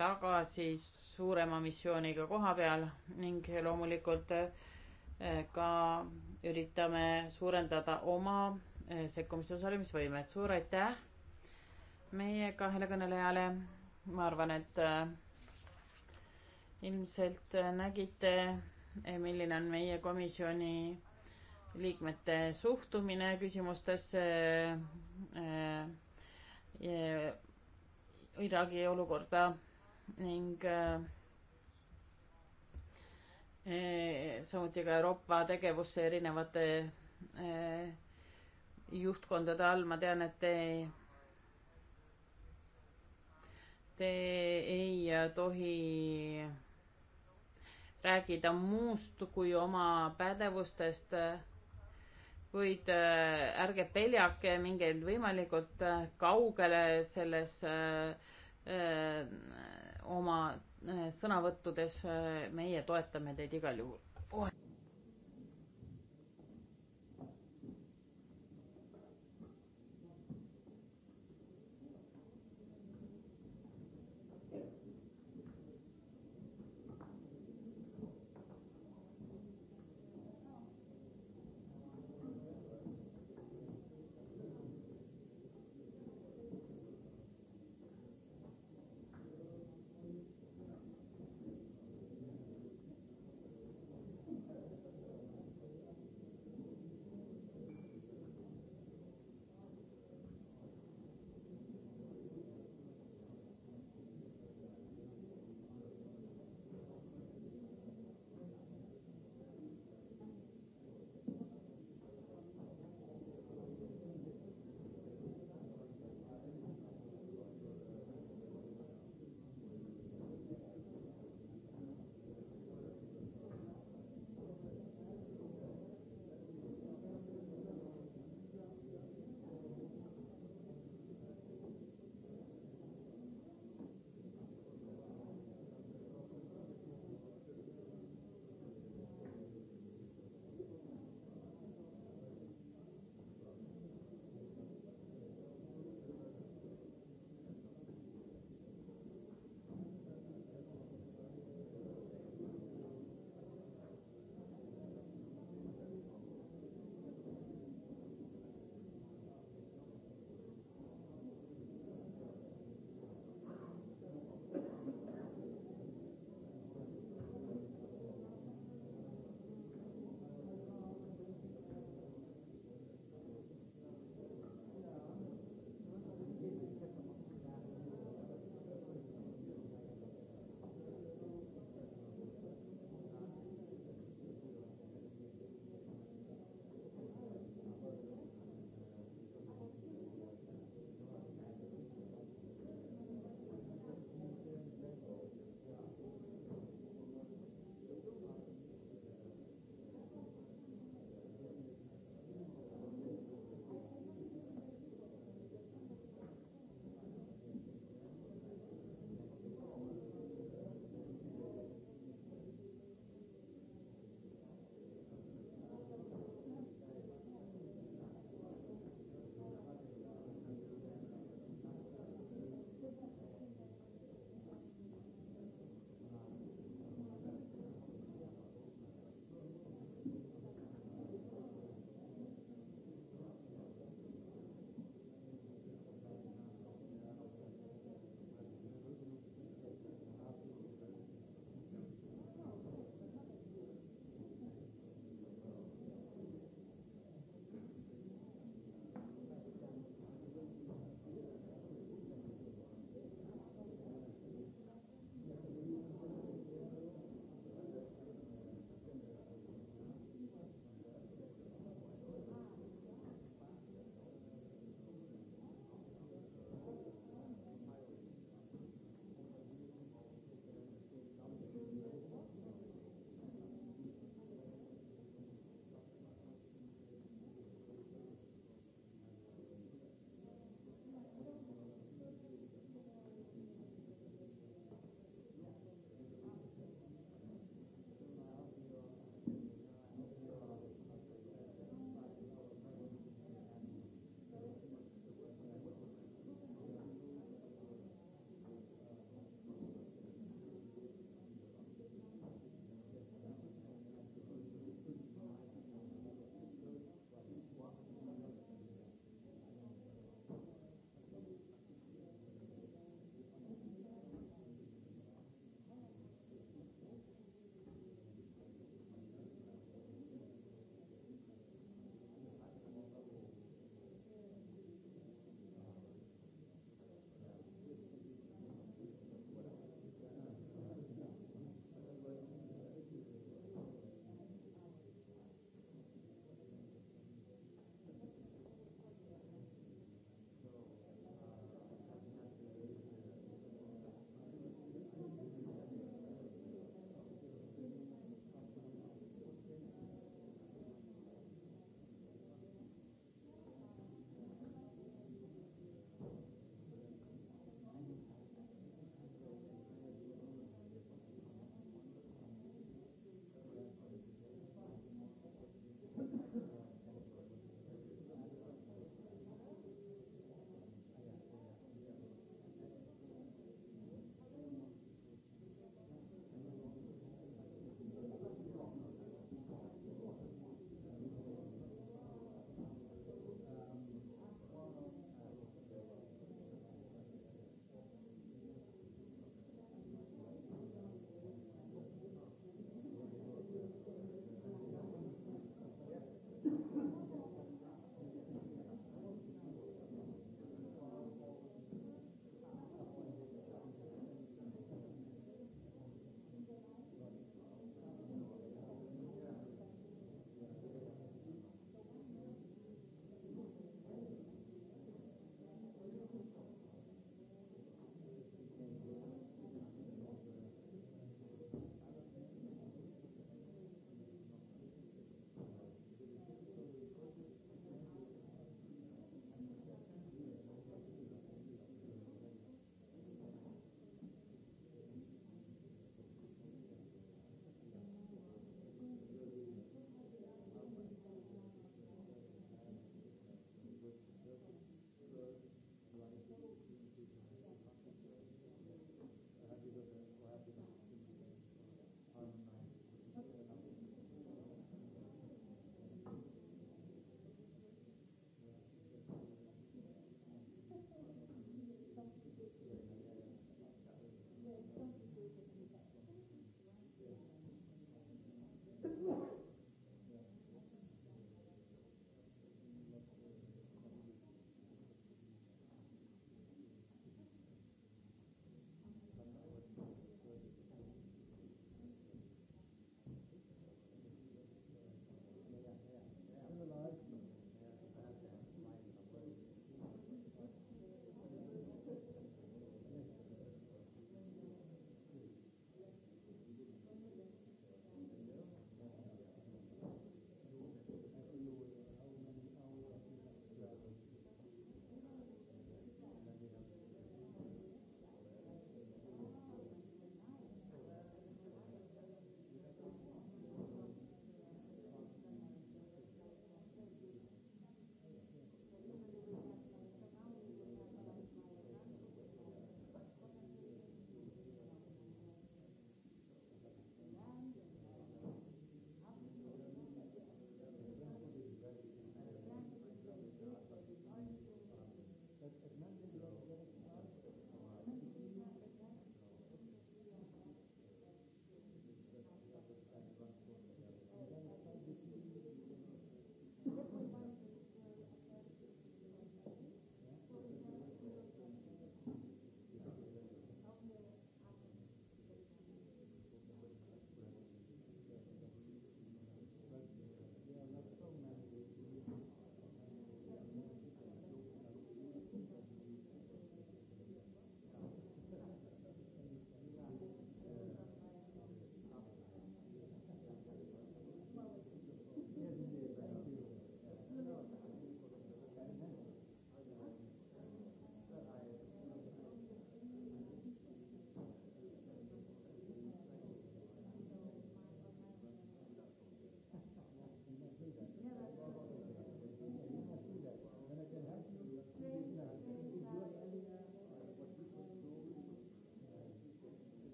Speaker 5: tagasi suurema missiooniga koha peal ning loomulikult ka üritame suurendada oma eh, sekkumise osalemisvõimet. suur aitäh meie kahele kõnelejale. ma arvan, et eh, ilmselt nägite, eh, milline on meie komisjoni liikmete suhtumine küsimustesse. Iraagi olukorda ning äh, Eh, samuti ka Euroopa tegevusse erinevate eh, juhtkondade all, ma tean, et te, te ei tohi räägida muust kui oma pädevustest, kuid eh, ärge peljake, minge võimalikult kaugele selles öö, oma sõnavõttudes. Äh, meie toetame teid igal juhul.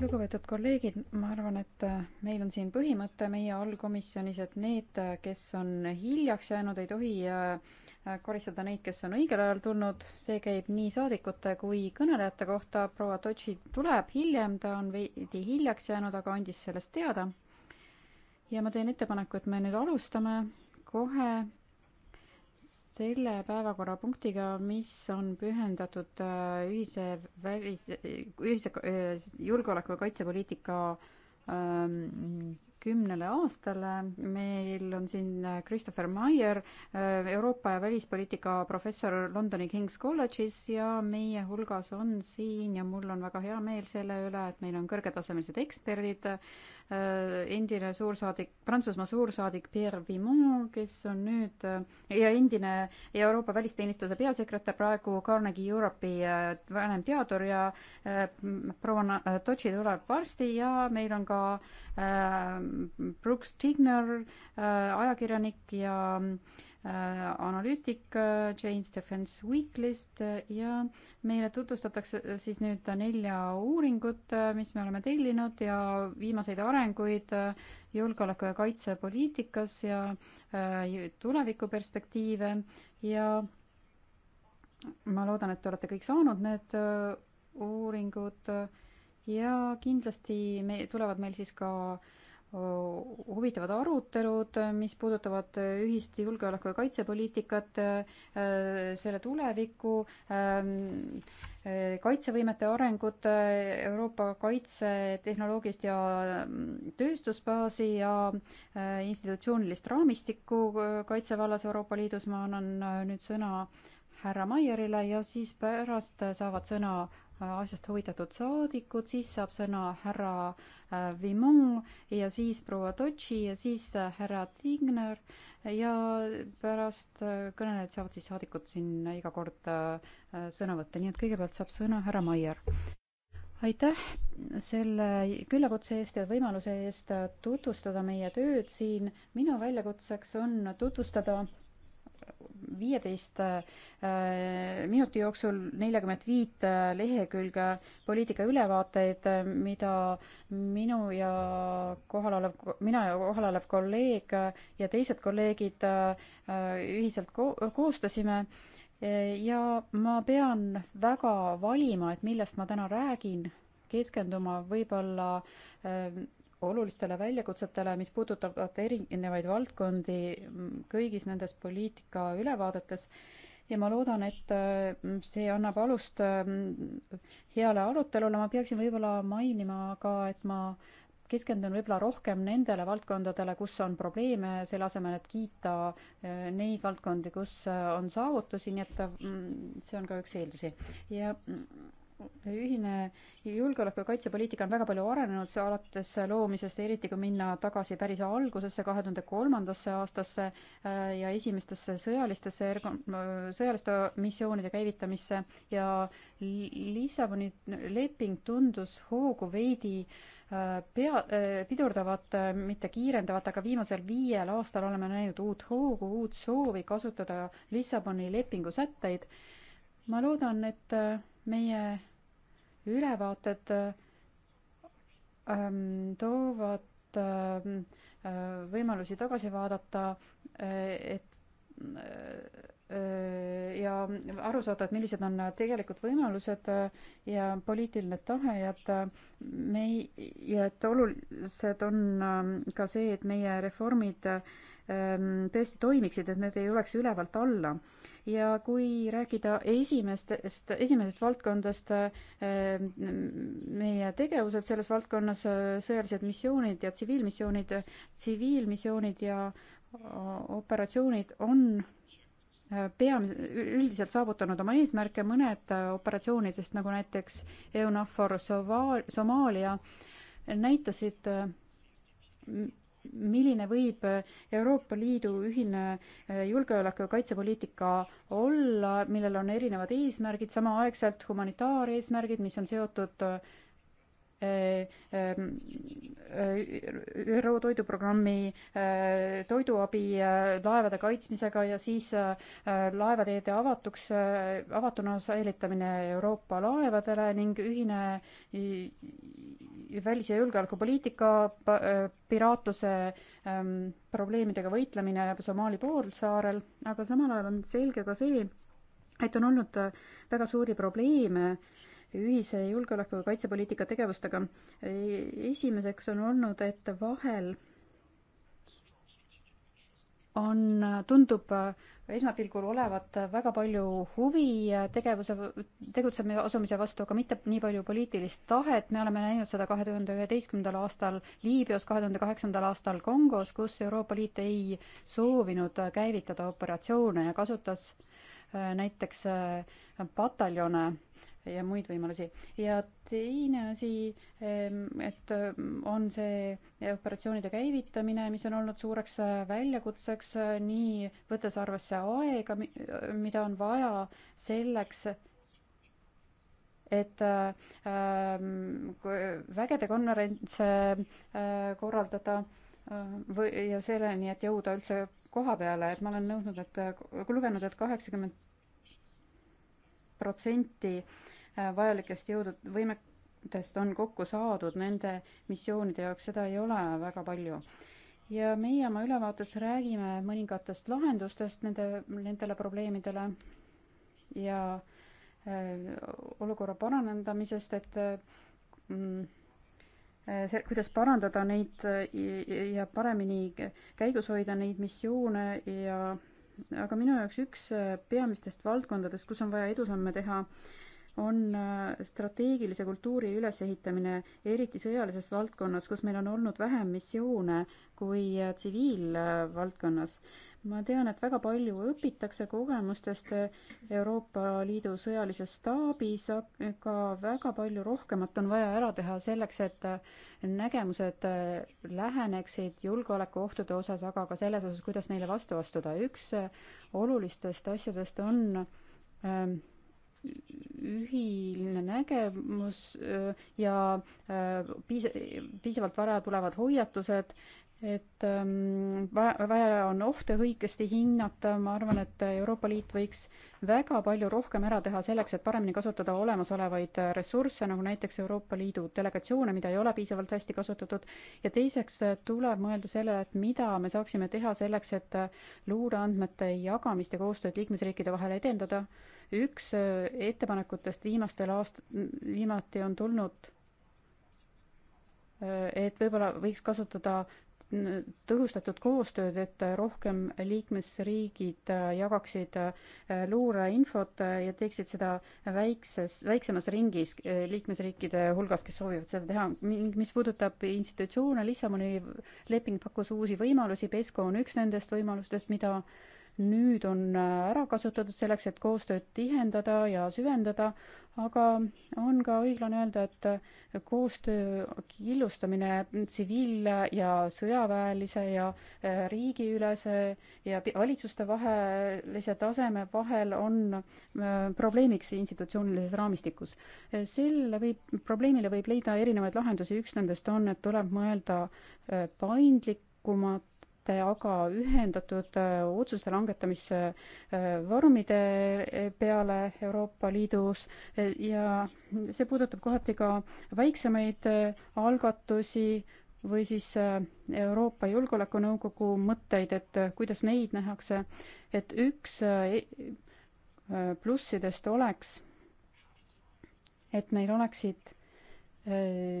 Speaker 1: lugupeetud kolleegid, ma arvan, et äh, meil on siin põhimõte meie allkomisjonis, et need, äh, kes on hiljaks jäänud, ei tohi äh, karistada neid, kes on õigel ajal tulnud. see käib nii saadikute kui kõnelejate kohta. proua Totši tuleb hiljem, ta on veidi hiljaks jäänud, aga andis sellest teada. ja ma teen ettepaneku, et me nüüd alustame kohe selle päevakorrapunktiga, mis on pühendatud äh, ühise välis, ühise äh, julgeoleku- ja kaitsepoliitika ähm, kümnele aastale. meil on siin äh, Christopher Meyer, Euroopa ja välispoliitika professor Londoni King's College'is ja meie hulgas on siin ja mul on väga hea meel selle üle, et meil on kõrgetasemelised eksperdid Äh, endine suursaadik, Prantsusmaa suursaadik Pierre Vimont, kes on nüüd äh, ja endine Euroopa välisteenistuse peasekretär, praegu Carnegie Europe'i äh, vanemteadur ja proua Totši tuleb varsti ja meil on ka Brooks Tigner, ajakirjanik ja äh, Äh, analüütik Change äh, Defense Weeklyst äh, ja meile tutvustatakse siis nüüd nelja uuringut, mis me oleme tellinud ja viimaseid arenguid julgeoleku- ja kaitsepoliitikas ja tulevikuperspektiive ja ma loodan, et te olete kõik saanud need uuringud ja kindlasti me, tulevad meil siis ka äh, huvitavad arutelud, mis puudutavad ühist julgeoleku- ja kaitsepoliitikat, selle tulevikku, kaitsevõimete arengut, Euroopa kaitsetehnoloogilist ja mm, tööstusbaasi ja institutsioonilist raamistikku kaitsevallas Euroopa Liidus, ma annan nüüd sõna härra Maierile ja siis pärast saavad sõna asjast huvitatud saadikud, siis saab sõna härra äh, Vimon ja siis proua Totši ja siis äh, härra Tigner ja pärast äh, kõnelejad saavad siis saadikud siin iga kord sõna võtta, nii et kõigepealt saab sõna härra Maier aitäh selle küllakutse eest ja võimaluse eest tutvustada meie tööd siin. minu väljakutseks on tutvustada viieteist äh, minuti jooksul neljakümmet viit äh, lehekülge poliitikaülevaateid, äh, mida minu ja kohalolev, mina ja kohalolev kolleeg ja teised kolleegid ühiselt ko koostasime. ja ma pean väga valima, et millest ma täna räägin, keskenduma võib-olla olulistele väljakutsetele, mis puudutavad erinevaid valdkondi kõigis nendes poliitika ülevaadetes ja ma loodan, et mm, see annab alust mm, heale arutelule, ma peaksin võib-olla mainima ka, et ma keskendun võib-olla rohkem nendele valdkondadele, kus on probleeme, selle asemel, et kiita eh, neid valdkondi, kus eh, on saavutusi, nii et mm, see on ka üks eeldusi. ja ühine julgeoleku- ja kaitsepoliitika on väga palju arenenud alates loomisest, eriti kui minna tagasi päris algusesse, kahe tuhande kolmandasse aastasse äh, ja esimestesse sõjalistesse ergo-, sõjaliste missioonide käivitamisse ja Lissaboni leping tundus hoogu veidi äh, pea, äh, pidurdavat, mitte kiirendavat, aga viimasel viiel aastal oleme näinud uut hoogu, uut soovi kasutada Lissaboni lepingu sätteid. ma loodan, et meie ülevaated ähm, toovad ähm, äh, võimalusi tagasi vaadata, äh, et äh, ja aru saada, et millised on tegelikud võimalused ja poliitiline tahe ja et me ei, ja et olulised on ähm, ka see, et meie reformid tõesti toimiksid, et need ei oleks ülevalt alla ja kui rääkida esimestest, esimesest valdkondast, eh, meie tegevused selles valdkonnas, eh, sõjalised missioonid ja tsiviilmissioonid, tsiviilmissioonid ja eh, operatsioonid on peam-, üldiselt saavutanud oma eesmärke, mõned operatsioonidest, nagu näiteks EUNAFOR Somaal-, Somaalia, näitasid milline võib Euroopa Liidu ühine äh, julgeoleku- ja kaitsepoliitika olla, millel on erinevad eesmärgid, samaaegselt humanitaareesmärgid, mis on seotud äh, ÜRO toiduprogrammi äh, toiduabi äh, laevade kaitsmisega ja siis äh, laevateede avatuks, avatuna säilitamine Euroopa laevadele ning ühine välis- ja julgeolekupoliitika, piraatluse ähm, probleemidega võitlemine Somaali poolsaarel, aga samal ajal on selge ka see, et on olnud väga suuri probleeme äh, ühise julgeoleku- ja kaitsepoliitika tegevustega. esimeseks on olnud, et vahel on, tundub esmapilgul olevat väga palju huvi tegevuse, tegutseme asumise vastu, aga mitte nii palju poliitilist tahet. me oleme näinud seda kahe tuhande üheteistkümnendal aastal Liibüas, kahe tuhande kaheksandal aastal Kongos, kus Euroopa Liit ei soovinud käivitada operatsioone ja kasutas äh, näiteks äh, pataljone ja muid võimalusi. ja teine asi, et on see operatsioonide käivitamine, mis on olnud suureks äh, väljakutseks, äh, nii võttes arvesse aega, mida on vaja selleks, et äh, vägede konverents korraldada või, ja selleni, et jõuda üldse koha peale, et ma olen nõudnud, et lugenud, et kaheksakümmend protsenti Äh, vajalikest jõudud võimetest on kokku saadud nende missioonide jaoks, seda ei ole väga palju. ja meie oma ülevaates räägime mõningatest lahendustest nende, nendele probleemidele ja äh, olukorra paranendamisest, et äh, mm, see, kuidas parandada neid ja paremini käigus hoida neid missioone ja aga minu jaoks üks peamistest valdkondadest, kus on vaja edusamme teha, on äh, strateegilise kultuuri ülesehitamine, eriti sõjalises valdkonnas, kus meil on olnud vähem missioone kui äh, tsiviilvaldkonnas. ma tean, et väga palju õpitakse kogemustest äh, Euroopa Liidu sõjalises staabis, aga väga palju rohkemat on vaja ära teha selleks, et nägemused läheneksid julgeolekuohtude osas, aga ka selles osas, kuidas neile vastu astuda. üks olulistest asjadest on ähm, ühine nägemus äh, ja äh, piis-, piisavalt vara tulevad hoiatused, et ähm, vaja on ohte õigesti hinnata, ma arvan, et Euroopa Liit võiks väga palju rohkem ära teha selleks, et paremini kasutada olemasolevaid ressursse, nagu näiteks Euroopa Liidu delegatsioone, mida ei ole piisavalt hästi kasutatud, ja teiseks äh, tuleb mõelda sellele, et mida me saaksime teha selleks, et luureandmete jagamist ja koostööd liikmesriikide vahel edendada üks äh, ettepanekutest viimastel aast-, viimati on tulnud, äh, et võib-olla võiks kasutada tõhustatud koostööd, et äh, rohkem liikmesriigid jagaksid luureinfot ja teeksid seda väikses, väiksemas ringis liikmesriikide hulgas, kes soovivad seda teha. mis puudutab institutsioone, Lissaboni leping pakkus uusi võimalusi, PESCO on üks nendest võimalustest, mida nüüd on äh, ära kasutatud selleks, et koostööd tihendada ja süvendada, aga on ka õiglane öelda, et äh, koostöö killustamine tsiviil- ja sõjaväelise ja äh, riigiülese ja valitsuste vahelise taseme vahel on probleemiks institutsioonilises raamistikus. selle võib, probleemile võib leida erinevaid lahendusi, üks nendest on, et tuleb mõelda paindlikumat mitte aga ühendatud äh, otsuse langetamise äh, vormide äh, peale Euroopa Liidus ja see puudutab kohati ka väiksemaid algatusi või siis Euroopa Julgeolekunõukogu mõtteid, et kuidas neid nähakse, et üks e-, plussidest oleks, et meil oleksid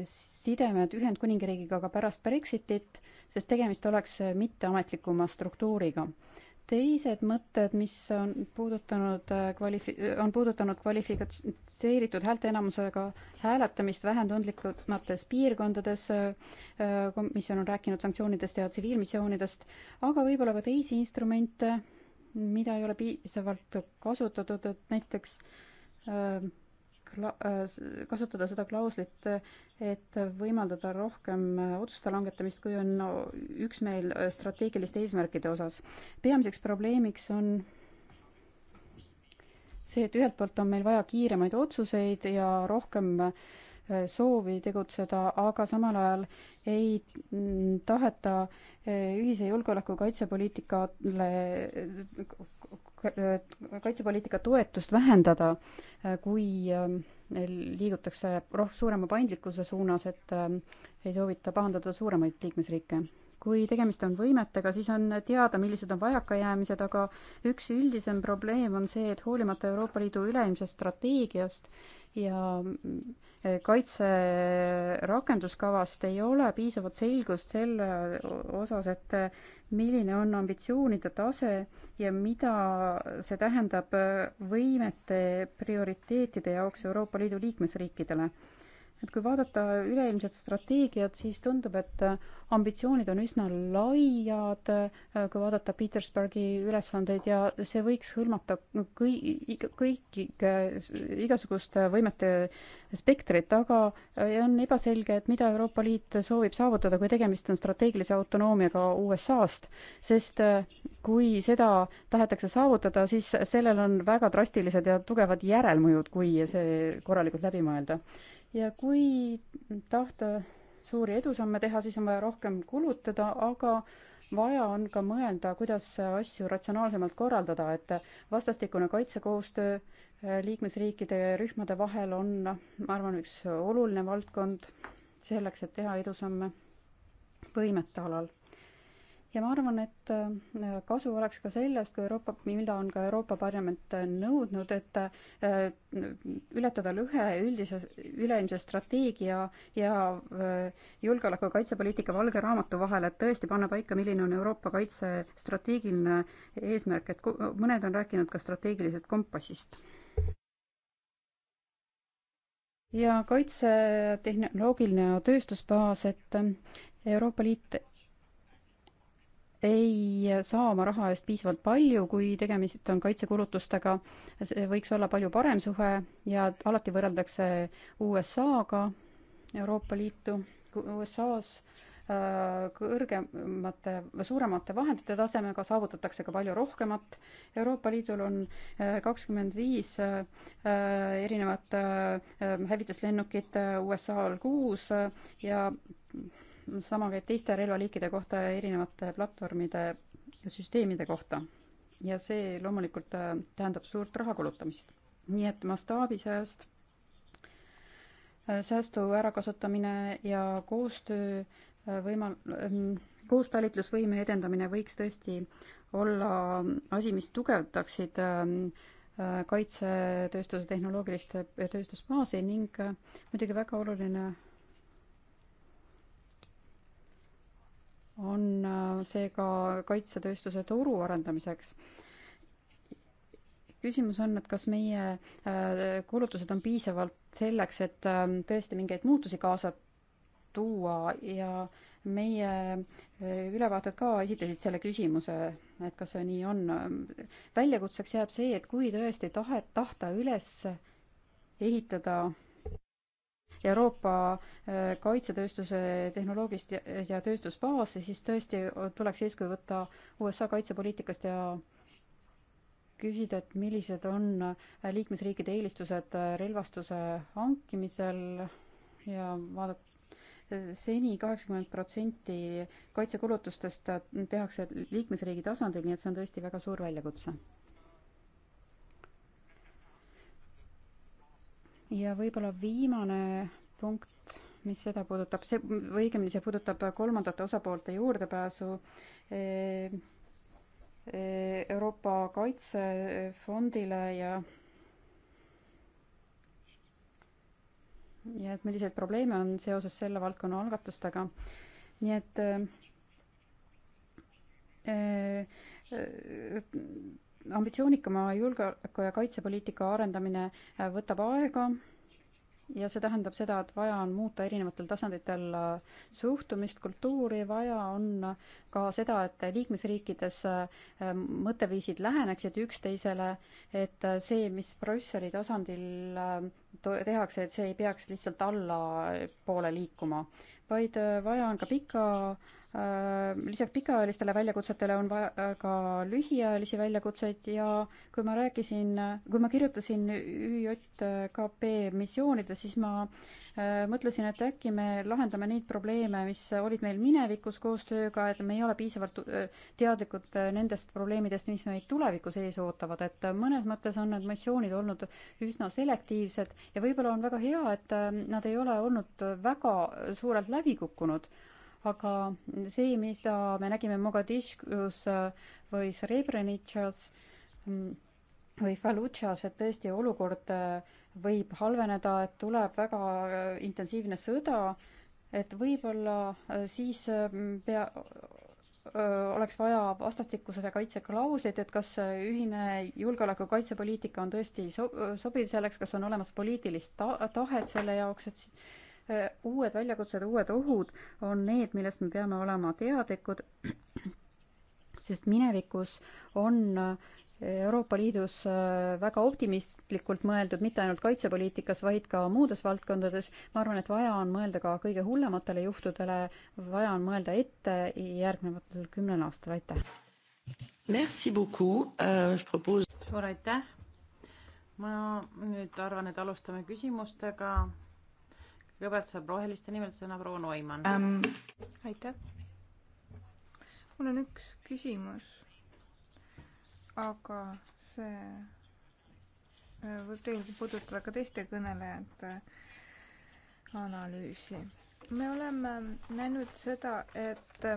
Speaker 1: sidemed Ühendkuningriigiga ka pärast Brexitit sest tegemist oleks äh, mitteametlikuma struktuuriga. teised mõtted, mis on puudutanud äh, kvalifi-, äh, on puudutanud kvalifitseeritud häälteenamusega hääletamist vähendundlikumates piirkondades, komisjon on rääkinud sanktsioonidest ja tsiviilmissioonidest, aga võib-olla ka teisi instrumente, mida ei ole piisavalt kasutatud, et näiteks äh, Äh, kasutada seda klauslit, et võimaldada rohkem äh, otsuste langetamist, kui on üksmeel äh, strateegiliste eesmärkide osas. peamiseks probleemiks on see, et ühelt poolt on meil vaja kiiremaid otsuseid ja rohkem äh, soovi tegutseda, aga samal ajal ei taheta eh, ühise julgeoleku kaitsepoliitikale, kaitsepoliitika toetust vähendada, eh, kui eh, liigutakse roh-, suurema paindlikkuse suunas, et ei soovita pahandada suuremaid liikmesriike kui tegemist on võimetega, siis on teada, millised on vajakajäämised, aga üks üldisem probleem on see, et hoolimata Euroopa Liidu üleilmsest strateegiast ja äh, kaitse rakenduskavast ei ole piisavat selgust selle osas, et äh, milline on ambitsioonide tase ja mida see tähendab äh, võimete prioriteetide jaoks Euroopa Liidu liikmesriikidele et kui vaadata üleilmset strateegiat, siis tundub, et äh, ambitsioonid on üsna laiad, äh, kui vaadata Petersbergi ülesandeid ja see võiks hõlmata kõi-, kõiki, äh, igasugust võimete spektrit, aga on ebaselge, et mida Euroopa Liit soovib saavutada, kui tegemist on strateegilise autonoomiaga USA-st, sest kui seda tahetakse saavutada, siis sellel on väga drastilised ja tugevad järelmõjud, kui see korralikult läbi mõelda ja kui tahta suuri edusamme teha, siis on vaja rohkem kulutada, aga vaja on ka mõelda, kuidas asju ratsionaalsemalt korraldada, et vastastikune kaitsekoostöö äh, liikmesriikide ja rühmade vahel on, ma arvan, üks oluline valdkond selleks, et teha edusamme võimete alal ja ma arvan, et äh, kasu oleks ka sellest, kui Euroopa, mida on ka Euroopa Parlament äh, nõudnud, et äh, ületada lõhe üldise, üleilmse strateegia ja julgeoleku- ja kaitsepoliitika valge raamatu vahel, et tõesti panna paika, milline on Euroopa kaitse strateegiline eesmärk, et mõned on rääkinud ka strateegilisest kompassist ja kaitsetehnoloogiline ja tööstusbaas, et Euroopa Liit ei saa oma raha eest piisavalt palju, kui tegemist on kaitsekulutustega. see võiks olla palju parem suhe ja alati võrreldakse USA-ga, Euroopa Liitu, USA-s äh, kõrgemate, suuremate vahendite tasemega saavutatakse ka palju rohkemat. Euroopa Liidul on äh, kakskümmend viis äh, erinevat hävituslennukit, USA-l kuus ja sama käib teiste relvaliikide kohta ja erinevate platvormide ja süsteemide kohta. ja see loomulikult äh, tähendab suurt raha kulutamist. nii et mastaabisääst, äh, säästu ärakasutamine ja koostöö äh, võimal-, ähm, koostalitlusvõime edendamine võiks tõesti olla asi, mis tugevdaksid ähm, kaitsetööstuse tehnoloogilist tööstusbaasi ning muidugi väga oluline on äh, seega kaitsetööstuse turu arendamiseks. küsimus on, et kas meie äh, kulutused on piisavalt selleks, et ähm, tõesti mingeid muutusi kaasa tuua ja meie äh, ülevaated ka esitasid selle küsimuse, et kas see nii on. väljakutseks jääb see, et kui tõesti tahet, tahta üles ehitada Euroopa äh, kaitsetööstuse tehnoloogilist ja tööstusbaasi, siis tõesti tuleks eeskuju võtta USA kaitsepoliitikast ja küsida, et millised on äh, liikmesriikide eelistused äh, relvastuse hankimisel ja vaadata, seni kaheksakümmend protsenti kaitsekulutustest tehakse liikmesriigi tasandil, nii et see on tõesti väga suur väljakutse ja võib-olla viimane punkt, mis seda puudutab, see, või õigemini see puudutab kolmandate osapoolte juurdepääsu e, e, Euroopa Kaitsefondile ja ja et milliseid probleeme on seoses selle valdkonna algatustega. nii et äh, äh, ambitsioonikama julgeoleku- ja kaitsepoliitika arendamine äh, võtab aega ja see tähendab seda, et vaja on muuta erinevatel tasanditel äh, suhtumist, kultuuri, vaja on äh, ka seda, et liikmesriikides mõtteviisid läheneksid üksteisele, et see, mis Brüsseli tasandil tehakse, et see ei peaks lihtsalt allapoole liikuma, vaid vaja on ka pika Äh, lisaks pikaajalistele väljakutsetele on vaja ka lühiajalisi väljakutseid ja kui ma rääkisin, kui ma kirjutasin ÜJKP missioonide, siis ma äh, mõtlesin, et äkki me lahendame neid probleeme, mis olid meil minevikus koostööga, et me ei ole piisavalt äh, teadlikud nendest probleemidest, mis meid tulevikus ees ootavad, et mõnes mõttes on need missioonid olnud üsna selektiivsed ja võib-olla on väga hea, et nad ei ole olnud väga suurelt läbi kukkunud aga see, mida me nägime Mogadishus või Srebrenitšas või Fallujahs, et tõesti olukord võib halveneda, et tuleb väga intensiivne sõda, et võib-olla siis pea, oleks vaja vastastikusele kaitseklauslit, et kas ühine julgeoleku kaitsepoliitika on tõesti so-, sobiv selleks, kas on olemas poliitilist ta-, tahet selle jaoks, et Äh, uued väljakutsed, uued ohud on need, millest me peame olema teadlikud, *clears throat* sest minevikus on äh, Euroopa Liidus äh, väga optimistlikult mõeldud mitte ainult kaitsepoliitikas, vaid ka muudes valdkondades. ma arvan, et vaja on mõelda ka kõige hullematele juhtudele, vaja on mõelda ette järgnevatel kümnel aastal, aitäh!
Speaker 4: Merci beaucoup uh,, je propose. suur aitäh! ma
Speaker 5: nüüd arvan, et alustame küsimustega kõigepealt saab roheliste nimel sõna proua Noimann um....
Speaker 2: Ähm. aitäh. mul on üks küsimus, aga see äh, võib tegelikult puudutada ka teiste kõnelejate äh, analüüsi. me oleme näinud seda, et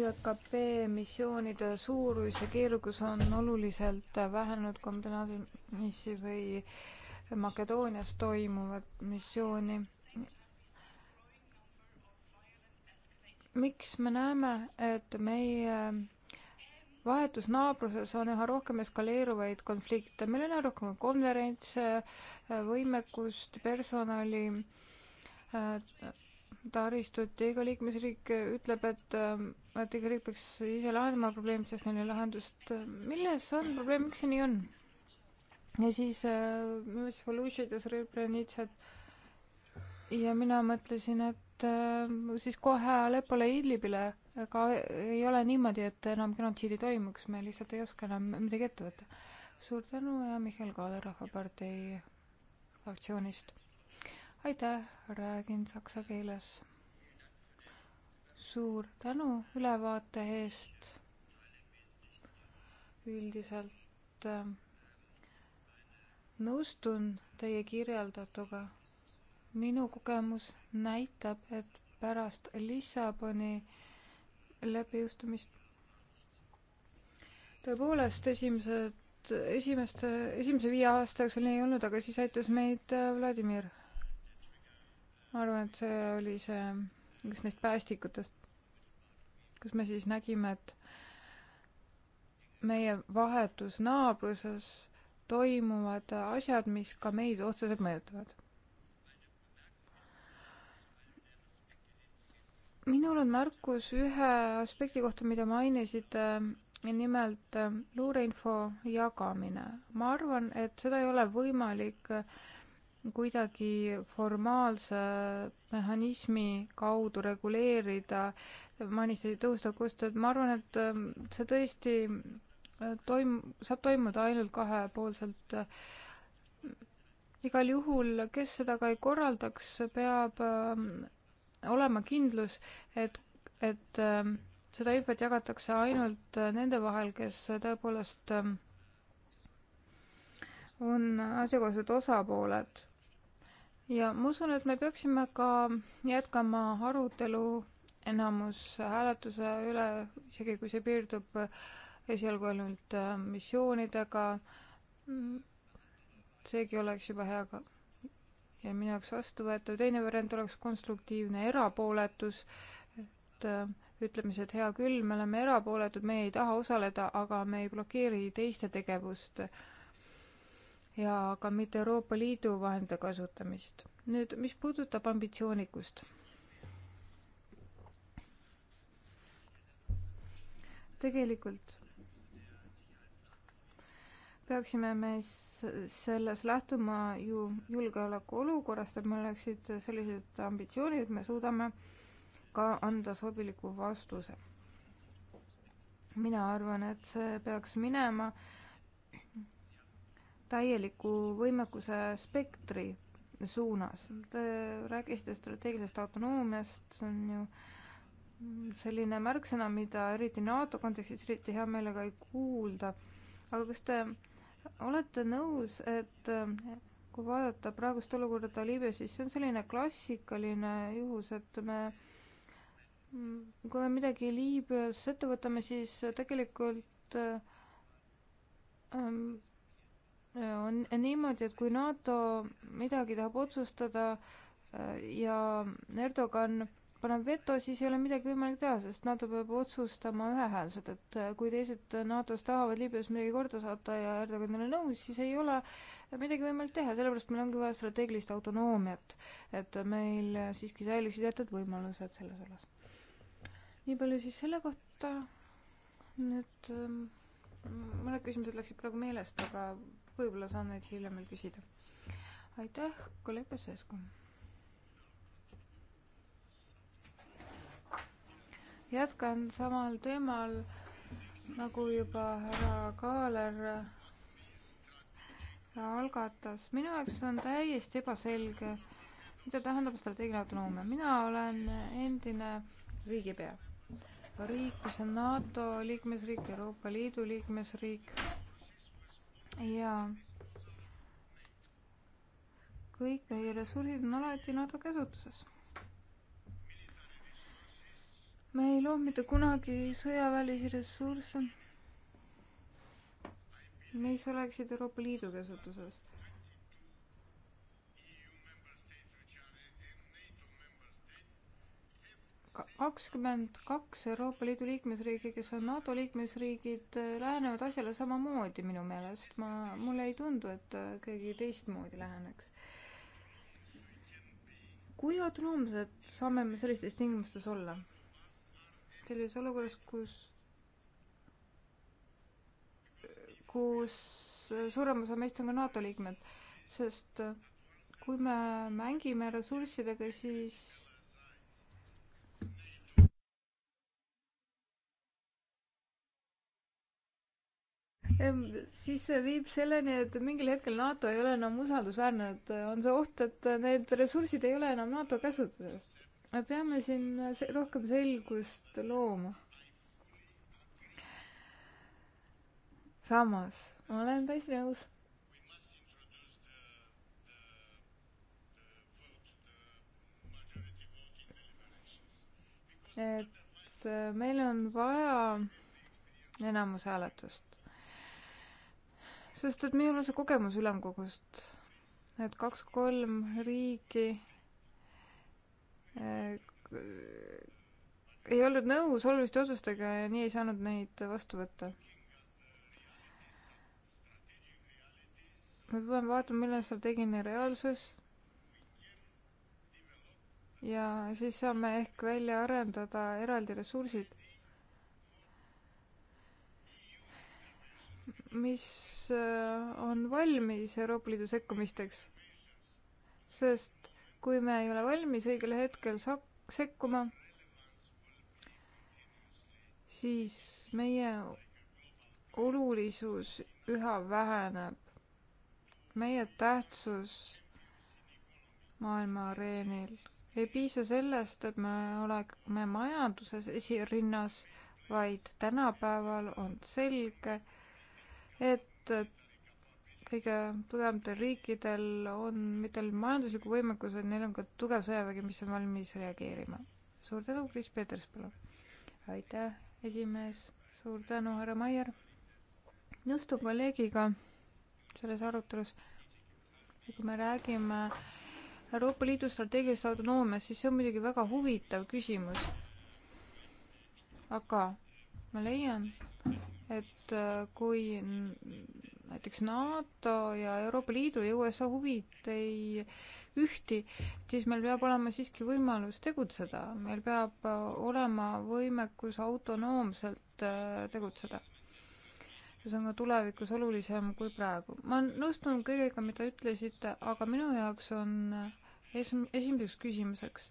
Speaker 2: ÜKP ähm, missioonide suurus ja keerukus on oluliselt äh, vähenenud kombinaatsiooni või äh, Makedoonias toimuvat missiooni. miks me näeme, et meie vahetus naabruses on üha rohkem eskaleeruvaid konflikte, meil on üha rohkem konverentse, võimekust, personali, äh, taristut ja iga liikmesriik ütleb, et, äh, et iga riik peaks ise lahendama probleemid, sest neil ei ole lahendust. milles on probleem, miks see nii on? ja siis äh, mis Volusides Rebrenitsat ja mina mõtlesin, et äh, siis kohe Alepole ja Idlibile, aga ei ole niimoodi, et enam genotsiidi toimuks, me lihtsalt ei oska enam midagi ette võtta. suur tänu ja Mihhail Kaale Rahvapartei fraktsioonist. aitäh, räägin saksa keeles. suur tänu ülevaate eest üldiselt äh, nõustun teie kirjeldatuga. minu kogemus näitab, et pärast Lissaboni läbijõustumist tõepoolest esimesed, esimeste, esimese viie aasta jooksul ei olnud, aga siis aitas meid äh, Vladimir. ma arvan, et see oli see üks neist päästikutest, kus me siis nägime, et meie vahetus naabruses toimuvad asjad, mis ka meid otseselt mõjutavad. minul on märkus ühe aspekti kohta, mida mainisite, nimelt luureinfo jagamine. ma arvan, et seda ei ole võimalik kuidagi formaalse mehhanismi kaudu reguleerida, mainisite tõhustatud koostööd, ma arvan, et see tõesti toim-, saab toimuda ainult kahepoolselt. igal juhul, kes seda ka ei korraldaks, peab ähm, olema kindlus, et, et ähm, seda infot jagatakse ainult nende vahel, kes tõepoolest ähm, on asjakohased osapooled. ja ma usun, et me peaksime ka jätkama arutelu enamushääletuse üle, isegi kui see piirdub äh, esialgu ainult äh, missioonidega. seegi oleks juba hea ka ja minu jaoks vastuvõetav. teine variant oleks konstruktiivne erapooletus, et äh, ütlemise, et hea küll, me oleme erapooletud, me ei taha osaleda, aga me ei blokeeri teiste tegevust ja ka mitte Euroopa Liidu vahendite kasutamist. nüüd, mis puudutab ambitsioonikust. tegelikult peaksime me selles lähtuma ju julgeolekuolukorrast, et meil oleksid sellised ambitsioonid, et me suudame ka anda sobiliku vastuse. mina arvan, et see peaks minema täieliku võimekuse spektri suunas. Te rääkisite strateegilisest autonoomiast, see on ju selline märksõna, mida eriti NATO kontekstis eriti hea meelega ei kuulda. aga kas te olete nõus, et ähm, kui vaadata praegust olukorda Liibüas, siis see on selline klassikaline juhus, et me, mm, kui me midagi Liibüas ette võtame, siis tegelikult äh, ähm, on niimoodi, et kui NATO midagi tahab otsustada äh, ja Erdogan äh, paneb veto, siis ei ole midagi võimalik teha, sest NATO peab otsustama ühehäälselt, et äh, kui teised NATO-s tahavad Liibüas midagi korda saata ja Erdogan ei ole nõus, siis ei ole midagi võimalik teha, sellepärast meil ongi vaja strateegilist autonoomiat, et meil siiski säiliksid teatud võimalused selles osas. nii palju siis selle kohta, nüüd ähm, mõned küsimused läksid praegu meelest, aga võib-olla saan neid hiljem veel küsida. aitäh, kolleeg Pesescu! jätkan samal teemal nagu juba härra Kaaler äh, algatas. minu jaoks on täiesti ebaselge, mida tähendab strateegiline autonoomia. mina olen endine riigipea. riik, mis on NATO liikmesriik, Euroopa Liidu liikmesriik ja kõik meie ressursid on alati NATO käsutuses me ei loo mitte kunagi sõjaväelisi ressursse, mis oleksid Euroopa Liidu käsutuses. kakskümmend kaks Euroopa Liidu liikmesriigi, kes on NATO liikmesriigid, lähenevad asjale samamoodi minu meelest. ma, mulle ei tundu, et keegi teistmoodi läheneks. kui autonoomsed saame me sellistes tingimustes olla? sellises olukorras, kus, kus suurem osa meist on ka NATO liikmed, sest kui me mängime ressurssidega, siis siis see viib selleni, et mingil hetkel NATO ei ole enam usaldusväärne, et on see oht, et need ressursid ei ole enam NATO käsutuses me peame siin rohkem selgust looma. samas olen täiesti nõus. et äh, meil on vaja enamushääletust. sest et minul on see kogemus ülemkogust, et kaks-kolm riiki Äh, ei olnud nõus oluliste otsustega ja nii ei saanud neid vastu võtta. me peame vaatama, milline strateegiline reaalsus ja siis saame ehk välja arendada eraldi ressursid, mis äh, on valmis Euroopa Liidu sekkumisteks, sest kui me ei ole valmis õigel hetkel sekkuma, siis meie olulisus üha väheneb. meie tähtsus maailma areenil ei piisa sellest, et me oleme majanduses esirinnas, vaid tänapäeval on selge, et kõige tugevatel riikidel on mitte ainult majandusliku võimekuse, neil on ka tugev sõjavägi, mis on valmis reageerima. suur tänu, Kris Peeters, palun. aitäh, esimees, suur tänu, härra Maier. nõustun kolleegiga selles arutelus. kui me räägime Euroopa Liidu strateegilisest autonoomiast, siis see on muidugi väga huvitav küsimus. aga ma leian, et kui näiteks NATO ja Euroopa Liidu ja USA huvid ei ühti, siis meil peab olema siiski võimalus tegutseda, meil peab äh, olema võimekus autonoomselt äh, tegutseda. see on ka tulevikus olulisem kui praegu. ma nõustun kõigega, mida ütlesite, aga minu jaoks on äh, esim-, esimeseks küsimuseks,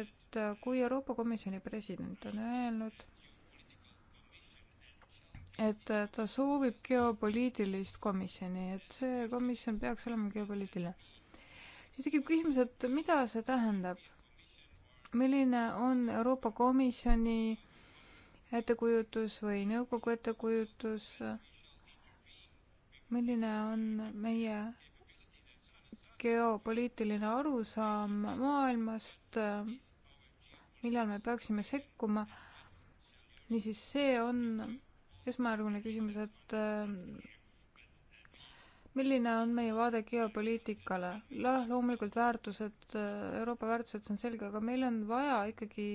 Speaker 2: et kui Euroopa Komisjoni president on öelnud, et ta soovib geopoliitilist komisjoni, et see komisjon peaks olema geopoliitiline. siis tekib küsimus, et mida see tähendab? milline on Euroopa Komisjoni ettekujutus või nõukogu ettekujutus? milline on meie geopoliitiline arusaam maailmast, millal me peaksime sekkuma? niisiis, see on esmajärguline küsimus, et äh, milline on meie vaade geopoliitikale? jah, loomulikult väärtused, äh, Euroopa väärtused, see on selge, aga meil on vaja ikkagi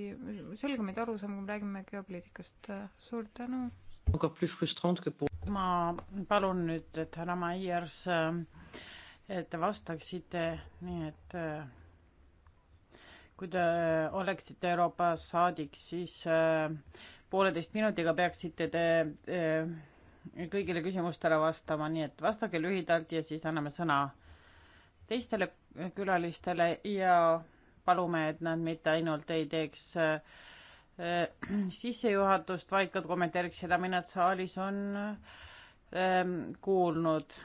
Speaker 2: selgemaid arusaamu, kui me räägime geopoliitikast. Äh, suur tänu!
Speaker 4: ma
Speaker 5: palun nüüd, et härra Maiers, et te vastaksite, nii et kui te oleksite Euroopa saadik, siis pooleteist minutiga peaksite te eh, kõigile küsimustele vastama, nii et vastage lühidalt ja siis anname sõna teistele külalistele ja palume, et nad mitte ainult ei teeks eh, sissejuhatust, vaid ka kommenteeriks seda, mida nad saalis on eh, kuulnud.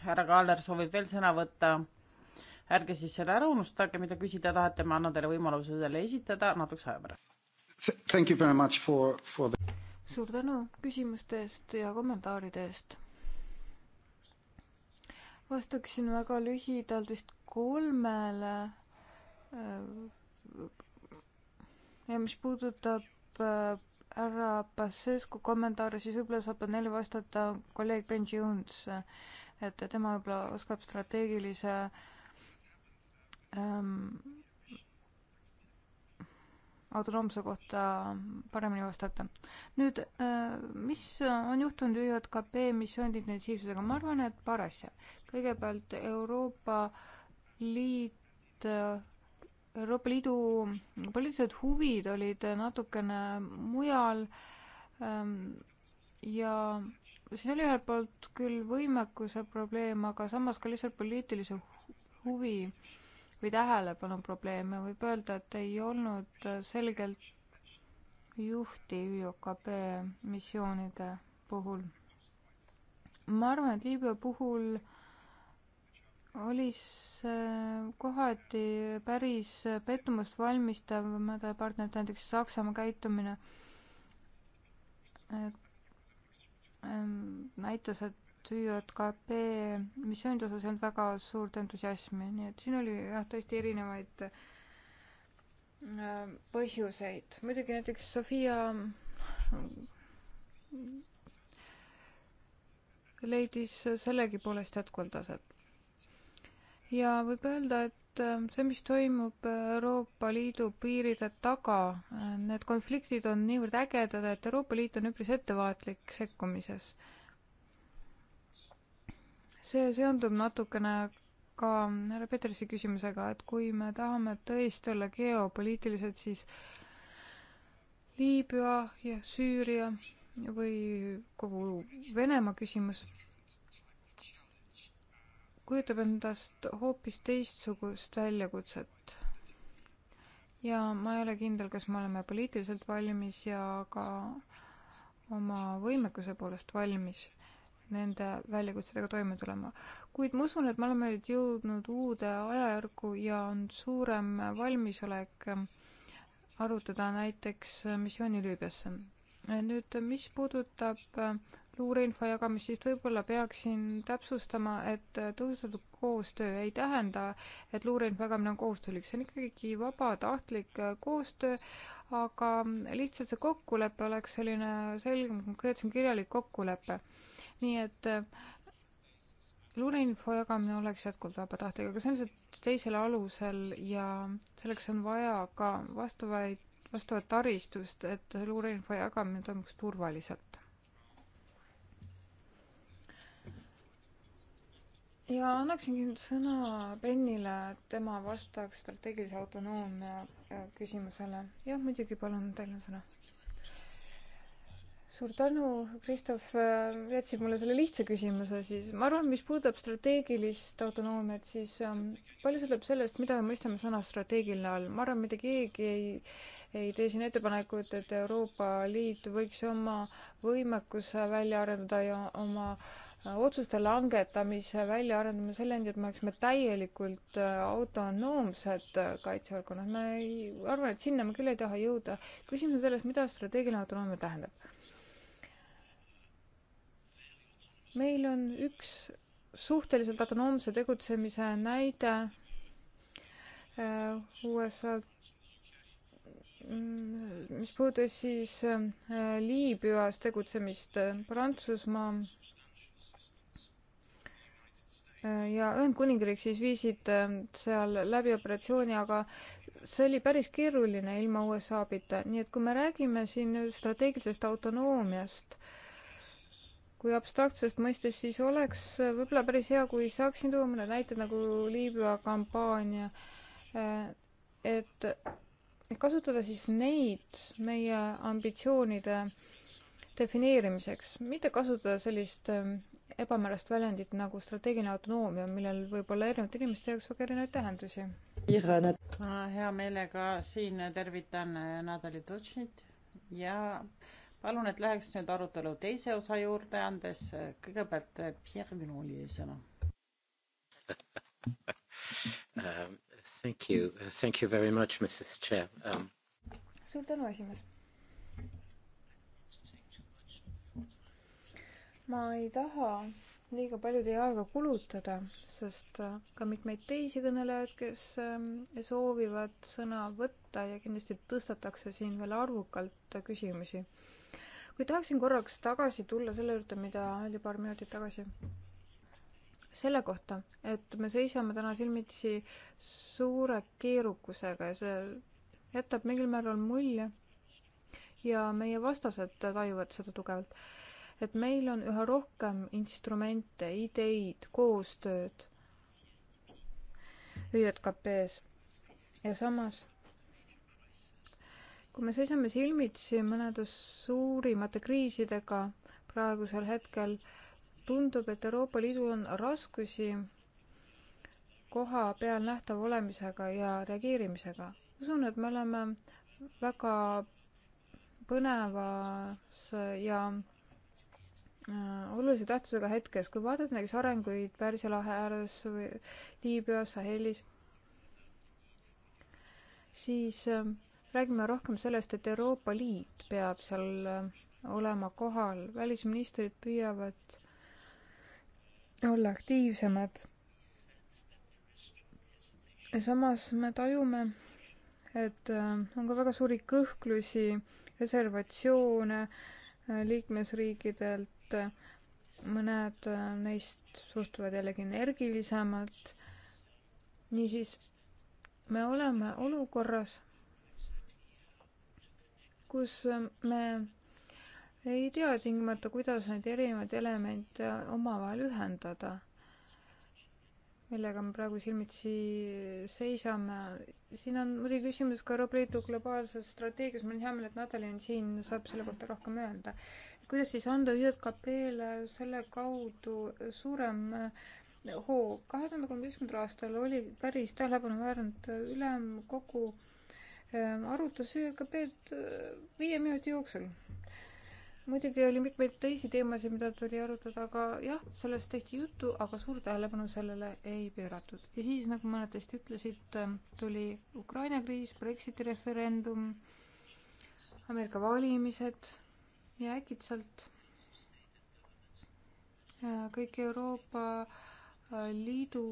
Speaker 5: härra Kaaler soovib veel sõna võtta ärge siis selle ära unustage, mida küsida tahate, ma annan teile võimaluse selle esitada natukese aja pärast.
Speaker 2: Thank you very much for, for the... suur tänu küsimuste eest ja kommentaaride eest. vastaksin väga lühidalt vist kolmele äh, ja mis puudutab äh, härra Pasescu kommentaare, siis võib-olla saab neile vastata kolleeg Benji Jones, et tema võib-olla oskab strateegilise ähm, autonoomsuse kohta paremini vastata. nüüd, äh, mis on juhtunud ÜJKP missioonide intensiivsusega, ma arvan, et paar asja. kõigepealt Euroopa Liit, Euroopa Liidu poliitilised huvid olid natukene mujal ähm, ja siin oli ühelt poolt küll võimekuse probleem, aga samas ka lihtsalt poliitilise huvi äh, või tähelepanu probleeme, võib öelda, et ei olnud selgelt juhti ÜJKP missioonide puhul. ma arvan, et Liibüa puhul oli see kohati päris pettumust valmistav mõnede partnerite, näiteks Saksamaa käitumine, et ähm, näitas, et ÜJKP missioonide osas ei olnud väga suurt entusiasmi, nii et siin oli jah, tõesti erinevaid äh, põhjuseid. muidugi näiteks Sofia äh, leidis sellegi poolest jätkuvalt aset. ja võib öelda, et äh, see, mis toimub Euroopa Liidu piiride taga, need konfliktid on niivõrd ägedad, et Euroopa Liit on üpris ettevaatlik sekkumises see seondub natukene ka härra Petersi küsimusega, et kui me tahame tõesti olla geopoliitilised, siis Liibüa ja Süüria või kogu Venemaa küsimus kujutab endast hoopis teistsugust väljakutset. ja ma ei ole kindel, kas me oleme poliitiliselt valmis ja ka oma võimekuse poolest valmis nende väljakutsedega toime tulema. kuid ma usun, et me oleme nüüd jõudnud uude ajajärku ja on suurem valmisolek arutada näiteks missiooni Lüübiasse. nüüd, mis puudutab luureinfo jagamist, siis võib-olla peaksin täpsustama, et tõhustatud koostöö ei tähenda, et luureinfo jagamine on kohustuslik, see on ikkagi vabatahtlik koostöö, aga lihtsalt see kokkulepe oleks selline selgem, konkreetsem kirjalik kokkulepe nii et äh, luureinfo jagamine oleks jätkuvalt vabatahtlik, aga see on lihtsalt teisel alusel ja selleks on vaja ka vastavaid, vastavat taristust, et luureinfo jagamine toimuks turvaliselt. ja annaksingi nüüd sõna Bennile, et tema vastaks strateegilise autonoomia äh, küsimusele. jah, muidugi, palun, teil on sõna suur tänu, Kristof, äh, jätsid mulle selle lihtsa küsimuse siis. ma arvan, mis puudutab strateegilist autonoomiat, siis ähm, palju sõltub sellest, mida me mõistame sõna strateegiline all. ma arvan, mitte keegi ei, ei tee siin ettepanekut, et Euroopa Liit võiks oma võimekuse välja arendada ja oma äh, otsuste langetamise välja arendama selleni, et me oleksime täielikult äh, autonoomsed kaitseorganid. ma ei, arvan, et sinna me küll ei taha jõuda. küsimus on selles, mida strateegiline autonoomia tähendab meil on üks suhteliselt autonoomse tegutsemise näide äh, USA, mm, mis puudutas siis äh, Liibüas tegutsemist äh, Prantsusmaa ja Ühendkuningriik siis viisid seal läbi operatsiooni, aga see oli päris keeruline ilma USA abita, nii et kui me räägime siin strateegilisest autonoomiast äh, kui abstraktsest mõistest, siis oleks äh, võib-olla päris hea, kui saaksin tuua mõned näited nagu Liibüa kampaania. Äh, et kasutada siis neid meie ambitsioonide defineerimiseks, mitte kasutada sellist äh, ebamäärast väljendit nagu strateegiline autonoomia, millel võib olla erinevate inimeste jaoks väga erinevaid tähendusi. ma hea meelega
Speaker 5: siin tervitan Natalja Tutšit ja äh, palun, et läheks nüüd arutelu teise osa juurde, andes kõigepealt eh, Pierre Vinolile sõna um,.
Speaker 3: Thank you, thank you very much, Mrs Chair um....
Speaker 2: suur tänu, esimees. ma ei taha liiga palju teie aega kulutada, sest äh, ka mitmeid teisi kõnelejaid, kes ähm, soovivad sõna võtta ja kindlasti tõstatakse siin veel arvukalt äh, küsimusi kuid tahaksin korraks tagasi tulla selle juurde, mida öeldi paar minutit tagasi. selle kohta, et me seisame täna silmitsi suure keerukusega ja see jätab mingil määral mulje ja meie vastased tajuvad seda tugevalt, et meil on üha rohkem instrumente, ideid, koostööd ÜJKP-s ja samas kui me seisame silmitsi mõnede suurimate kriisidega praegusel hetkel, tundub, et Euroopa Liidul on raskusi koha peal nähtav olemisega ja reageerimisega. usun, et me oleme väga põnevas ja äh, olulise tähtsusega hetkes, kui vaadata näiteks arenguid Pärsia lahe ääres või Liibüas, Sahelis siis ähm, räägime rohkem sellest, et Euroopa Liit peab seal äh, olema kohal, välisministrid püüavad olla aktiivsemad. samas me tajume, et äh, on ka väga suuri kõhklusi, reservatsioone äh, liikmesriikidelt, mõned neist suhtuvad jällegi energilisemalt, niisiis me oleme olukorras, kus me ei tea tingimata, kuidas neid erinevaid elemente omavahel ühendada, millega me praegu silmitsi seisame. siin on muidugi küsimus ka Euroopa Liidu globaalses strateegias, mul on hea meel, et Natali on siin, saab selle kohta rohkem öelda. kuidas siis anda ÜKP-le selle kaudu suurem äh, hoo. kahe tuhande kolmeteistkümnendal aastal oli päris tähelepanuväärt ülemkogu ähm, arutas ÜKP-d äh, viie minuti jooksul. muidugi oli mitmeid teisi teemasid, mida tuli arutada, aga jah, sellest tehti juttu, aga suurt tähelepanu sellele ei pööratud. ja siis, nagu mõned teist ütlesid, ähm, tuli Ukraina kriis, Brexiti referendum, Ameerika valimised ja äkitselt äh, kõik Euroopa äh, liidu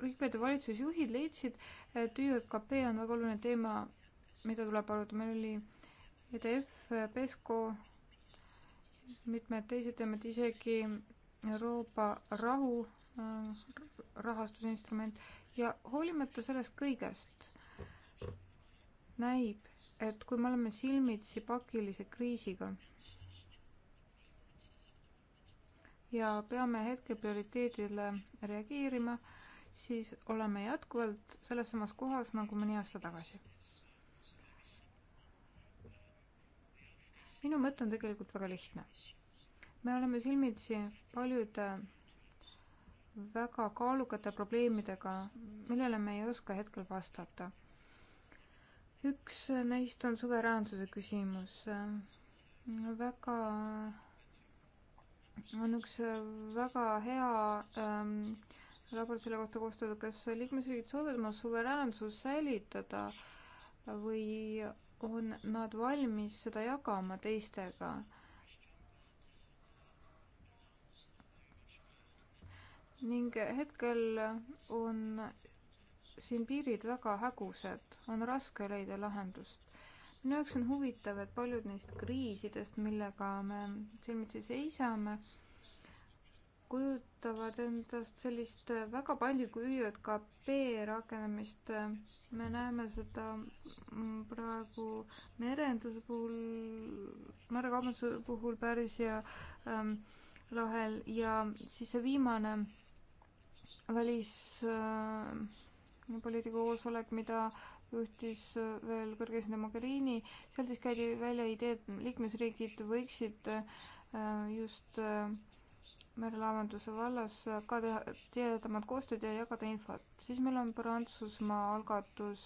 Speaker 2: riigipead ja valitsusjuhid leidsid, et ÜJKP on väga oluline teema, mida tuleb arutada. meil oli EDF, PESCO, mitmed teised teemad, isegi Euroopa rahu äh, rahastusinstrument ja hoolimata sellest kõigest näib, et kui me oleme silmitsi pakilise kriisiga ja peame hetke prioriteedile reageerima, siis oleme jätkuvalt selles samas kohas nagu mõni aasta tagasi. minu mõte on tegelikult väga lihtne. me oleme silmitsi paljude väga kaalukate probleemidega, millele me ei oska hetkel vastata. üks neist on suveräänsuse küsimus. väga on üks äh, väga hea ähm, raport selle kohta koostatud, kas liikmesriigid soovivad oma suveräänsust säilitada või on nad valmis seda jagama teistega? ning hetkel on siin piirid väga hägused, on raske leida lahendust minu jaoks on huvitav, et paljud neist kriisidest, millega me silmitsi seisame, kujutavad endast sellist väga palju kui ÜJKP rakendamist. me näeme seda praegu merenduse puhul, merekaubanduse puhul Pärsia ähm, lahel ja siis see viimane välispoliitika äh, koosolek, mida juhtis äh, veel kõrge esindaja Mogherini, seal siis käidi välja idee, et liikmesriigid võiksid äh, just äh, merelaevanduse vallas ka teha tihedamat koostööd ja jagada infot. siis meil on Prantsusmaa algatus,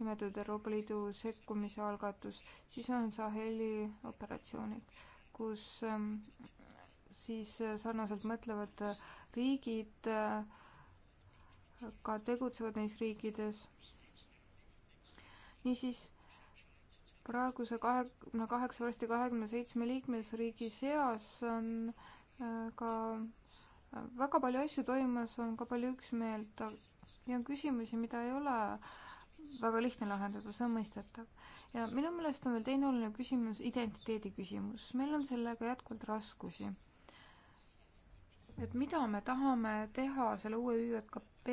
Speaker 2: nimetatud Euroopa Liidu sekkumise algatus, siis on Saheli operatsioonid, kus ähm, siis sarnaselt mõtlevad riigid ka tegutsevad neis riikides niisiis praeguse kahekümne kaheksa, varsti kahekümne seitsme liikmesriigi seas on äh, ka äh, väga palju asju toimumas, on ka palju üksmeelt ja on küsimusi, mida ei ole väga lihtne lahendada, see on mõistetav. ja minu meelest on veel teine oluline küsimus, identiteedi küsimus. meil on sellega jätkuvalt raskusi. et mida me tahame teha selle uue ÜJKP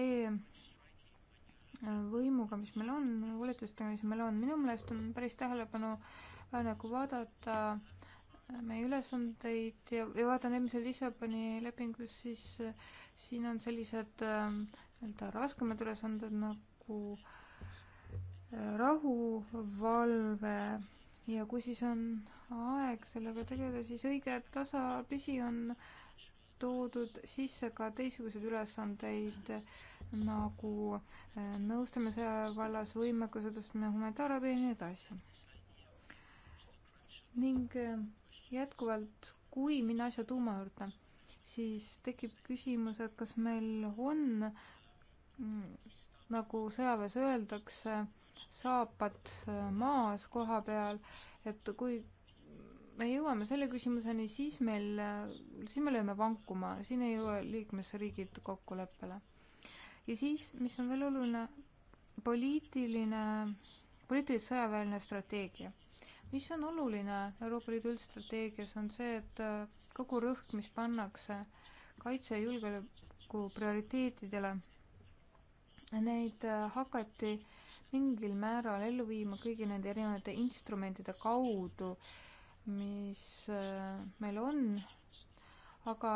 Speaker 2: võimuga, mis meil on, volitustega, mis meil on. minu meelest on päris tähelepanuväärne, äh, nagu kui vaadata äh, meie ülesandeid ja, ja vaatan eelmisel Lissaboni lepingus, siis äh, siin on sellised ähm, nii-öelda äh, raskemad ülesanded nagu äh, rahuvalve ja kui siis on aeg sellega tegeleda, siis õige tasapisi on äh, toodud sisse ka teistsuguseid ülesandeid nagu äh, nõustamise vallas võimekuse tõstmine, humanitaarabi ja nii edasi. ning äh, jätkuvalt, kui minna asja tuuma juurde, siis tekib küsimus, et kas meil on, mm, nagu sõjaväes öeldakse, saapad äh, maas koha peal, et kui me jõuame selle küsimuseni, siis meil, siis me lööme vankuma, siin ei jõua liikmesriigid kokkuleppele. ja siis, mis on veel oluline, poliitiline, poliitilise sõjaväeline strateegia. mis on oluline Euroopa Liidu üldstrateegias, on see, et äh, kogu rõhk, mis pannakse kaitse ja julgeoleku prioriteetidele, neid äh, hakati mingil määral ellu viima kõigi nende erinevate instrumentide kaudu äh, mis äh, meil on, aga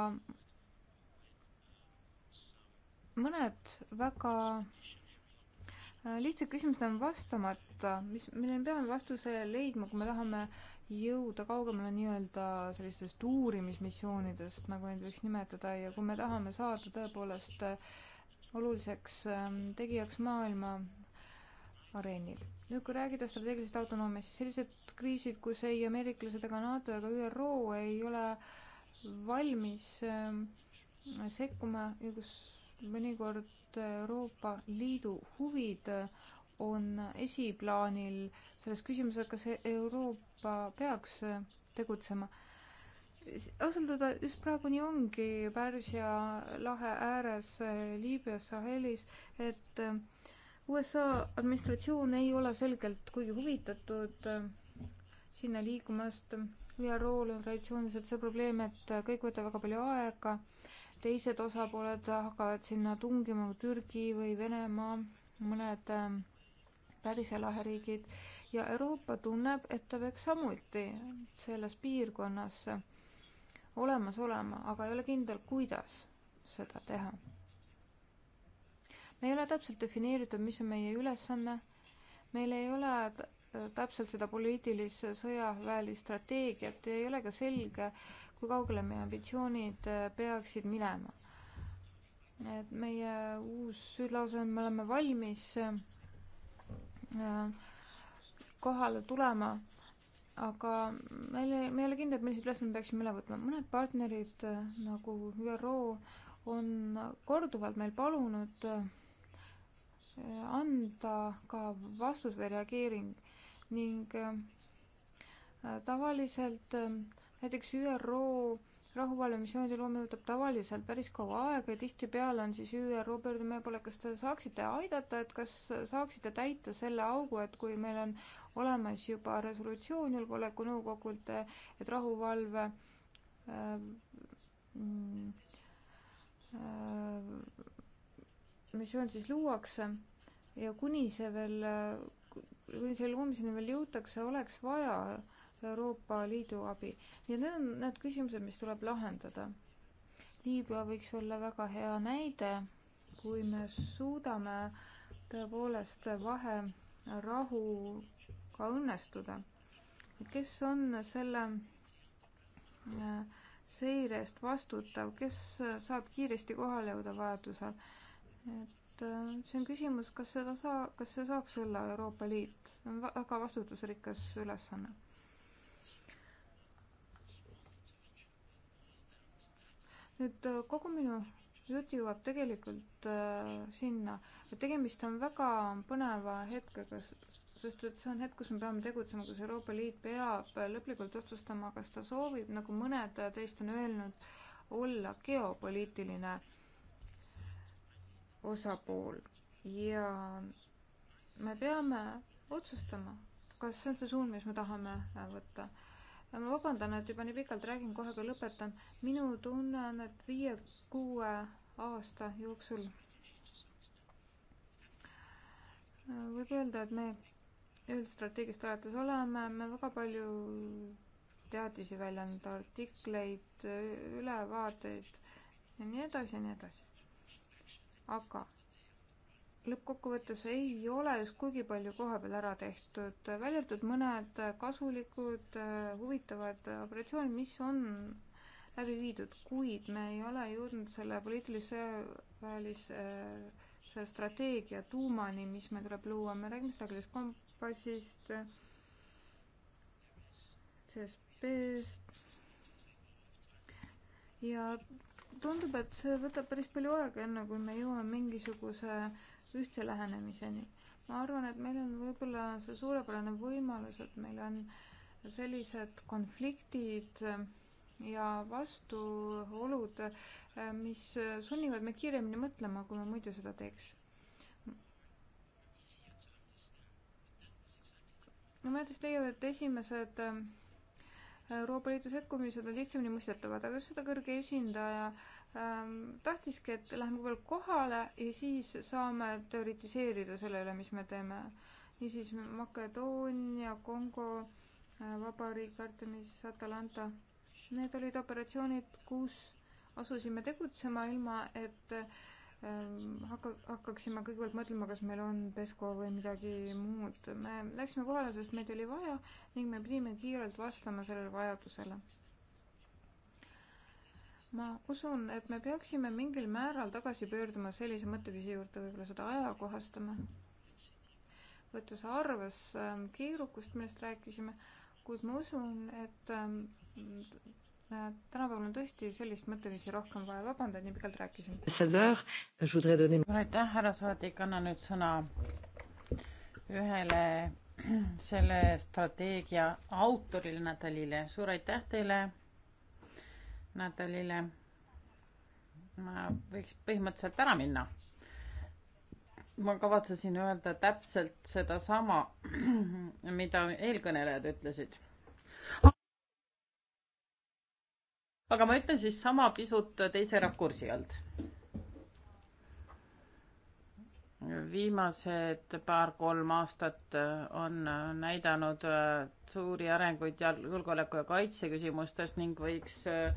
Speaker 2: mõned väga äh, lihtsad küsimused on vastamata, mis, millele me peame vastuse leidma, kui me tahame jõuda kaugemale nii-öelda sellistest uurimismissioonidest, nagu neid võiks nimetada, ja kui me tahame saada tõepoolest äh, oluliseks ähm, tegijaks maailma areenil. nüüd, kui rääkida strateegilisest autonoomiast, siis sellised kriisid, kus ei ameeriklased ega NATO ega ÜRO ei ole valmis ähm, sekkuma ja kus mõnikord Euroopa Liidu huvid on esiplaanil selles küsimuses, kas Euroopa peaks tegutsema. ausalt öelda just praegu nii ongi Pärsia lahe ääres, Liibüas, Sahelis, et äh, USA administratsioon ei ole selgelt kuigi huvitatud äh, sinna liikumast. ÜRO-l on traditsiooniliselt see probleem, et äh, kõik võtab väga palju aega, teised osapooled hakkavad sinna tungima, nagu Türgi või Venemaa, mõned äh, Pärsia lahe riigid ja Euroopa tunneb, et ta peaks samuti selles piirkonnas olemas olema, aga ei ole kindel, kuidas seda teha me ei ole täpselt defineeritud, mis on meie ülesanne, meil ei ole täpselt seda poliitilist sõjaväelist strateegiat ja ei ole ka selge, kui kaugele meie ambitsioonid äh, peaksid minema. et meie uus süüdlause on, me oleme valmis äh, kohale tulema, aga meil ei, me ei ole kindlad, millised ülesanded peaksime üle võtma. mõned partnerid äh, nagu ÜRO on korduvalt meil palunud äh, anda ka vastus või reageering ning äh, tavaliselt äh, näiteks ÜRO rahuvalvemissioonide loomine võtab tavaliselt päris kaua aega ja tihtipeale on siis ÜRO pöördumine poole, kas te saaksite aidata, et kas saaksite täita selle augu, et kui meil on olemas juba resolutsioon Julgeolekunõukogult, et rahuvalve äh, mm, äh, missioon siis luuakse ja kuni see veel, kuni selle loomiseni veel jõutakse, oleks vaja Euroopa Liidu abi. ja need on need küsimused, mis tuleb lahendada. Liibüa võiks olla väga hea näide, kui me suudame tõepoolest vahe rahuga õnnestuda. kes on selle äh, seire eest vastutav, kes saab kiiresti kohale jõuda vajadusel et äh, see on küsimus, kas seda saa-, kas see saaks olla Euroopa Liit, see on väga vastutusrikas ülesanne. nüüd äh, kogu minu jutt jõuab tegelikult äh, sinna, et tegemist on väga põneva hetkega, sest et see on hetk, kus me peame tegutsema, kus Euroopa Liit peab lõplikult otsustama, kas ta soovib, nagu mõned teist on öelnud, olla geopoliitiline äh, osapool ja me peame otsustama, kas see on see suund, mis me tahame äh, võtta. Äh, ma vabandan, et juba nii pikalt räägin, kohe ka lõpetan. minu tunne on, et viie-kuue aasta jooksul äh, võib öelda, et me üldstrateegiast alates oleme, me väga palju teadisi välja andnud, artikleid, ülevaateid ja nii edasi ja nii edasi aga lõppkokkuvõttes ei ole just kuigi palju koha peal ära tehtud, välja arvatud mõned kasulikud äh, huvitavad operatsioonid, mis on läbi viidud, kuid me ei ole jõudnud selle poliitilise välise äh, strateegia tuumani, mis meil tuleb luua, me räägime strateegilisest kompassist, CSP-st ja tundub, et see võtab päris palju aega, enne kui me jõuame mingisuguse ühtse lähenemiseni. ma arvan, et meil on võib-olla see suurepärane võimalus, et meil on sellised konfliktid ja vastuolud, mis sunnivad meid kiiremini mõtlema, kui me muidu seda teeks no ma näiteks leian, et esimesed Euroopa Liidu sekkumised on lihtsamini mõistetavad, aga seda kõrge esindaja ähm, tahtiski, et läheme kõigepealt kohale ja siis saame teoritiseerida selle üle, mis me teeme. niisiis Makedoonia, Kongo äh,, Vabariik, Artemis, Atalanta. Need olid operatsioonid, kus asusime tegutsema ilma, et äh, Ehm, hakka, hakkaksime kõigepealt mõtlema, kas meil on Pesco või midagi muud. me läksime kohale, sest meid oli vaja ning me pidime kiirelt vastama sellele vajadusele. ma usun, et me peaksime mingil määral tagasi pöörduma sellise mõtteviisi juurde, võib-olla seda ajakohastama, võttes arvesse ehm, kiirukust, millest rääkisime, kuid ma usun, et ehm, Äh, tänapäeval on tõesti sellist mõtteviisi rohkem vaja, vabandan, nii pikalt rääkisin.
Speaker 5: aitäh, härra saadik, annan nüüd sõna
Speaker 2: ühele
Speaker 3: *clears throat*
Speaker 5: selle strateegia autorile Natalile, suur aitäh teile, Natalile. ma võiks põhimõtteliselt ära minna. ma kavatsesin öelda täpselt sedasama,
Speaker 3: *clears throat*
Speaker 5: mida eelkõnelejad ütlesid aga ma ütlen siis sama pisut teise rakursi alt. viimased paar-kolm aastat on näidanud äh, suuri arenguid julgeoleku ja kaitse küsimustes ning võiks äh,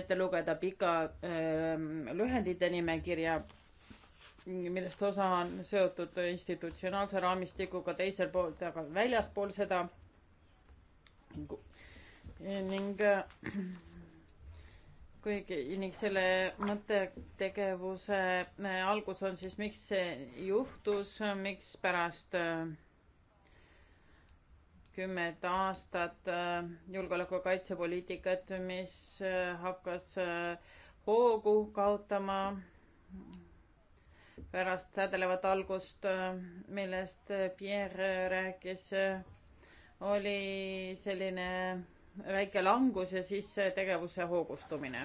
Speaker 5: ette lugeda pika äh, lühendite nimekirja, millest osa on seotud institutsionaalse raamistikuga, teiselt poolt aga väljaspool seda ning *clears throat* kuigi ning selle mõttetegevuse äh, algus on siis, miks see juhtus, miks pärast äh, kümmet aastat äh, julgeoleku- ja kaitsepoliitikat, mis hakkas hoogu kaotama pärast sädelevat algust, millest Pierre rääkis, oli selline väike langus ja siis tegevuse hoogustumine.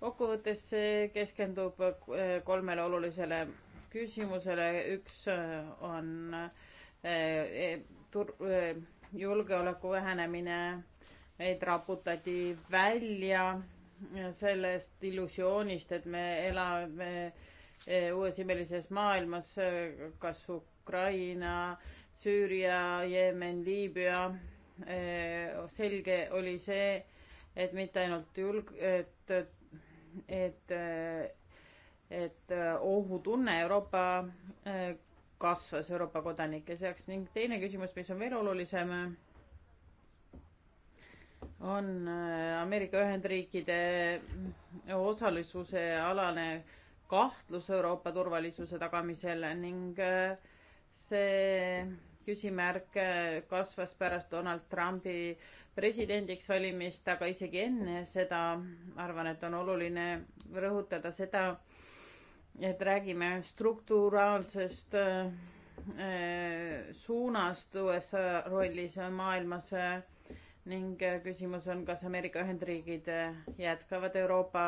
Speaker 5: kokkuvõttes see keskendub eh, kolmele olulisele küsimusele, üks eh, on eh, tur-, julgeoleku vähenemine, meid raputati välja sellest illusioonist, et me elame uues imelises maailmas, kas Ukraina, Süüria, Jeemen, Liibüa Äh, selge oli see, et mitte ainult julg-, et, et, et äh, ohutunne Euroopa äh, kasvas Euroopa kodanike seas ning teine küsimus, mis on veel olulisem, on Ameerika Ühendriikide osalususe alane kahtlus Euroopa turvalisuse tagamisel ning see küsimärk kasvas pärast Donald Trumpi presidendiks valimist, aga isegi enne seda arvan, et on oluline rõhutada seda, et räägime strukturaalsest äh, suunast USA rollis maailmas äh, ning äh, küsimus on, kas Ameerika Ühendriigid äh, jätkavad Euroopa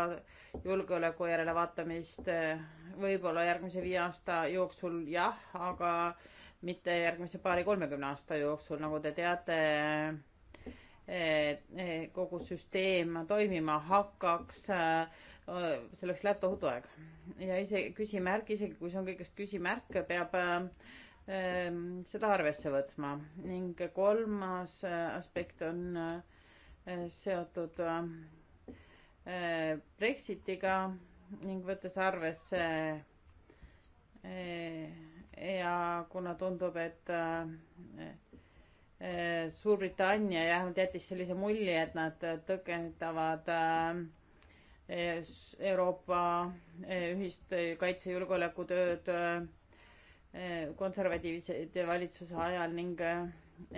Speaker 5: julgeoleku järele vaatamist äh, võib-olla järgmise viie aasta jooksul jah, aga äh, mitte järgmise paari-kolmekümne aasta jooksul, nagu te teate, kogu süsteem toimima hakkaks, selleks läheb tohutu aeg. ja ise küsimärk, isegi kui see on kõigest küsimärk, peab ehm, seda arvesse võtma ning kolmas aspekt on eh, seotud eh, Brexitiga ning võttes arvesse eh, ja kuna tundub, et äh, äh, Suurbritannia jah, jättis sellise mulje, et nad tõkendavad äh, Euroopa ühist kaitse- ja julgeolekutööd konservatiivsete valitsuse ajal ning,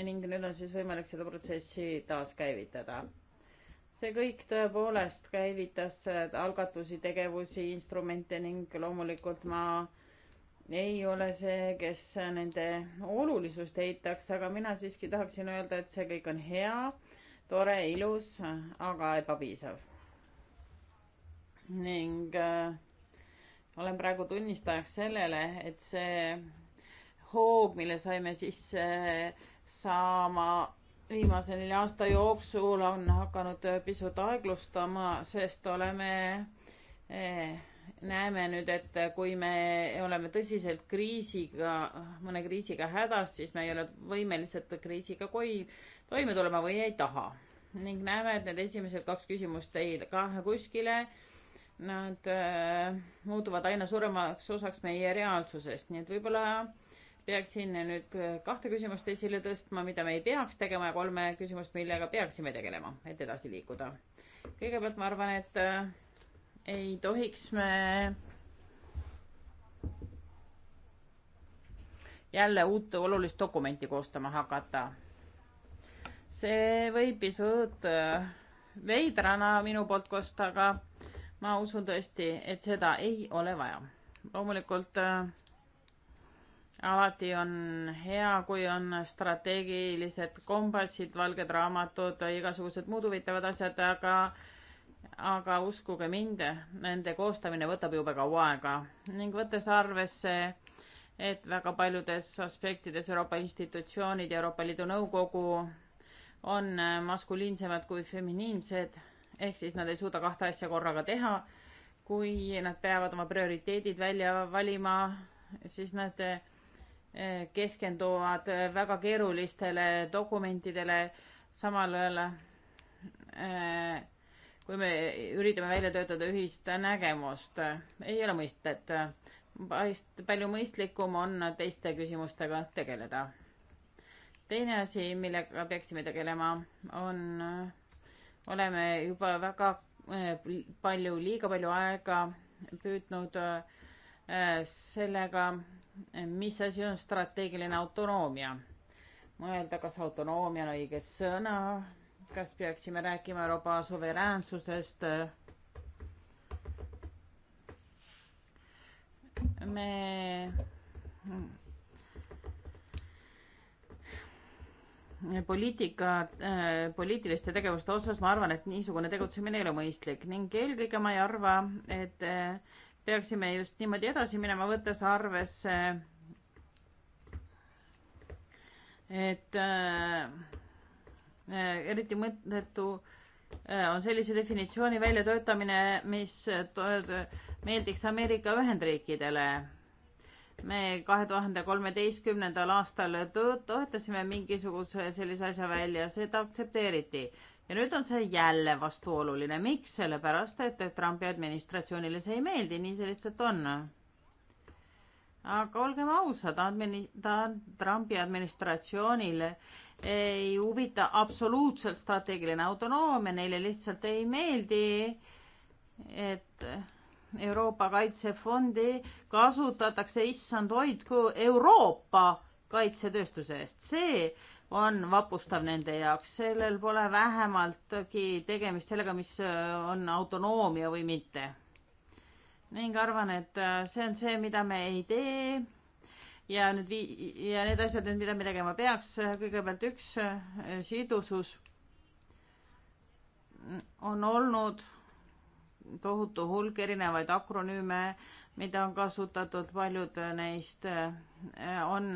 Speaker 5: ning nüüd on siis võimalik seda protsessi taaskäivitada. see kõik tõepoolest käivitas algatusi, tegevusi, instrumente ning loomulikult ma äh, ei ole see, kes nende olulisust eitaks, aga mina siiski tahaksin öelda, et see kõik on hea, tore, ilus, aga ebapiisav. ning äh, olen praegu tunnistajaks sellele, et see hoob, mille saime sisse äh, saama viimase nelja aasta jooksul, on hakanud pisut aeglustama, sest oleme äh, näeme nüüd, et kui me oleme tõsiselt kriisiga, mõne kriisiga hädas, siis me ei ole võimelised kriisiga koi-, toime tulema või ei taha. ning näeme, et need esimesed kaks küsimust ei kahe kuskile. Nad äh, muutuvad aina suuremaks osaks meie reaalsusest, nii et võib-olla peaksin nüüd kahte küsimust esile tõstma, mida me ei peaks tegema ja kolme küsimust, millega peaksime tegelema, et edasi liikuda. kõigepealt ma arvan, et äh, ei tohiks me jälle uut olulist dokumenti koostama hakata. see võib pisut äh, veidrana minu poolt kosta, aga ma usun tõesti, et seda ei ole vaja. loomulikult äh, alati on hea, kui on strateegilised kompassid, valged raamatud, igasugused muud huvitavad asjad, aga äh, aga uskuge mind, nende koostamine võtab jube kaua aega ning võttes arvesse, et väga paljudes aspektides Euroopa institutsioonid ja Euroopa Liidu Nõukogu on maskuliinsemad kui feminiinsed, ehk siis nad ei suuda kahte asja korraga teha. kui nad peavad oma prioriteedid välja valima, siis nad eh, keskenduvad väga keerulistele dokumentidele, samal ajal äh, kui me üritame välja töötada ühist nägemust. ei ole mõistet. paist-, palju mõistlikum on teiste küsimustega tegeleda. teine asi, millega peaksime tegelema, on, oleme juba väga eh, palju, liiga palju aega püüdnud eh, sellega, mis asi on strateegiline autonoomia. mõelda, kas autonoomia on õige sõna kas peaksime rääkima Euroopa suveräänsusest? me poliitika, äh, poliitiliste tegevuste osas ma arvan, et niisugune tegutsemine ei ole mõistlik ning eelkõige ma ei arva, et äh, peaksime just niimoodi edasi minema, võttes arvesse, et äh, Eh, eriti mõttetu eh, on sellise definitsiooni väljatöötamine, mis meeldiks Ameerika Ühendriikidele. me kahe tuhande kolmeteistkümnendal aastal toetasime mingisuguse sellise asja välja, seda aktsepteeriti. ja nüüd on see jälle vastuoluline, miks? sellepärast, et Trumpi administratsioonile see ei meeldi, nii see lihtsalt on aga olgem ausad, admini-, ta Trumpi administratsioonile ei huvita absoluutselt strateegiline autonoomia, neile lihtsalt ei meeldi, et Euroopa Kaitsefondi kasutatakse, issand hoidku, Euroopa kaitsetööstuse eest. see on vapustav nende jaoks, sellel pole vähemaltki tegemist sellega, mis on autonoomia või mitte ning arvan, et äh, see on see, mida me ei tee. ja nüüd vii- ja need asjad nüüd, mida me tegema peaks, kõigepealt üks äh, sidusus on olnud tohutu hulk erinevaid akronüüme, mida on kasutatud, paljud neist äh, on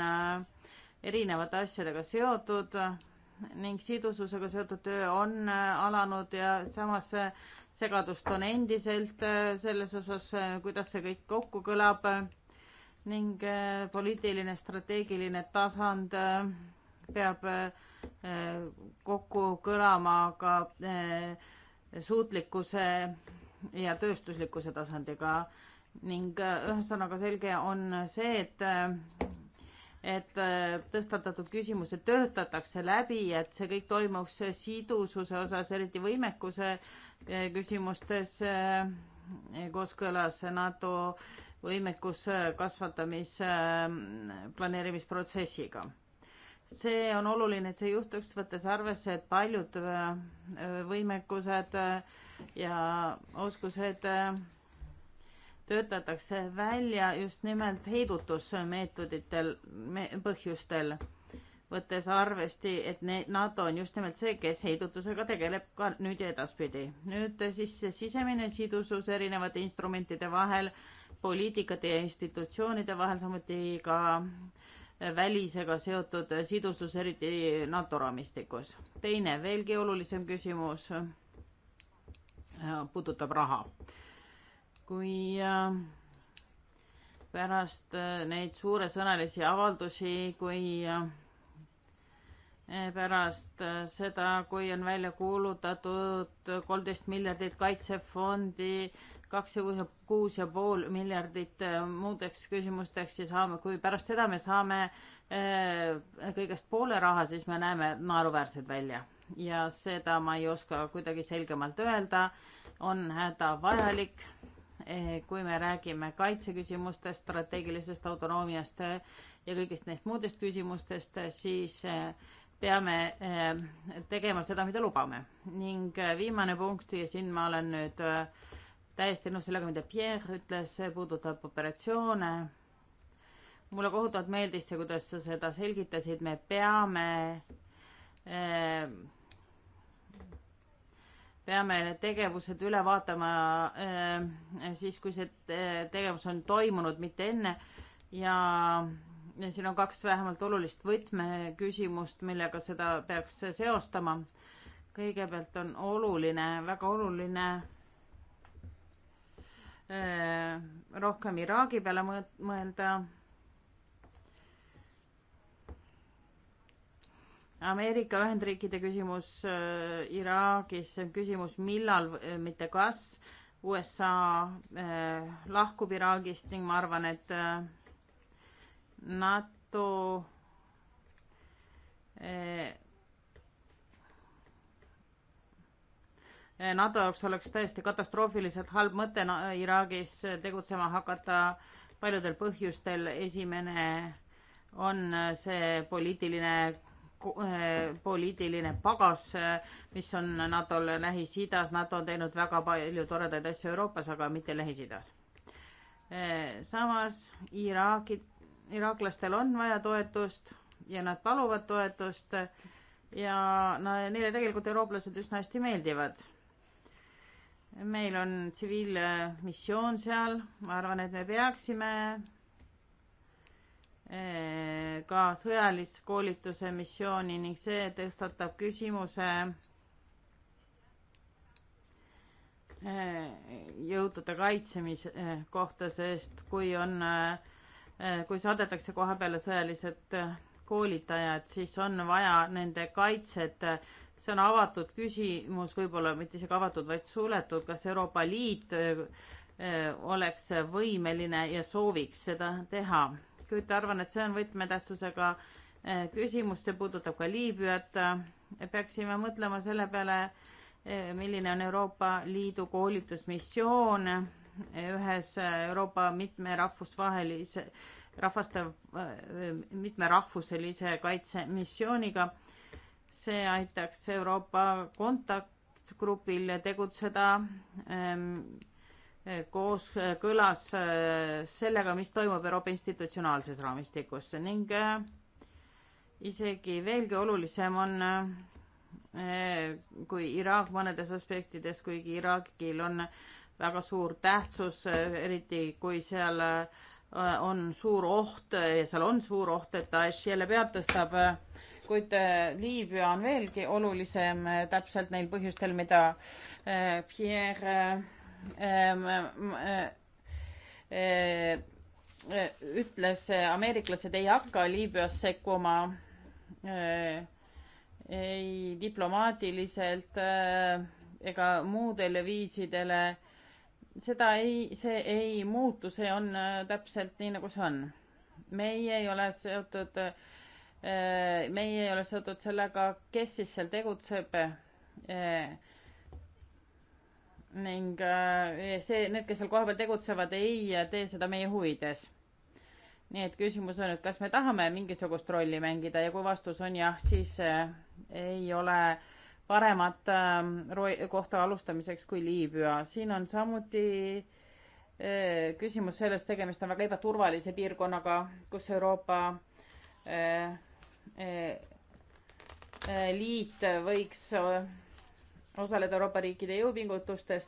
Speaker 5: erinevate asjadega seotud ning sidususega seotud töö on alanud ja samas segadust on endiselt äh, selles osas, äh, kuidas see kõik kokku kõlab äh, ning poliitiline strateegiline tasand peab kokku kõlama ka suutlikkuse ja tööstuslikkuse tasandiga ning ühesõnaga selge on see, et et äh, tõstatatud küsimused töötatakse läbi, et see kõik toimuks sidususe osas, eriti võimekuse äh, küsimustes äh, kooskõlas NATO võimekuse kasvatamise planeerimisprotsessiga. see on oluline, et see juhtuks, võttes arvesse, et paljud võimekused ja oskused töötatakse välja just nimelt heidutusmeetoditel me,, põhjustel, võttes arvesti, et ne, NATO on just nimelt see, kes heidutusega tegeleb ka nüüd ja edaspidi. nüüd siis see sisemine sidusus erinevate instrumentide vahel, poliitikate ja institutsioonide vahel, samuti ka välisega seotud sidusus, eriti NATO raamistikus. teine, veelgi olulisem küsimus puudutab raha kui äh, pärast äh, neid suuresõnalisi avaldusi, kui äh, pärast seda, kui on välja kuulutatud kolmteist miljardit kaitsefondi, kaks ja kuus ja pool miljardit muudeks küsimusteks ja saame, kui pärast seda me saame kõigest poole raha, siis me näeme naeruväärsed välja ja seda ma ei oska kuidagi selgemalt öelda. on hädavajalik, Eh, kui me räägime kaitseküsimustest, strateegilisest autonoomiast eh, ja kõigist neist muudest küsimustest, eh, siis peame tegema seda, mida lubame. ning viimane punkt ja siin ma olen nüüd täiesti nõus sellega, mida Pierre ütles, see puudutab operatsioone. mulle kohutavalt meeldis see, kuidas sa seda selgitasid, me peame peame need tegevused üle vaatama äh, siis, kui see äh, tegevus on toimunud, mitte enne. ja siin on kaks vähemalt olulist võtmeküsimust, millega seda peaks seostama. kõigepealt on oluline, väga oluline äh, rohkem Iraagi peale mõelda Ameerika Ühendriikide küsimus äh, Iraagis, see on küsimus, millal äh,, mitte kas USA äh, lahkub Iraagist ning ma arvan, et äh, NATO äh, NATO jaoks oleks täiesti katastroofiliselt halb mõte Iraagis tegutsema hakata paljudel põhjustel. esimene on äh, see poliitiline Äh, poliitiline pagas, äh, mis on NATO-le Lähis-Idas, NATO on teinud väga palju toredaid asju Euroopas, aga mitte Lähis-Idas. Äh, samas Iraagi, iraaklastel on vaja toetust ja nad paluvad toetust ja no, neile tegelikult eurooplased üsna hästi meeldivad meil on tsiviilmissioon seal, ma arvan, et me peaksime ka sõjaliskoolituse missiooni ning see tõstatab küsimuse eh, jõudude kaitsemise eh, kohta, sest kui on, eh, kui saadetakse koha peale sõjalised koolitajad, siis on vaja nende kaitset. see on avatud küsimus, võib-olla mitte isegi avatud, vaid suletud, kas Euroopa Liit oleks võimeline ja sooviks seda teha kuid arvan, et see on võtmetähtsusega eh, küsimus, see puudutab ka Liibüat. Eh, peaksime mõtlema selle peale, eh, milline on Euroopa Liidu koolitusmissioon ühes Euroopa mitme rahvusvahelise, rahvaste, mitmerahvuselise kaitsemissiooniga. see aitaks Euroopa kontaktgrupil tegutseda ehm, kooskõlas äh, äh, sellega, mis toimub Euroopa institutsionaalses raamistikus ning äh, isegi veelgi olulisem on kui Iraak mõnedes aspektides, kuigi Iraagil on väga suur tähtsus, eriti kui seal on suur oht ja seal on suur oht, et Daesh jälle pead tõstab, kuid Liibüa on veelgi olulisem täpselt neil põhjustel, mida Pierre Ehm, eh, eh, ütles, eh, ameeriklased ei hakka Liibüas sekkuma ei diplomaatiliselt ega muudele viisidele. seda ei, see ei muutu, see on täpselt nii, nagu see on. meie ei ole seotud, meie ei ole seotud sellega, kes siis seal tegutseb ning äh, see, need, kes seal kohapeal tegutsevad, ei äh, tee seda meie huvides. nii et küsimus on, et kas me tahame mingisugust rolli mängida ja kui vastus on jah, siis äh, ei ole paremat ähm, kohta alustamiseks kui Liibüa. siin on samuti küsimus sellest, tegemist on väga ebaturvalise piirkonnaga, kus Euroopa Liit võiks osaleda Euroopa riikide jõupingutustes,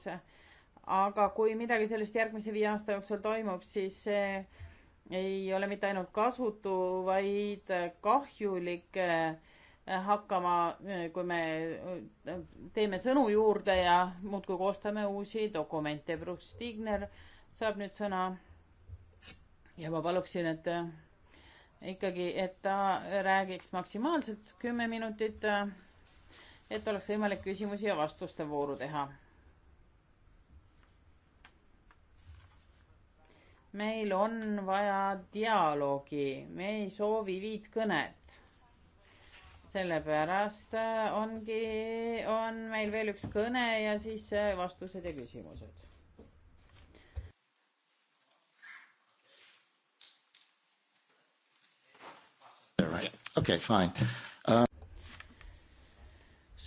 Speaker 5: aga kui midagi sellist järgmise viie aasta jooksul toimub, siis see ei ole mitte ainult kasutu, vaid kahjulik eh, hakkama, eh, kui me eh, teeme sõnu juurde ja muudkui koostame uusi dokumente. Brooke Stigner saab nüüd sõna ja ma paluksin, et ikkagi, et ta räägiks maksimaalselt kümme minutit et oleks võimalik küsimusi ja vastuste vooru teha. meil on vaja dialoogi, me ei soovi viitkõnet. sellepärast äh, ongi, on meil veel üks kõne ja siis äh, vastused ja küsimused.
Speaker 6: All right. Okay, fine. Uh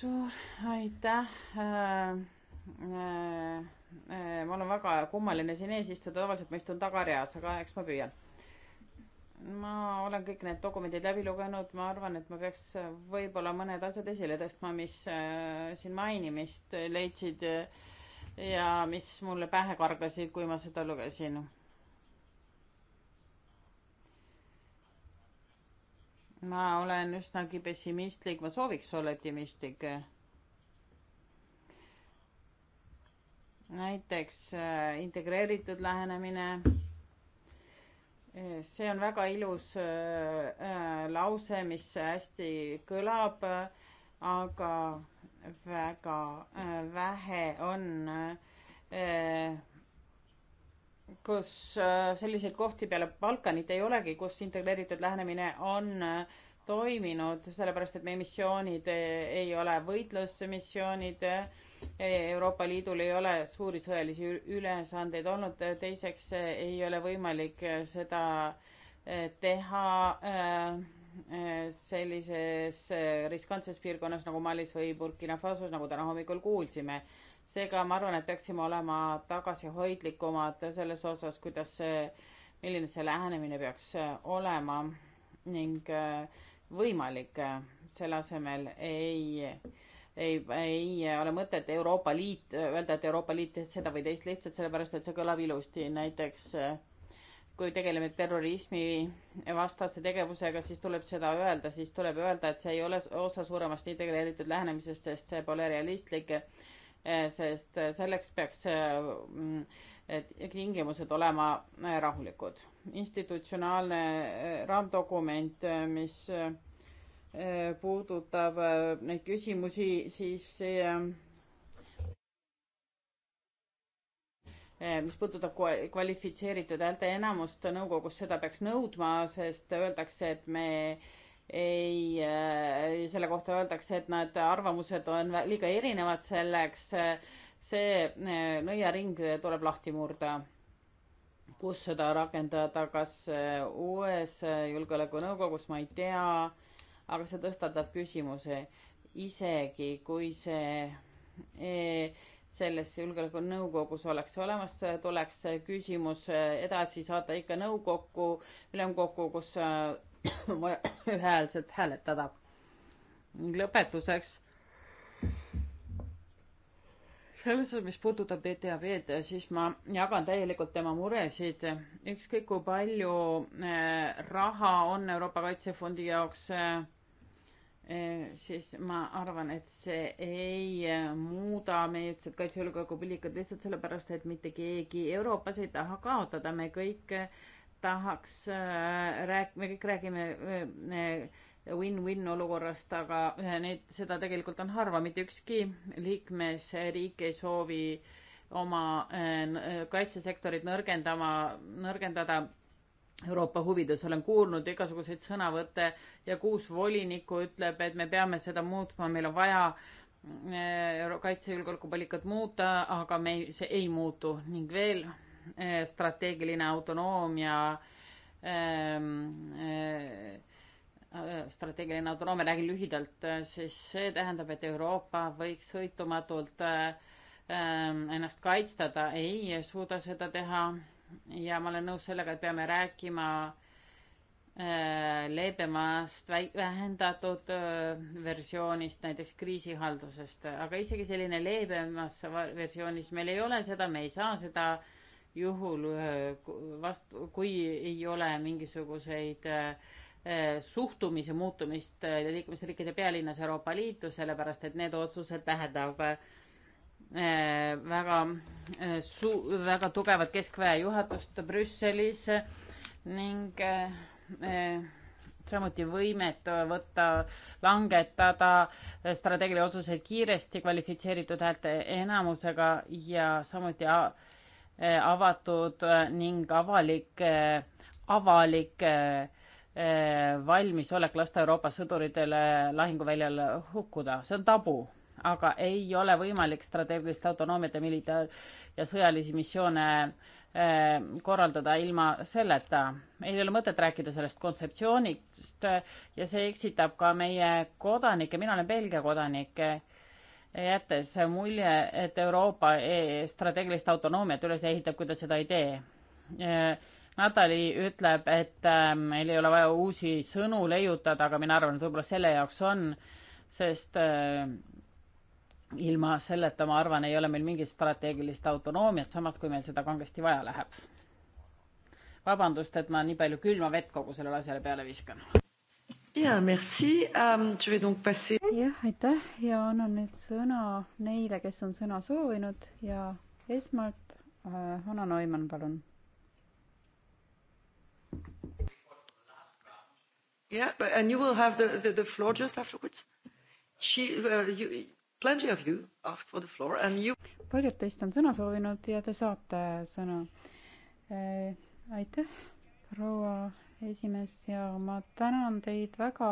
Speaker 5: suur aitäh äh, äh,. Äh, ma olen väga kummaline siin ees istuda, tavaliselt ma istun tagareas, aga eks ma püüan. ma olen kõik need dokumendid läbi lugenud, ma arvan, et ma peaks võib-olla mõned asjad esile tõstma, mis äh, siin mainimist leidsid äh, ja mis mulle pähe kargasid, kui ma seda lugesin ma olen üsnagi pessimistlik, ma sooviks olla optimistlik. näiteks äh, integreeritud lähenemine. Äh, see on väga ilus äh, lause, mis hästi kõlab, aga väga vähe on kus äh, selliseid kohti peale Balkanit ei olegi, kus integreeritud lähenemine on äh, toiminud, sellepärast et meie missioonid äh, ei ole võitlusmissioonid. Euroopa Liidul ei ole suuri sõjalisi ülesandeid olnud, teiseks ei ole võimalik seda teha sellises riskantses piirkonnas nagu Malis või Burkina Fasos, nagu täna hommikul kuulsime seega ma arvan, et peaksime olema tagasihoidlikumad selles osas, kuidas see, milline see lähenemine peaks äh, olema ning äh, võimalik, äh, selle asemel ei, ei, ei ole mõtet Euroopa Liit, öelda, et Euroopa Liit teeb seda või teist lihtsalt sellepärast, et see kõlab ilusti, näiteks kui tegeleme terrorismi vastase tegevusega, siis tuleb seda öelda, siis tuleb öelda, et see ei ole osa suuremast integreeritud lähenemisest, sest see pole realistlik Eh, sest eh, selleks peaks eh, mm, tingimused olema rahulikud. institutsionaalne raamdokument, mis puudutab neid küsimusi, siis mis puudutab kvalifitseeritud häälteenamust nõukogus, seda peaks nõudma, sest öeldakse, et me ei, äh, selle kohta öeldakse, et nad, arvamused on liiga erinevad selleks, see äh, nõiaring tuleb lahti murda. kus seda rakendada, kas äh, uues julgeolekunõukogus, ma ei tea, aga see tõstatab küsimuse, isegi kui see e, selles julgeolekunõukogus oleks olemas, tuleks küsimus edasi saada ikka nõukokku, ülemkokku, kus on *coughs* vaja ühehäälselt hääletada. ning lõpetuseks selles osas, mis puudutab DTAV-d, siis ma jagan täielikult tema muresid. ükskõik kui palju eh, raha on Euroopa Kaitsefondi jaoks, eh, eh, siis ma arvan, et see ei muuda meie ühtset kaitsejulgeolekupoliitikat lihtsalt sellepärast, et mitte keegi Euroopas ei taha kaotada. me kõik tahaks äh, rääk-, me kõik räägime äh, äh, win-win olukorrast, aga need, seda tegelikult on harva, mitte ükski liikmesriik ei soovi oma kaitsesektorit nõrgendama, nõrgendada Euroopa huvides. olen kuulnud igasuguseid sõnavõtte ja kuus volinikku ütleb, et me peame seda muutma, meil on vaja kaitsejulgeolekupoliitikat muuta, aga me ei, see ei muutu ning veel Eh, strateegiline autonoomia ehm, eh, eh, strateegiline autonoomia, räägin lühidalt, siis see tähendab, et Euroopa võiks sõltumatult ehm, ennast kaitsta, ta ei suuda seda teha ja ma olen nõus sellega, et peame rääkima leebemast vähendatud versioonist, näiteks kriisihaldusest, aga isegi selline leebemas versioonis meil ei ole seda, me ei saa seda äh, juhul äh, vastu, kui ei ole mingisuguseid äh, suhtumise muutumist äh, liikmesriikide pealinnas Euroopa Liitu, sellepärast et need otsused tähendab väga su-, väga tugevat keskväe juhatust Brüsselis ning samuti võimet võtta, langetada strateegilisi otsuseid kiiresti kvalifitseeritud häälte enamusega ja samuti Eh, avatud eh, ning avalik, eh, avalik valmisolek lasta Euroopa sõduritele lahinguväljal hukkuda, see on tabu, aga ei ole võimalik strateegilist autonoomiat ja militaar- ja sõjalisi missioone korraldada ilma selleta. meil ei ole mõtet rääkida sellest kontseptsioonist ja see eksitab ka meie kodanikke, mina olen Belgia kodanik jättes mulje, et Euroopa e-, strateegilist autonoomiat üles ehitab, kui ta seda ei tee. Natali ütleb, et äh, meil ei ole vaja uusi sõnu leiutada, aga mina arvan, et võib-olla selle jaoks on, sest äh, ilma selleta, ma arvan, ei ole meil mingit strateegilist autonoomiat, samas kui meil seda kangesti vaja läheb. vabandust, et ma nii palju külma vett kogu sellele asjale peale viskan
Speaker 4: ja, merci um,, je vais donc passer. jah,
Speaker 1: aitäh ja annan nüüd sõna neile, kes on sõna soovinud ja esmalt äh, Hanna Neumann, palun.
Speaker 4: Yeah, but, and you will have the, the, the floor just afterwards. She, uh, you, plenty of you ask for the floor and
Speaker 1: you. paljud teist on sõna soovinud ja te saate sõna äh,. aitäh, proua esimees ja ma tänan teid väga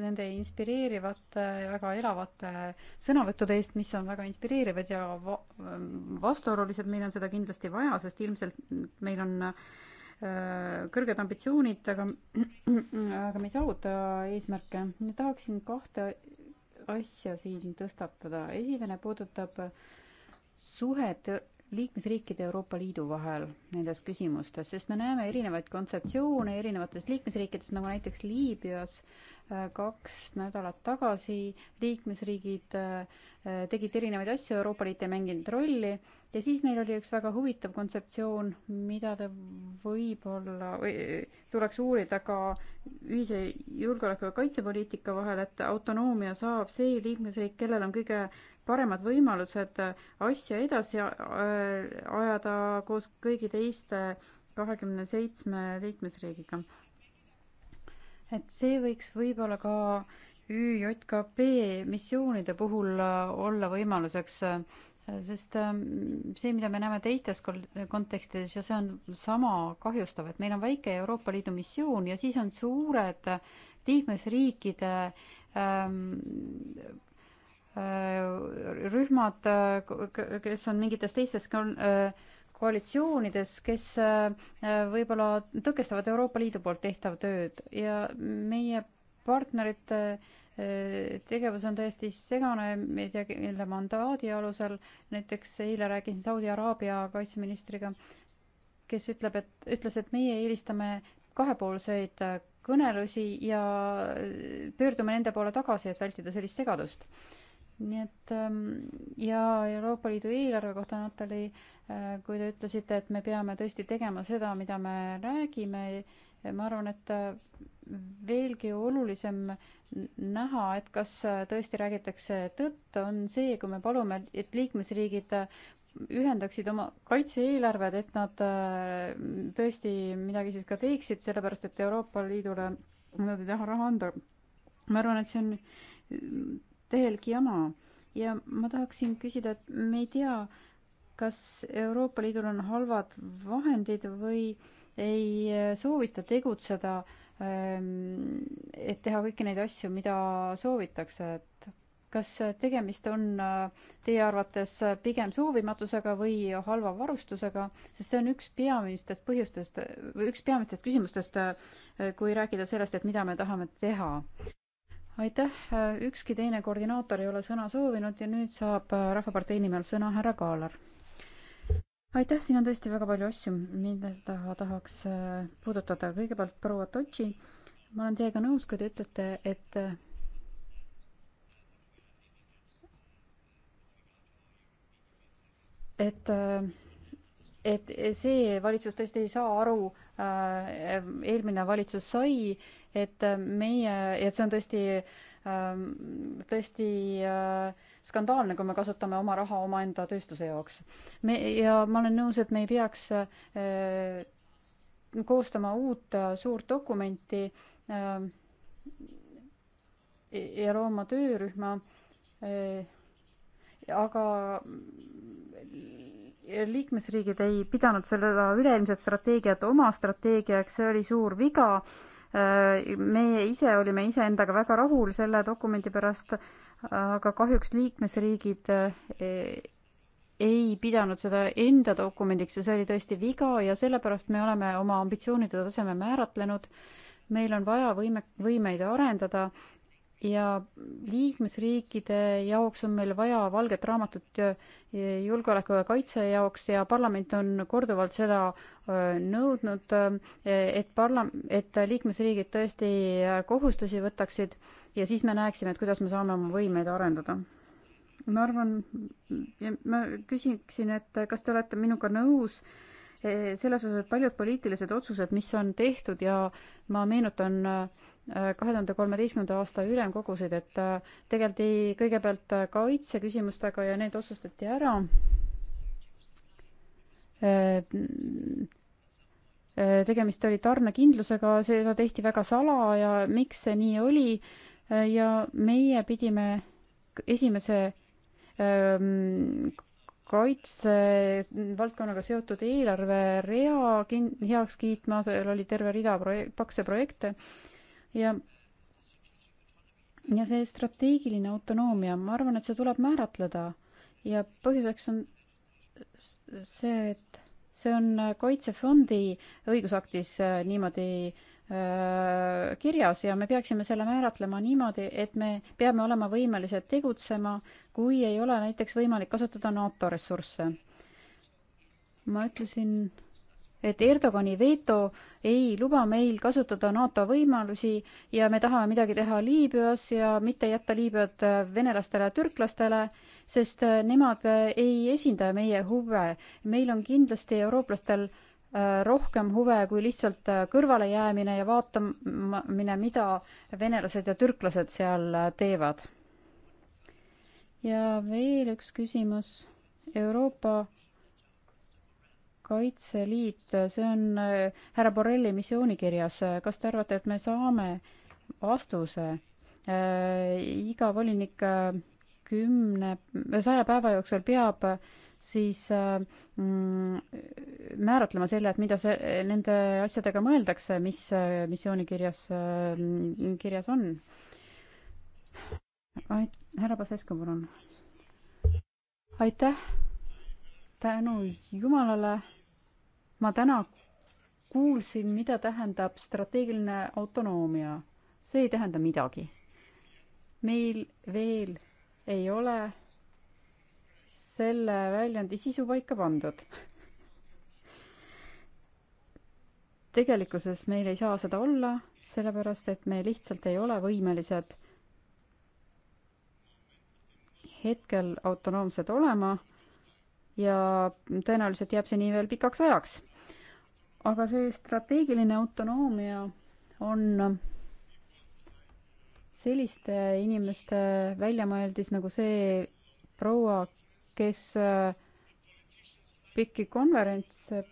Speaker 1: nende inspireerivate ja väga elavate sõnavõttude eest, mis on väga inspireerivad ja va vastuolulised, meil on seda kindlasti vaja, sest ilmselt meil on äh, kõrged ambitsioonid, aga, *clears throat* aga me ei saavuta eesmärke. tahaksin kahte asja siin tõstatada. esimene puudutab suhet liikmesriikide ja Euroopa Liidu vahel nendes küsimustes, sest me näeme erinevaid kontseptsioone erinevates liikmesriikides, nagu näiteks Liibüas äh, kaks nädalat tagasi liikmesriigid äh, tegid erinevaid asju, Euroopa Liit ei mänginud rolli ja siis meil oli üks väga huvitav kontseptsioon, mida te võib-olla või, tuleks uurida ka ühise julgeoleku ja kaitsepoliitika vahel, et autonoomia saab see liikmesriik, kellel on kõige paremad võimalused asja edasi äh, ajada koos kõigi teiste kahekümne seitsme liikmesriigiga. et see võiks võib-olla ka ÜJKP missioonide puhul äh, olla võimaluseks, äh, sest see, mida me näeme teistes kontekstides ja see on sama kahjustav, et meil on väike Euroopa Liidu missioon ja siis on suured liikmesriikide ähm, Äh, rühmad, äh, kes on mingites teistes äh, koalitsioonides, kes võib-olla tõkestavad Euroopa Liidu poolt tehtav tööd ja meie partnerite tegevus on täiesti segane, ei tea, mille mandaadi alusel, näiteks eile rääkisin Saudi Araabia kaitseministriga, kes ütleb, et, ütles, et meie eelistame kahepoolseid kõnelusi ja pöördume nende poole tagasi, et vältida sellist segadust nii et ähm, ja Euroopa Liidu eelarve kohta, Natali, äh, kui te ütlesite, et me peame tõesti tegema seda, mida me räägime, ma arvan, et äh, veelgi olulisem näha, et kas äh, tõesti räägitakse tõtt, on see, kui me palume, et liikmesriigid ühendaksid oma kaitse-eelarved, et nad tõesti midagi siis ka teeksid, sellepärast et Euroopa Liidule nad ei taha raha anda. ma arvan, et see on täielik jama ja ma tahaksin küsida, et me ei tea, kas Euroopa Liidul on halvad vahendid või ei soovita tegutseda, ähm, et teha kõiki neid asju, mida soovitakse, et kas tegemist on äh, teie arvates pigem soovimatusega või halva varustusega, sest see on üks peamistest põhjustest või üks peamistest küsimustest, äh, kui rääkida sellest, et mida me tahame teha aitäh, ükski teine koordinaator ei ole sõna soovinud ja nüüd saab äh, Rahvapartei nimel sõna härra Kaalar. aitäh, siin on tõesti väga palju asju, mida tahaks äh, puudutada. kõigepealt proua Totši, ma olen teiega nõus, kui te ütlete, et et et see valitsus tõesti ei saa aru, äh, eelmine valitsus sai et äh, meie, ja see on tõesti ähm, tõesti äh, skandaalne, kui me kasutame oma raha omaenda tööstuse jaoks. me, ja ma olen nõus, et me ei peaks äh, koostama uut suurt dokumenti ja looma töörühma, aga liikmesriigid ei pidanud seda üleilmset strateegiat oma strateegiaks, see oli suur viga Äh, meie ise olime iseendaga väga rahul selle dokumendi pärast, aga kahjuks liikmesriigid äh, ei pidanud seda enda dokumendiks ja see oli tõesti viga ja sellepärast me oleme oma ambitsioonide taseme määratlenud. meil on vaja võime, võimeid arendada ja liikmesriikide jaoks on meil vaja valget raamatut julgeoleku ja kaitse jaoks ja parlament on korduvalt seda nõudnud, et parla-, et liikmesriigid tõesti kohustusi võtaksid ja siis me näeksime, et kuidas me saame oma võimeid arendada. ma arvan, ma küsiksin, et kas te olete minuga nõus, selles osas, et paljud poliitilised otsused, mis on tehtud ja ma meenutan äh, kahe tuhande kolmeteistkümnenda aasta ülemkogusid, et äh, tegeldi kõigepealt äh, kaitseküsimustega ja need otsustati ära. Äh, tegemist oli tarnekindlusega, seda tehti väga salaja, miks see nii oli ja meie pidime esimese ähm, kaitsevaldkonnaga seotud eelarverea kin-, heaks kiitma, seal oli terve rida proje-, pakse projekte ja ja see strateegiline autonoomia, ma arvan, et see tuleb määratleda ja põhjuseks on see, et see on äh, Kaitsefondi õigusaktis äh, niimoodi äh, kirjas ja me peaksime selle määratlema niimoodi, et me peame olema võimelised tegutsema, kui ei ole näiteks võimalik kasutada NATO ressursse. ma ütlesin et Erdogani veto ei luba meil kasutada NATO võimalusi ja me tahame midagi teha Liibüas ja mitte jätta Liibüat äh, venelastele ja türklastele, sest äh, nemad äh, ei esinda meie huve. meil on kindlasti eurooplastel rohkem huve kui lihtsalt kõrvalejäämine ja vaatamine, mida venelased ja türklased seal teevad. ja veel üks küsimus. Euroopa Kaitseliit, see on äh, härra Borrelli missioonikirjas, kas te arvate, et me saame vastuse äh, iga volinik äh, kümne, saja päeva jooksul peab äh, siis äh, mm, määratlema selle, et mida see, nende asjadega mõeldakse, mis äh, missioonikirjas äh,, kirjas on. härra Pasescu, palun. aitäh, tänu jumalale ma täna kuulsin, mida tähendab strateegiline autonoomia. see ei tähenda midagi. meil veel ei ole selle väljendi sisu paika pandud. tegelikkuses meil ei saa seda olla, sellepärast et me lihtsalt ei ole võimelised hetkel autonoomsed olema ja tõenäoliselt jääb see nii veel pikaks ajaks. aga see strateegiline autonoomia on selliste inimeste väljamõeldis nagu see proua, kes äh, pikki konverentse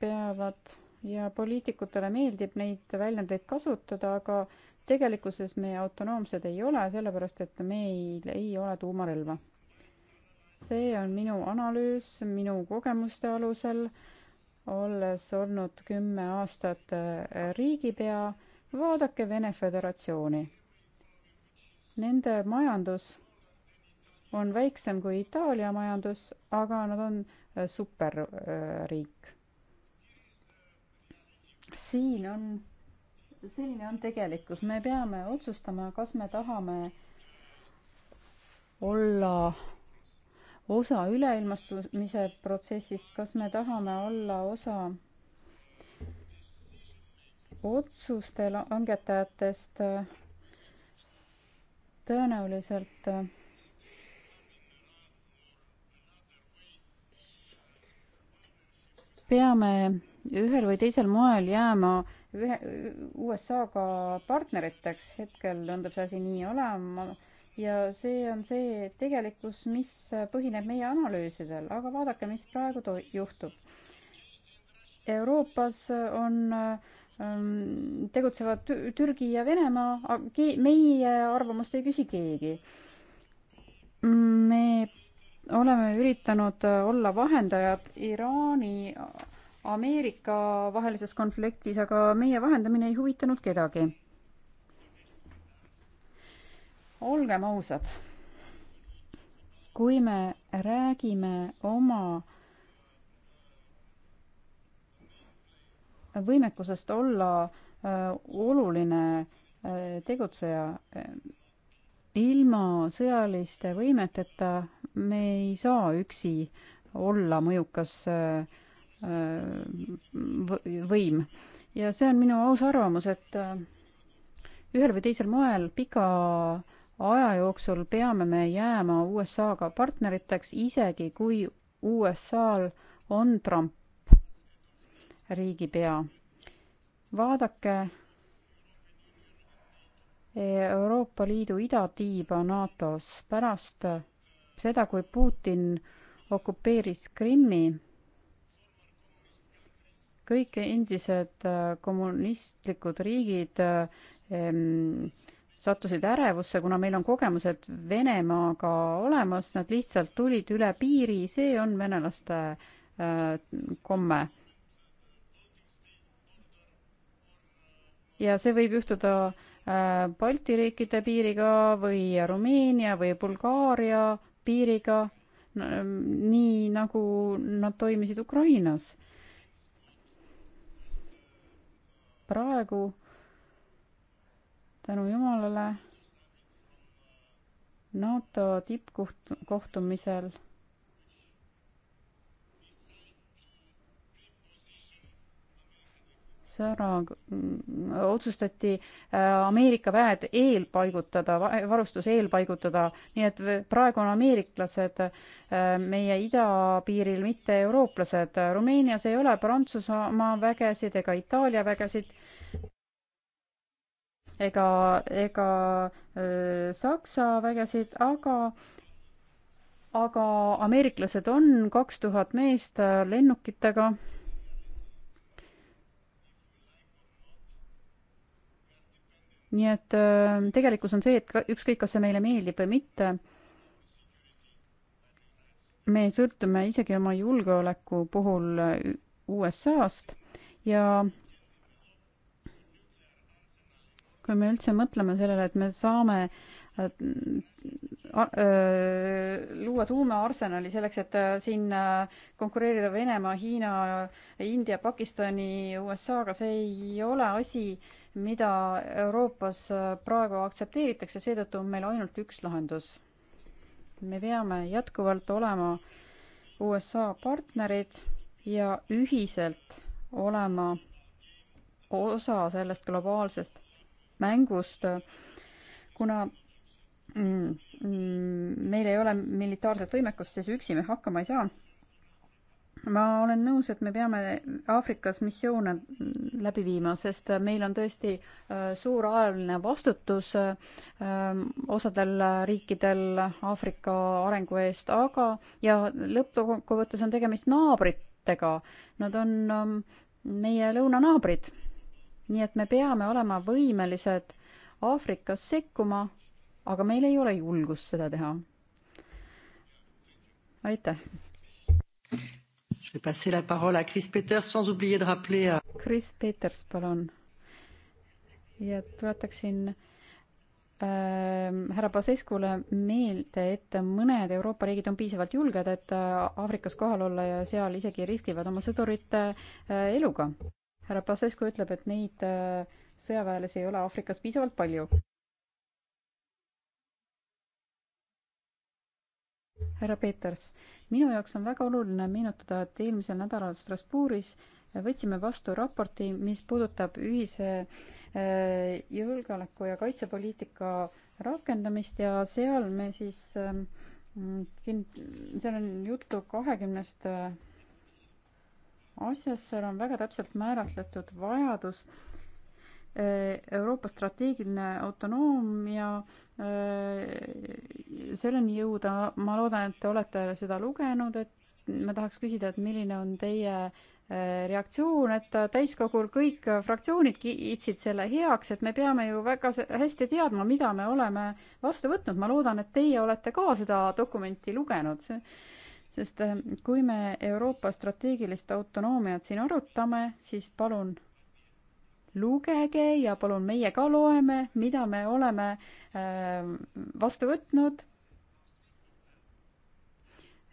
Speaker 1: peavad ja poliitikutele meeldib neid väljendeid kasutada, aga tegelikkuses me autonoomsed ei ole, sellepärast et meil ei ole tuumarelva see on minu analüüs minu kogemuste alusel, olles olnud kümme aastat äh, riigipea, vaadake Vene Föderatsiooni. Nende majandus on väiksem kui Itaalia majandus, aga nad on äh, superriik. Äh, siin on, selline on tegelikkus, me peame otsustama, kas me tahame olla osa üleilmastumise protsessist, kas me tahame olla osa otsuste langetajatest tõenäoliselt peame ühel või teisel moel jääma ühe USA-ga partneriteks, hetkel tundub see asi nii olema ja see on see tegelikkus, mis põhineb meie analüüsidel, aga vaadake, mis praegu to-, juhtub. Euroopas on ähm, tegutsevad Türgi ja Venemaa, aga ke-, meie arvamust ei küsi keegi. me oleme üritanud olla vahendajad Iraani Ameerika vahelises konfliktis, aga meie vahendamine ei huvitanud kedagi olgem ausad, kui me räägime oma võimekusest olla äh, oluline äh, tegutseja, äh, ilma sõjaliste võimeteta me ei saa üksi olla mõjukas võim. ja see on minu aus arvamus, et ühel või teisel moel pika aja jooksul peame me jääma USA-ga partneriteks, isegi kui USA-l on Trump riigipea. vaadake Euroopa Liidu idatiiba NATO-s pärast seda, kui Putin okupeeris Krimmi, kõik endised äh, kommunistlikud riigid ähm, sattusid ärevusse, kuna meil on kogemused Venemaaga olemas, nad lihtsalt tulid üle piiri, see on venelaste äh, komme. ja see võib juhtuda äh, Balti riikide piiriga või Rumeenia või Bulgaaria piiriga, nii nagu nad toimisid Ukrainas. praegu tänu Jumalale NATO tippkohtumisel sõna, otsustati äh, Ameerika väed eelpaigutada, varustus eelpaigutada, nii et praegu on ameeriklased äh, meie idapiiril, mitte eurooplased. Rumeenias ei ole Prantsusmaa vägesid ega Itaalia vägesid ega, ega Saksa vägesid, aga aga ameeriklased on kaks tuhat meest äh, lennukitega. nii et tegelikkus on see, et ükskõik, kas see meile meeldib või mitte, me sõltume isegi oma julgeoleku puhul äh, USA-st ja kui me üldse mõtleme sellele, et me saame luua tuumaarsenali selleks, et äh, siin äh, konkureerida Venemaa, Hiina, India, Pakistani, USA-ga, see ei ole asi, mida Euroopas äh, praegu aktsepteeritakse, seetõttu on meil ainult üks lahendus. me peame jätkuvalt olema USA partnerid ja ühiselt olema osa sellest globaalsest mängust, kuna meil ei ole militaarset võimekust, siis üksi me hakkama ei saa. ma olen nõus, et me peame Aafrikas missioone läbi viima, sest meil on tõesti äh, suur ajaline vastutus äh, osadel riikidel Aafrika arengu eest, aga ja lõppkokkuvõttes on tegemist naabritega. Nad on ähm, meie lõunanaabrid nii et me peame olema võimelised Aafrikas sekkuma, aga meil ei ole julgust seda teha. aitäh.
Speaker 4: Euh,
Speaker 1: Chris Peters, palun. ja tuletaksin ähm, härra Baseskule meelde, et mõned Euroopa riigid on piisavalt julged, et äh, Aafrikas kohal olla ja seal isegi riskivad oma sõdurite äh, eluga härra Pasescu ütleb, et neid äh, sõjaväelasi ei ole Aafrikas piisavalt palju. härra Peeters, minu jaoks on väga oluline meenutada, et eelmisel nädalal Strasbourgis äh, võtsime vastu raporti, mis puudutab ühise äh, julgeoleku ja kaitsepoliitika rakendamist ja seal me siis, ähm, seal on juttu kahekümnest 20 asjas, seal on väga täpselt määratletud vajadus eh, Euroopa strateegiline autonoomia, eh, selleni jõuda, ma loodan, et te olete seda lugenud, et ma tahaks küsida, et milline on teie eh, reaktsioon, et täiskogul kõik fraktsioonid kiitsid selle heaks, et me peame ju väga hästi teadma, mida me oleme vastu võtnud. ma loodan, et teie olete ka seda dokumenti lugenud. see sest äh, kui me Euroopa strateegilist autonoomiat siin arutame, siis palun lugege ja palun meie ka loeme, mida me oleme äh, vastu võtnud.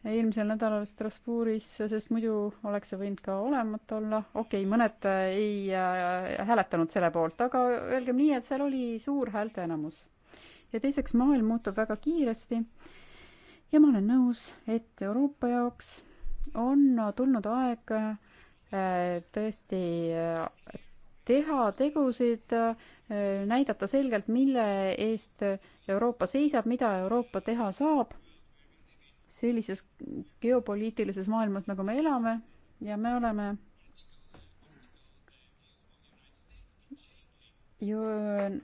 Speaker 1: eelmisel nädalal Strasbourgis, sest muidu oleks see võinud ka olemata olla, okei okay,, mõned äh, ei hääletanud selle poolt, aga öelgem nii, et seal oli suur häälteenamus. ja teiseks, maailm muutub väga kiiresti ja ma olen nõus, et Euroopa jaoks on tulnud aeg äh, tõesti äh, teha tegusid, äh, näidata selgelt, mille eest Euroopa seisab, mida Euroopa teha saab sellises geopoliitilises maailmas, nagu me elame ja me oleme ju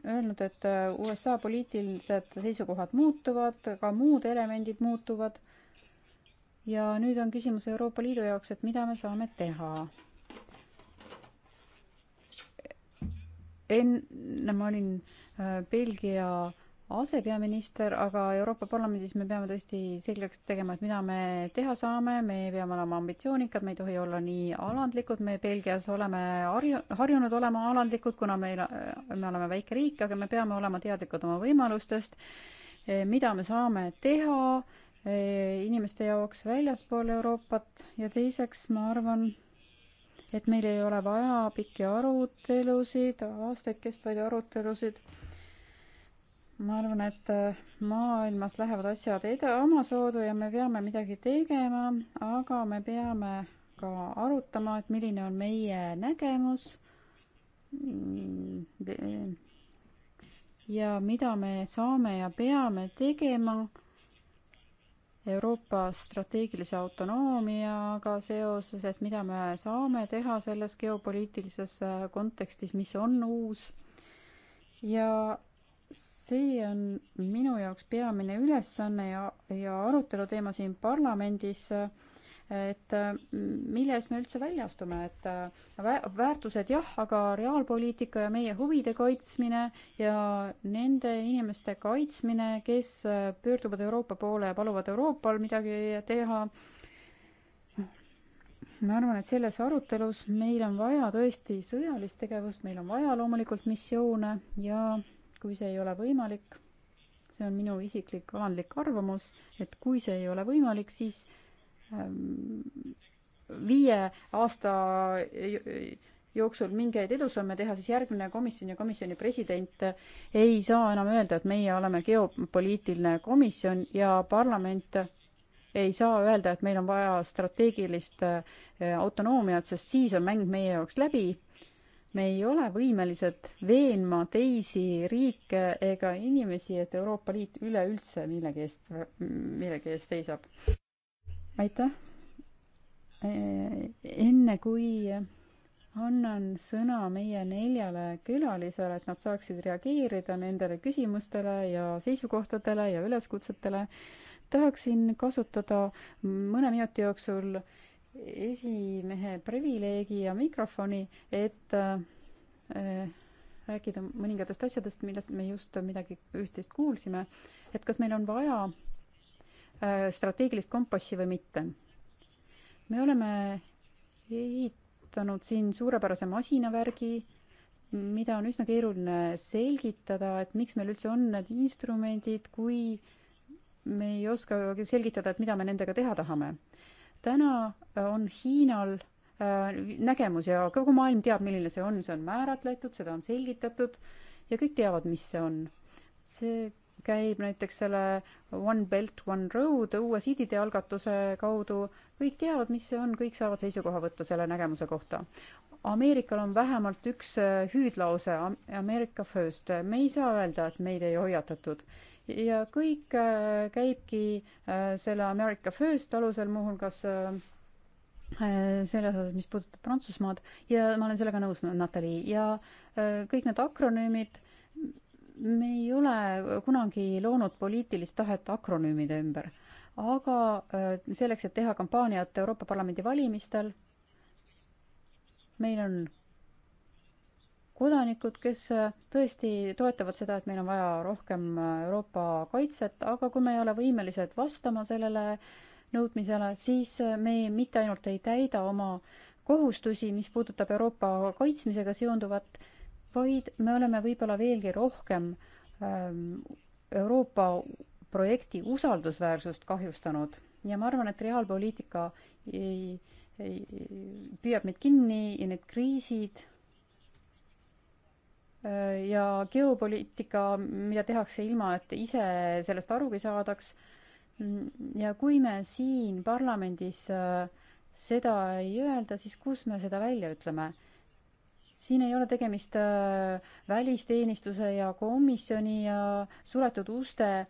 Speaker 1: öelnud, et äh, USA poliitilised seisukohad muutuvad, ka muud elemendid muutuvad. ja nüüd on küsimus Euroopa Liidu jaoks, et mida me saame teha? enne ma olin äh, Belgia äh, asepeaminister, aga Euroopa Parlamendis me peame tõesti selgeks tegema, et mida me teha saame, me peame olema ambitsioonikad, me ei tohi olla nii alandlikud, me Belgias oleme harju-, harjunud olema alandlikud, kuna meil, me oleme väike riik, aga me peame olema teadlikud oma võimalustest, mida me saame teha e, inimeste jaoks väljaspool Euroopat ja teiseks ma arvan, et meil ei ole vaja pikki arutelusid, aastaid kestvaid arutelusid ma arvan, et äh, maailmas lähevad asjad eda-, omasoodu ja me peame midagi tegema, aga me peame ka arutama, et milline on meie nägemus mm, ja mida me saame ja peame tegema Euroopa strateegilise autonoomiaga seoses, et mida me saame teha selles geopoliitilises äh, kontekstis, mis on uus ja see on minu jaoks peamine ülesanne ja, ja aruteluteema siin parlamendis et mille eest me üldse välja astume, et väärtused jah, aga reaalpoliitika ja meie huvide kaitsmine ja nende inimeste kaitsmine, kes pöörduvad Euroopa poole ja paluvad Euroopal midagi teha. ma arvan, et selles arutelus meil on vaja tõesti sõjalist tegevust, meil on vaja loomulikult missioone ja kui see ei ole võimalik, see on minu isiklik alandlik arvamus, et kui see ei ole võimalik, siis ähm, viie aasta jooksul mingeid edusamme teha, siis järgmine komisjon ja komisjoni president ei saa enam öelda, et meie oleme geopoliitiline komisjon ja parlament ei saa öelda, et meil on vaja strateegilist äh, autonoomiat, sest siis on mäng meie jaoks läbi me ei ole võimelised veenma teisi riike ega inimesi, et Euroopa Liit üleüldse millegi eest, millegi eest seisab. aitäh. enne kui annan sõna meie neljale külalisele, et nad saaksid reageerida nendele küsimustele ja seisukohtadele ja üleskutsetele, tahaksin kasutada mõne minuti jooksul äh, esimehe privileegi ja mikrofoni, et äh, rääkida mõningatest asjadest, millest me just midagi üht-teist kuulsime, et kas meil on vaja äh, strateegilist kompassi või mitte. me oleme ehitanud siin suurepärase masinavärgi, mida on üsna keeruline selgitada, et miks meil üldse on need instrumendid, kui me ei oska selgitada, et mida me nendega teha tahame täna äh, on Hiinal äh, nägemus ja kogu maailm teab, milline see on, see on määratletud, seda on selgitatud ja kõik teavad, mis see on. see käib näiteks selle One Belt, One Road uue siidide algatuse kaudu, kõik teavad, mis see on, kõik saavad seisukoha võtta selle nägemuse kohta. Ameerikal on vähemalt üks äh, hüüdlause, America first, me ei saa öelda, et meid ei hoiatatud ja kõik äh, käibki äh, selle America First alusel, muuhulgas äh, selles osas, mis puudutab Prantsusmaad ja ma olen sellega nõus, Natali, ja kõik need akronüümid, me ei ole kunagi loonud poliitilist tahet akronüümide ümber, aga selleks, et teha kampaaniat Euroopa Parlamendi valimistel, meil on kodanikud, kes äh, tõesti toetavad seda, et meil on vaja rohkem äh, Euroopa kaitset, aga kui me ei ole võimelised vastama sellele nõudmisele, siis äh, me mitte ainult ei täida oma kohustusi, mis puudutab Euroopa kaitsmisega seonduvat, vaid me oleme võib-olla veelgi rohkem ähm, Euroopa projekti usaldusväärsust kahjustanud ja ma arvan, et reaalpoliitika ei, ei, ei, püüab meid kinni ja need kriisid ja geopoliitika, mida tehakse ilma, et ise sellest arugi saadaks. ja kui me siin parlamendis äh, seda ei öelda, siis kus me seda välja ütleme? siin ei ole tegemist äh, välisteenistuse ja komisjoni ja suletud uste äh,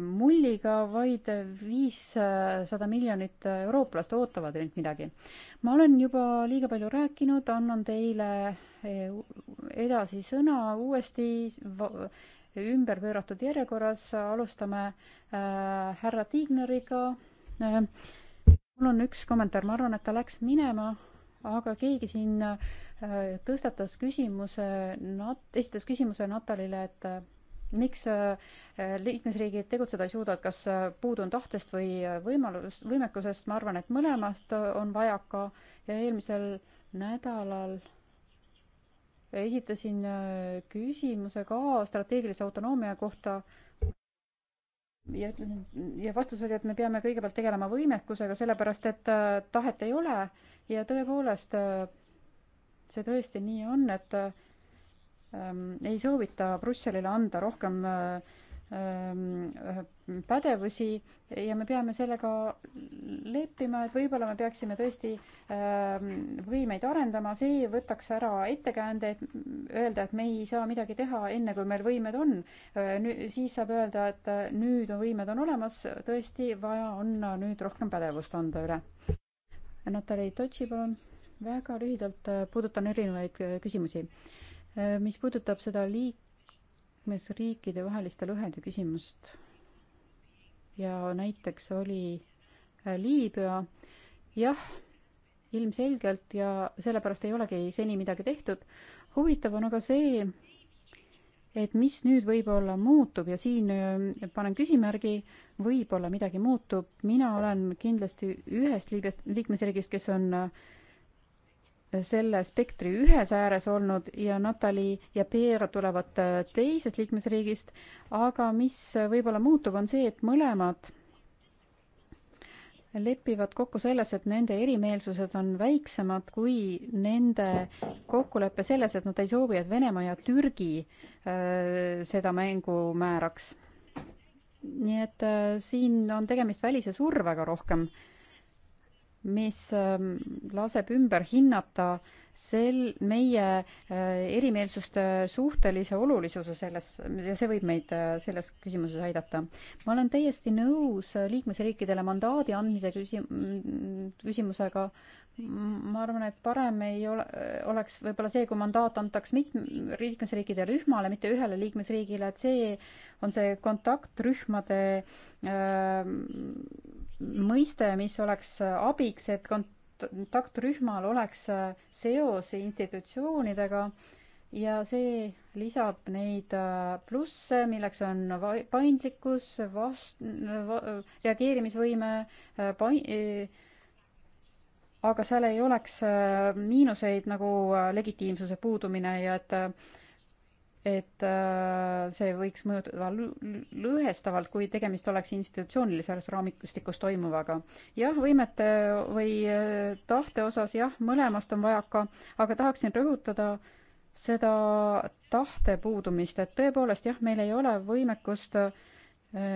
Speaker 1: mulliga, vaid viissada miljonit eurooplast ootavad teilt midagi. ma olen juba liiga palju rääkinud, annan teile äh, edasi sõna uuesti ümberpööratud järjekorras, alustame härra Tigneriga. mul on üks kommentaar, ma arvan, et ta läks minema, aga keegi siin äh, Äh, tõstatas küsimuse, esitas küsimuse Natalile, et äh, miks äh, liikmesriigid tegutseda ei suuda, et kas puudu on tahtest või võimalus, võimekusest, ma arvan, et mõlemast on vajaka ja eelmisel nädalal esitasin küsimuse ka strateegilise autonoomia kohta ja ütlesin, ja vastus oli, et me peame kõigepealt tegelema võimekusega, sellepärast et tahet ei ole ja tõepoolest see tõesti nii on, et ähm, ei soovita Brüsselile anda rohkem ähm, äh, pädevusi ja me peame sellega leppima, et võib-olla me peaksime tõesti ähm, võimeid arendama, see võtaks ära ettekäände, et öelda, et me ei saa midagi teha enne, kui meil võimed on. Äh, siis saab öelda, et äh, nüüd on võimed on olemas, tõesti vaja on äh, nüüd rohkem pädevust anda üle. Natalja Totši, palun väga lühidalt äh, puudutan erinevaid äh, küsimusi. Äh, mis puudutab seda liikmesriikide vaheliste lõhede küsimust ja näiteks oli Liibüa, jah, ilmselgelt ja sellepärast ei olegi seni midagi tehtud. huvitav on aga see, et mis nüüd võib-olla muutub ja siin panen küsimärgi, võib-olla midagi muutub, mina olen kindlasti ühest liibest, liikmesriigist, kes on äh, selle spektri ühes ääres olnud ja Natali ja Pierre tulevad äh, teisest liikmesriigist, aga mis võib-olla muutub, on see, et mõlemad lepivad kokku selles, et nende erimeelsused on väiksemad kui nende kokkulepe selles, et nad ei soovi, et Venemaa ja Türgi äh, seda mängu määraks. nii et äh, siin on tegemist välise survega rohkem äh, mis ähm, laseb ümber hinnata sel, meie äh, erimeelsuste suhtelise olulisuse selles ja see võib meid äh, selles küsimuses aidata. ma olen täiesti nõus äh, liikmesriikidele mandaadi andmise küsi-, mm, küsimusega. ma arvan, et parem ei ole, oleks võib-olla see, kui mandaat antaks mit-, liikmesriikide rühmale, mitte ühele liikmesriigile, et see on see kontaktrühmade öö, mõiste, mis oleks abiks, et kontaktrühmal oleks seos institutsioonidega ja see lisab neid plusse, milleks on paindlikkus, vast-, reageerimisvõime, pai-, aga seal ei oleks miinuseid nagu legitiimsuse puudumine ja et et äh, see võiks mõjutada lõhestavalt, kui tegemist oleks institutsioonilises raamistikus toimuvaga. jah, võimete või äh, tahte osas jah, mõlemast on vajaka, aga tahaksin rõhutada seda tahte puudumist, et tõepoolest jah, meil ei ole võimekust äh,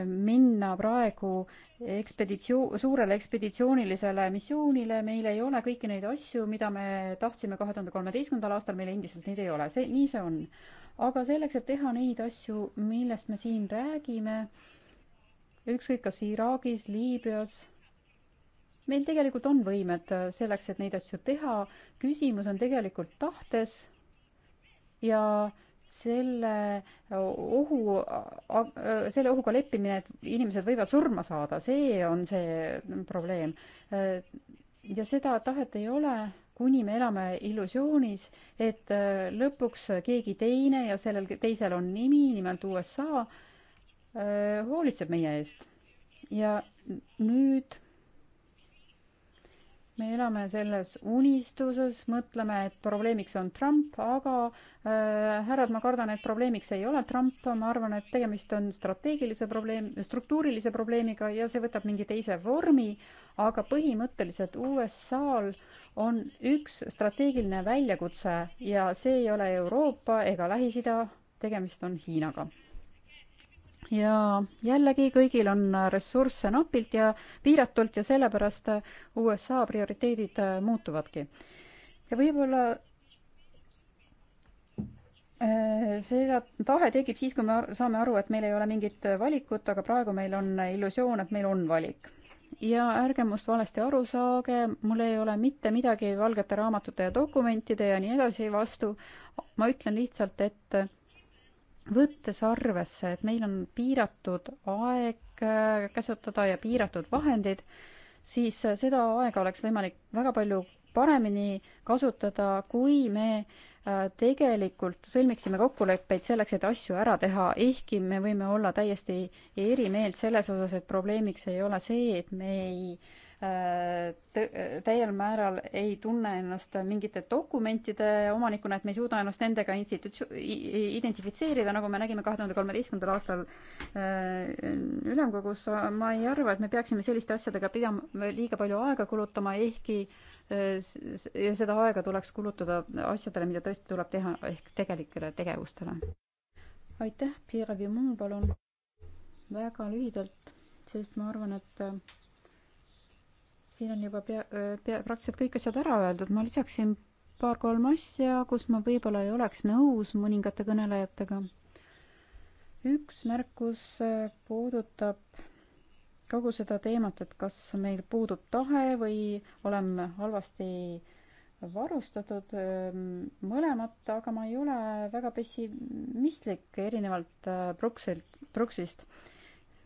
Speaker 1: minna praegu ekspeditsioon, suurele ekspeditsioonilisele missioonile, meil ei ole kõiki neid asju, mida me tahtsime kahe tuhande kolmeteistkümnendal aastal, meil endiselt neid ei ole, see, nii see on aga selleks, et teha neid asju, millest me siin räägime, ükskõik kas Iraagis, Liibüas, meil tegelikult on võimed selleks, et neid asju teha. küsimus on tegelikult tahtes ja selle ohu, selle ohuga leppimine, et inimesed võivad surma saada, see on see probleem. ja seda tahet ei ole kuni me elame illusioonis, et äh, lõpuks keegi teine ja sellel teisel on nimi, nimelt USA, äh, hoolitseb meie eest. ja nüüd me elame selles unistuses, mõtleme, et probleemiks on Trump, aga äh, härrad, ma kardan, et probleemiks ei ole Trump, ma arvan, et tegemist on strateegilise probleem, struktuurilise probleemiga ja see võtab mingi teise vormi, aga põhimõtteliselt USA-l on üks strateegiline väljakutse ja see ei ole Euroopa ega Lähis-Ida, tegemist on Hiinaga ja jällegi, kõigil on ressursse napilt ja piiratult ja sellepärast USA prioriteedid äh, muutuvadki. ja võib-olla äh, seda tahe tekib siis, kui me saame aru, et meil ei ole mingit valikut, aga praegu meil on illusioon, et meil on valik. ja ärge must valesti aru saage, mul ei ole mitte midagi valgete raamatute ja dokumentide ja nii edasi vastu. ma ütlen lihtsalt, et võttes arvesse, et meil on piiratud aeg äh, käsutada ja piiratud vahendid, siis äh, seda aega oleks võimalik väga palju paremini kasutada, kui me äh, tegelikult sõlmiksime kokkuleppeid selleks, et asju ära teha, ehkki me võime olla täiesti eri meelt selles osas, et probleemiks ei ole see, et me ei äh, täiel määral ei tunne ennast mingite dokumentide omanikuna, et me ei suuda ennast nendega institutsio-, identifitseerida, nagu me nägime kahe tuhande kolmeteistkümnendal aastal äh, ülemkogus. ma ei arva, et me peaksime selliste asjadega pidama liiga palju aega kulutama, ehkki äh, ja seda aega tuleks kulutada asjadele, mida tõesti tuleb teha, ehk tegelikele tegevustele. aitäh, Piira Vimung, palun. väga lühidalt, sest ma arvan, et äh, siin on juba pea, pea, praktiliselt kõik asjad ära öeldud, ma lisaksin paar-kolm asja, kus ma võib-olla ei oleks nõus mõningate kõnelejatega. üks märkus puudutab kogu seda teemat, et kas meil puudub tahe või oleme halvasti varustatud mõlemat, aga ma ei ole väga pessimistlik, erinevalt Brukselt, Bruksist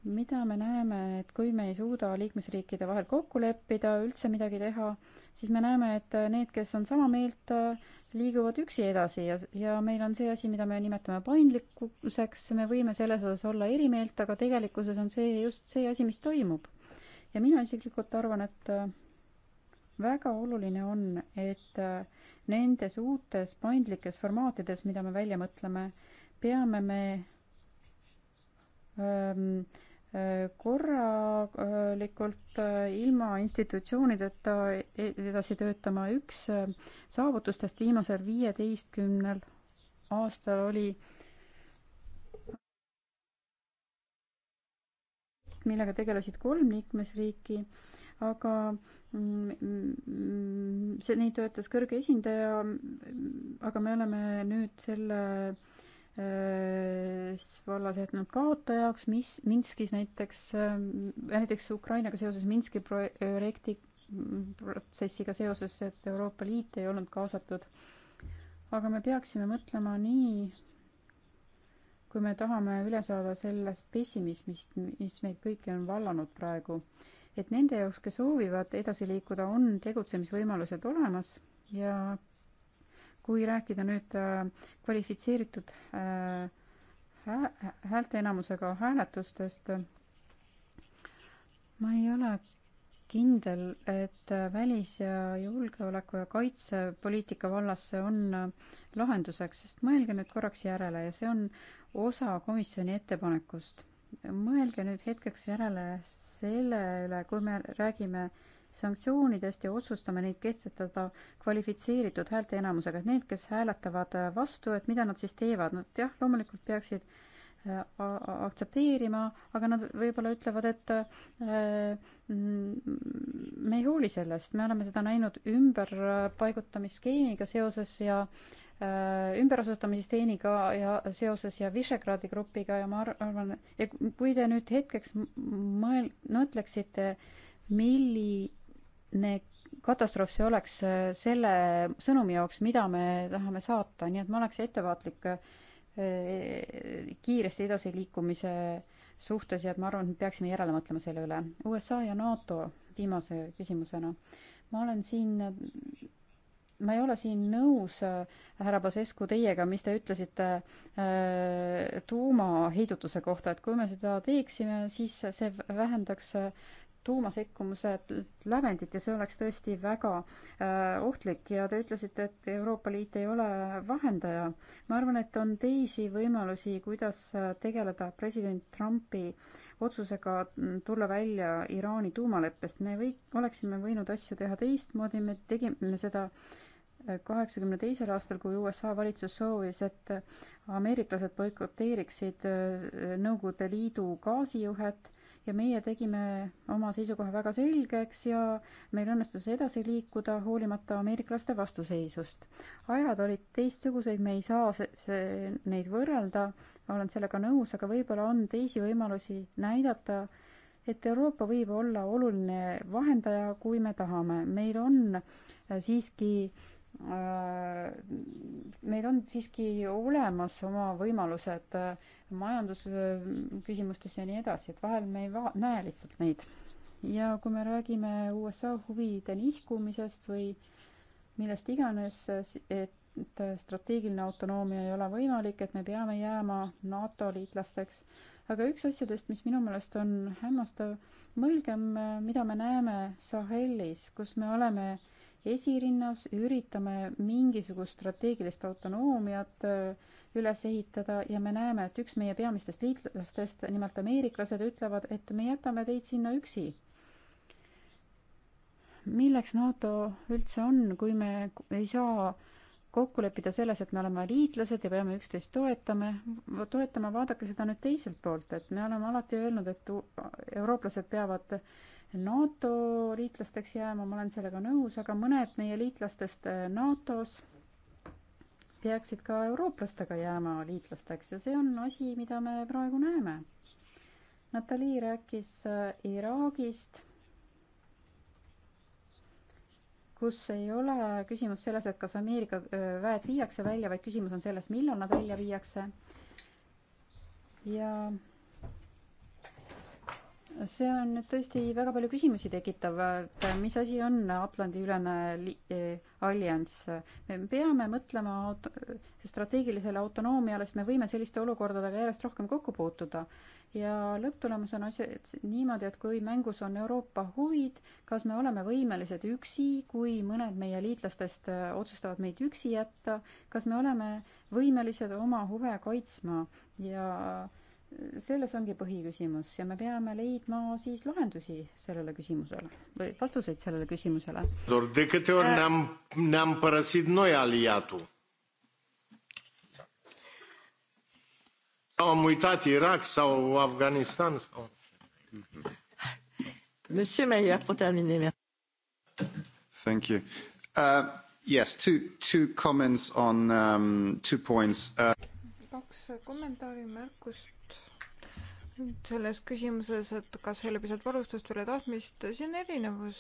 Speaker 1: mida me näeme, et kui me ei suuda liikmesriikide vahel kokku leppida, üldse midagi teha, siis me näeme, et need, kes on sama meelt, liiguvad üksi edasi ja, ja meil on see asi, mida me nimetame paindlikkuseks, me võime selles osas olla eri meelt, aga tegelikkuses on see just see asi, mis toimub. ja mina isiklikult arvan, et äh, väga oluline on, et äh, nendes uutes paindlikes formaatides, mida me välja mõtleme, peame me öö, ähm, korralikult äh, ilma institutsioonideta e-, edasi töötama. üks äh, saavutustest viimasel viieteistkümnel aastal oli millega tegelesid kolm liikmesriiki, aga mm, mm, see, neid töötas kõrge esindaja, aga me oleme nüüd selle äh, vallas jätnud kaotajaks, mis Minskis näiteks, näiteks Ukrainaga seoses Minski projekti protsessiga seoses, et Euroopa Liit ei olnud kaasatud. aga me peaksime mõtlema nii, kui me tahame üle saada sellest pessimismist, mis meid kõiki on vallanud praegu, et nende jaoks, kes soovivad edasi liikuda, on tegutsemisvõimalused olemas ja kui rääkida nüüd äh, kvalifitseeritud äh, häälteenamusega hääletustest, ma ei ole kindel, et äh, välis- ja julgeoleku- ja kaitsepoliitika vallas see on lahenduseks, sest mõelge nüüd korraks järele ja see on osa komisjoni ettepanekust. mõelge nüüd hetkeks järele selle üle, kui me räägime äh, sanktsioonidest ja otsustame neid kehtestada kvalifitseeritud häälteenamusega, et need, kes hääletavad vastu, et mida nad siis teevad, nad jah, loomulikult peaksid äh, aktsepteerima, aga nad võib-olla ütlevad, et äh, mm, me ei hooli sellest, me oleme seda näinud ümberpaigutamisskeemiga seoses ja äh, ümberasustamisskeemiga ja seoses ja Visegradi grupiga ja ma arvan, et kui te nüüd hetkeks mõel-, mõtleksite, milli-, ne katastroof see oleks äh, selle sõnumi jaoks, mida me tahame saata, nii et ma oleks ettevaatlik äh, kiiresti edasiliikumise suhtes ja et ma arvan, et me peaksime järele mõtlema selle üle. USA ja NATO viimase küsimusena. ma olen siin, ma ei ole siin nõus, äh, härra Pasescu, teiega, mis te ütlesite tuumaheidutuse kohta, et kui me seda teeksime, siis see vähendaks tuumasekkumused lävendit ja see oleks tõesti väga äh, ohtlik ja te ütlesite, et Euroopa Liit ei ole vahendaja. ma arvan, et on teisi võimalusi, kuidas äh, tegeleda president Trumpi otsusega mm, tulla välja Iraani tuumaleppest. me või-, oleksime võinud asju teha teistmoodi, me tegime seda äh, kaheksakümne teisel aastal, kui USA valitsus soovis, et äh, ameeriklased boikoteeriksid Nõukogude Liidu gaasijuhet ja meie tegime oma seisukoha väga selgeks ja meil õnnestus edasi liikuda hoolimata ameeriklaste vastuseisust. ajad olid teistsugused, me ei saa see, see, neid võrrelda, olen sellega nõus, aga võib-olla on teisi võimalusi näidata, et Euroopa võib olla oluline vahendaja, kui me tahame. meil on äh, siiski äh, Äh, meil on siiski olemas oma võimalused äh, majandusküsimustes ja nii edasi, et vahel me ei va-, näe lihtsalt neid. ja kui me räägime USA huvide nihkumisest või millest iganes, et strateegiline autonoomia ei ole võimalik, et me peame jääma NATO liitlasteks, aga üks asjadest, mis minu meelest on hämmastav, mõelgem, mida me näeme Sahelis, kus me oleme äh, esirinnas, üritame mingisugust strateegilist autonoomiat äh, üles ehitada ja me näeme, et üks meie peamistest liitlastest, nimelt ameeriklased, ütlevad, et me jätame teid sinna üksi. milleks NATO üldse on, kui me ei saa kokku leppida selles, et me oleme liitlased ja peame üksteist toetame, toetama, vaadake seda nüüd teiselt poolt, et me oleme alati öelnud, et eurooplased peavad äh, NATO liitlasteks jääma, ma olen sellega nõus, aga mõned meie liitlastest äh, NATO-s peaksid ka eurooplastega jääma liitlasteks ja see on asi, mida me praegu näeme. Natalii rääkis äh, Iraagist, kus ei ole küsimus selles, et kas Ameerika äh, väed viiakse välja, vaid küsimus on selles, millal nad välja viiakse. ja see on nüüd tõesti väga palju küsimusi tekitav, et mis asi on Atlandi-ülene eh, allianss. me peame mõtlema aut-, strateegilisele autonoomiale, sest me võime selliste olukordadega järjest rohkem kokku puutuda. ja lõpptulemus on asjad niimoodi, et kui mängus on Euroopa huvid, kas me oleme võimelised üksi, kui mõned meie liitlastest eh, otsustavad meid üksi jätta, kas me oleme võimelised oma huve kaitsma ja äh, selles ongi põhiküsimus ja me peame leidma siis lahendusi sellele küsimusele või vastuseid sellele küsimusele.
Speaker 6: am uitat Irak sau Afganistan sau...
Speaker 4: Monsieur Meyer, pour terminer. Thank you. Uh,
Speaker 6: yes,
Speaker 5: two, two comments on um, two points. Uh...
Speaker 4: kaks
Speaker 2: kommentaari, märkust selles küsimuses, et kas ei ole piisavalt varustust või tahtmist, siin on erinevus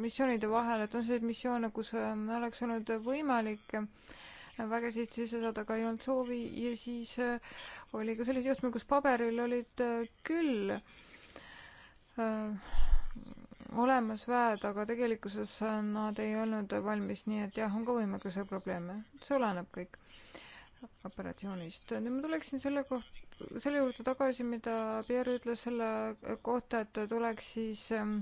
Speaker 2: missioonide vahel, et on selliseid missioone, kus oleks olnud võimalik vägesid sisse saada, aga ei olnud soovi ja siis oli ka selliseid juhtumeid, kus paberil olid küll öö, äh, olemas väed, aga tegelikkuses nad ei olnud valmis, nii et jah, on ka võimekuse probleeme, see oleneb kõik operatsioonist. nüüd ma tuleksin selle kohta, selle juurde tagasi, mida Pierre ütles selle kohta, et tuleks siis ähm,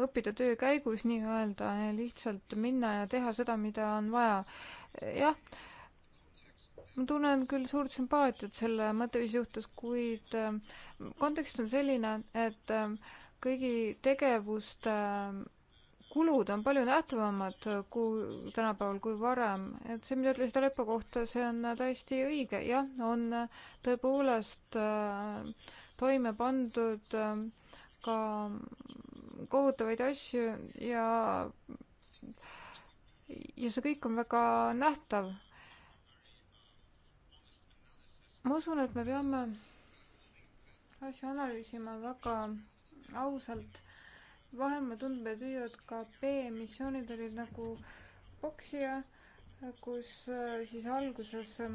Speaker 2: õppida töö käigus nii-öelda, lihtsalt minna ja teha seda, mida on vaja. jah, ma tunnen küll suurt sümpaatiat selle mõtteviisi suhtes, kuid äh, kontekst on selline, et äh, kõigi tegevuste äh, kulud on palju nähtavamad kui tänapäeval kui varem, et see, mida ütlesid Aleppo kohta, see on täiesti õige, jah, on tõepoolest äh, toime pandud äh, ka kohutavaid asju ja ja see kõik on väga nähtav. ma usun, et me peame asju analüüsima väga ausalt maailma tundmed ÜJKP missioonid olid nagu poksija, kus äh, siis alguses äh,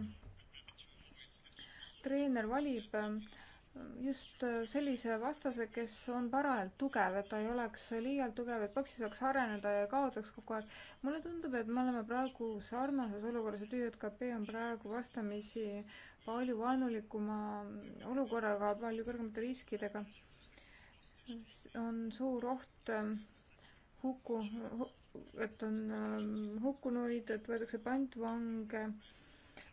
Speaker 2: treener valib äh, just sellise vastase, kes on parajalt tugev, et ta ei oleks liialt tugev, et poksija saaks areneda ja kaotaks kogu aeg. mulle tundub, et me oleme praegu sarnases olukorras, et ÜJKP on praegu vastamisi palju vaenulikuma olukorraga, palju kõrgemate riskidega on suur oht ähm, huku, et on ähm, hukkunuid, et võetakse pantvange.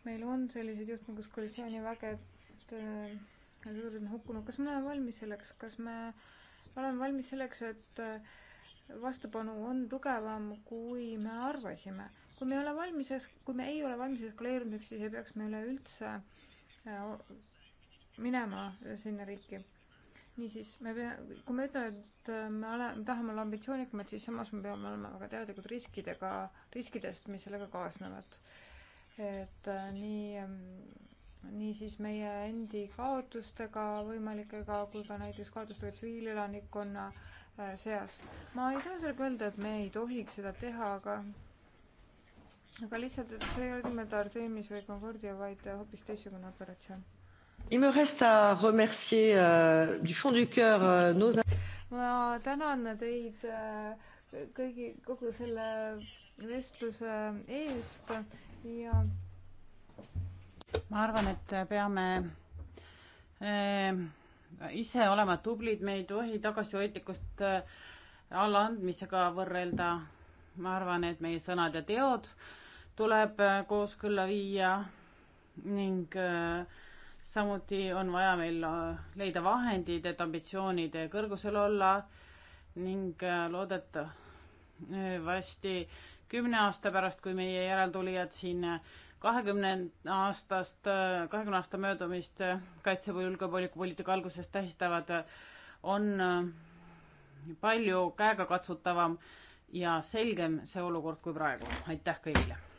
Speaker 2: meil on selliseid juhtumeid, kus koalitsiooniväged on äh, hukkunud. kas me oleme valmis selleks, kas me oleme valmis selleks, et äh, vastupanu on tugevam, kui me arvasime? kui me ei ole valmis, kui me ei ole valmis eskaleerumiseks, siis ei peaks me üleüldse äh, minema sinna riiki niisiis, me pea-, kui me ütleme, et äh, me ole-, me tahame olla ambitsioonikamad, siis samas me peame olema väga teadlikud riskidega, riskidest, mis sellega kaasnevad. et äh, nii, ähm, niisiis meie endi kaotustega võimalikega kui ka näiteks kaotustega tsiviilelanikkonna äh, seas. ma ei taha sellega öelda, et me ei tohiks seda teha, aga aga lihtsalt, et see ei ole nimelt Artemis või Concordia, vaid hoopis teistsugune operatsioon
Speaker 4: Euh, euh,
Speaker 2: ma tänan teid äh, kõigi, kogu selle vestluse eest ja
Speaker 5: ma arvan, et peame äh, ise olema tublid, me ei tohi tagasihoidlikkust äh, allaandmisega võrrelda. ma arvan, et meie sõnad ja teod tuleb kooskõlla viia ning äh, samuti on vaja meil äh, leida vahendid, et ambitsioonide kõrgusel olla ning äh, loodetavasti kümne aasta pärast, kui meie järeltulijad siin kahekümne aastast, äh, kahekümne aasta möödumist kaitse- või julgeolekupoliitika algusest tähistavad, on palju käegakatsutavam ja selgem see olukord kui praegu. aitäh kõigile!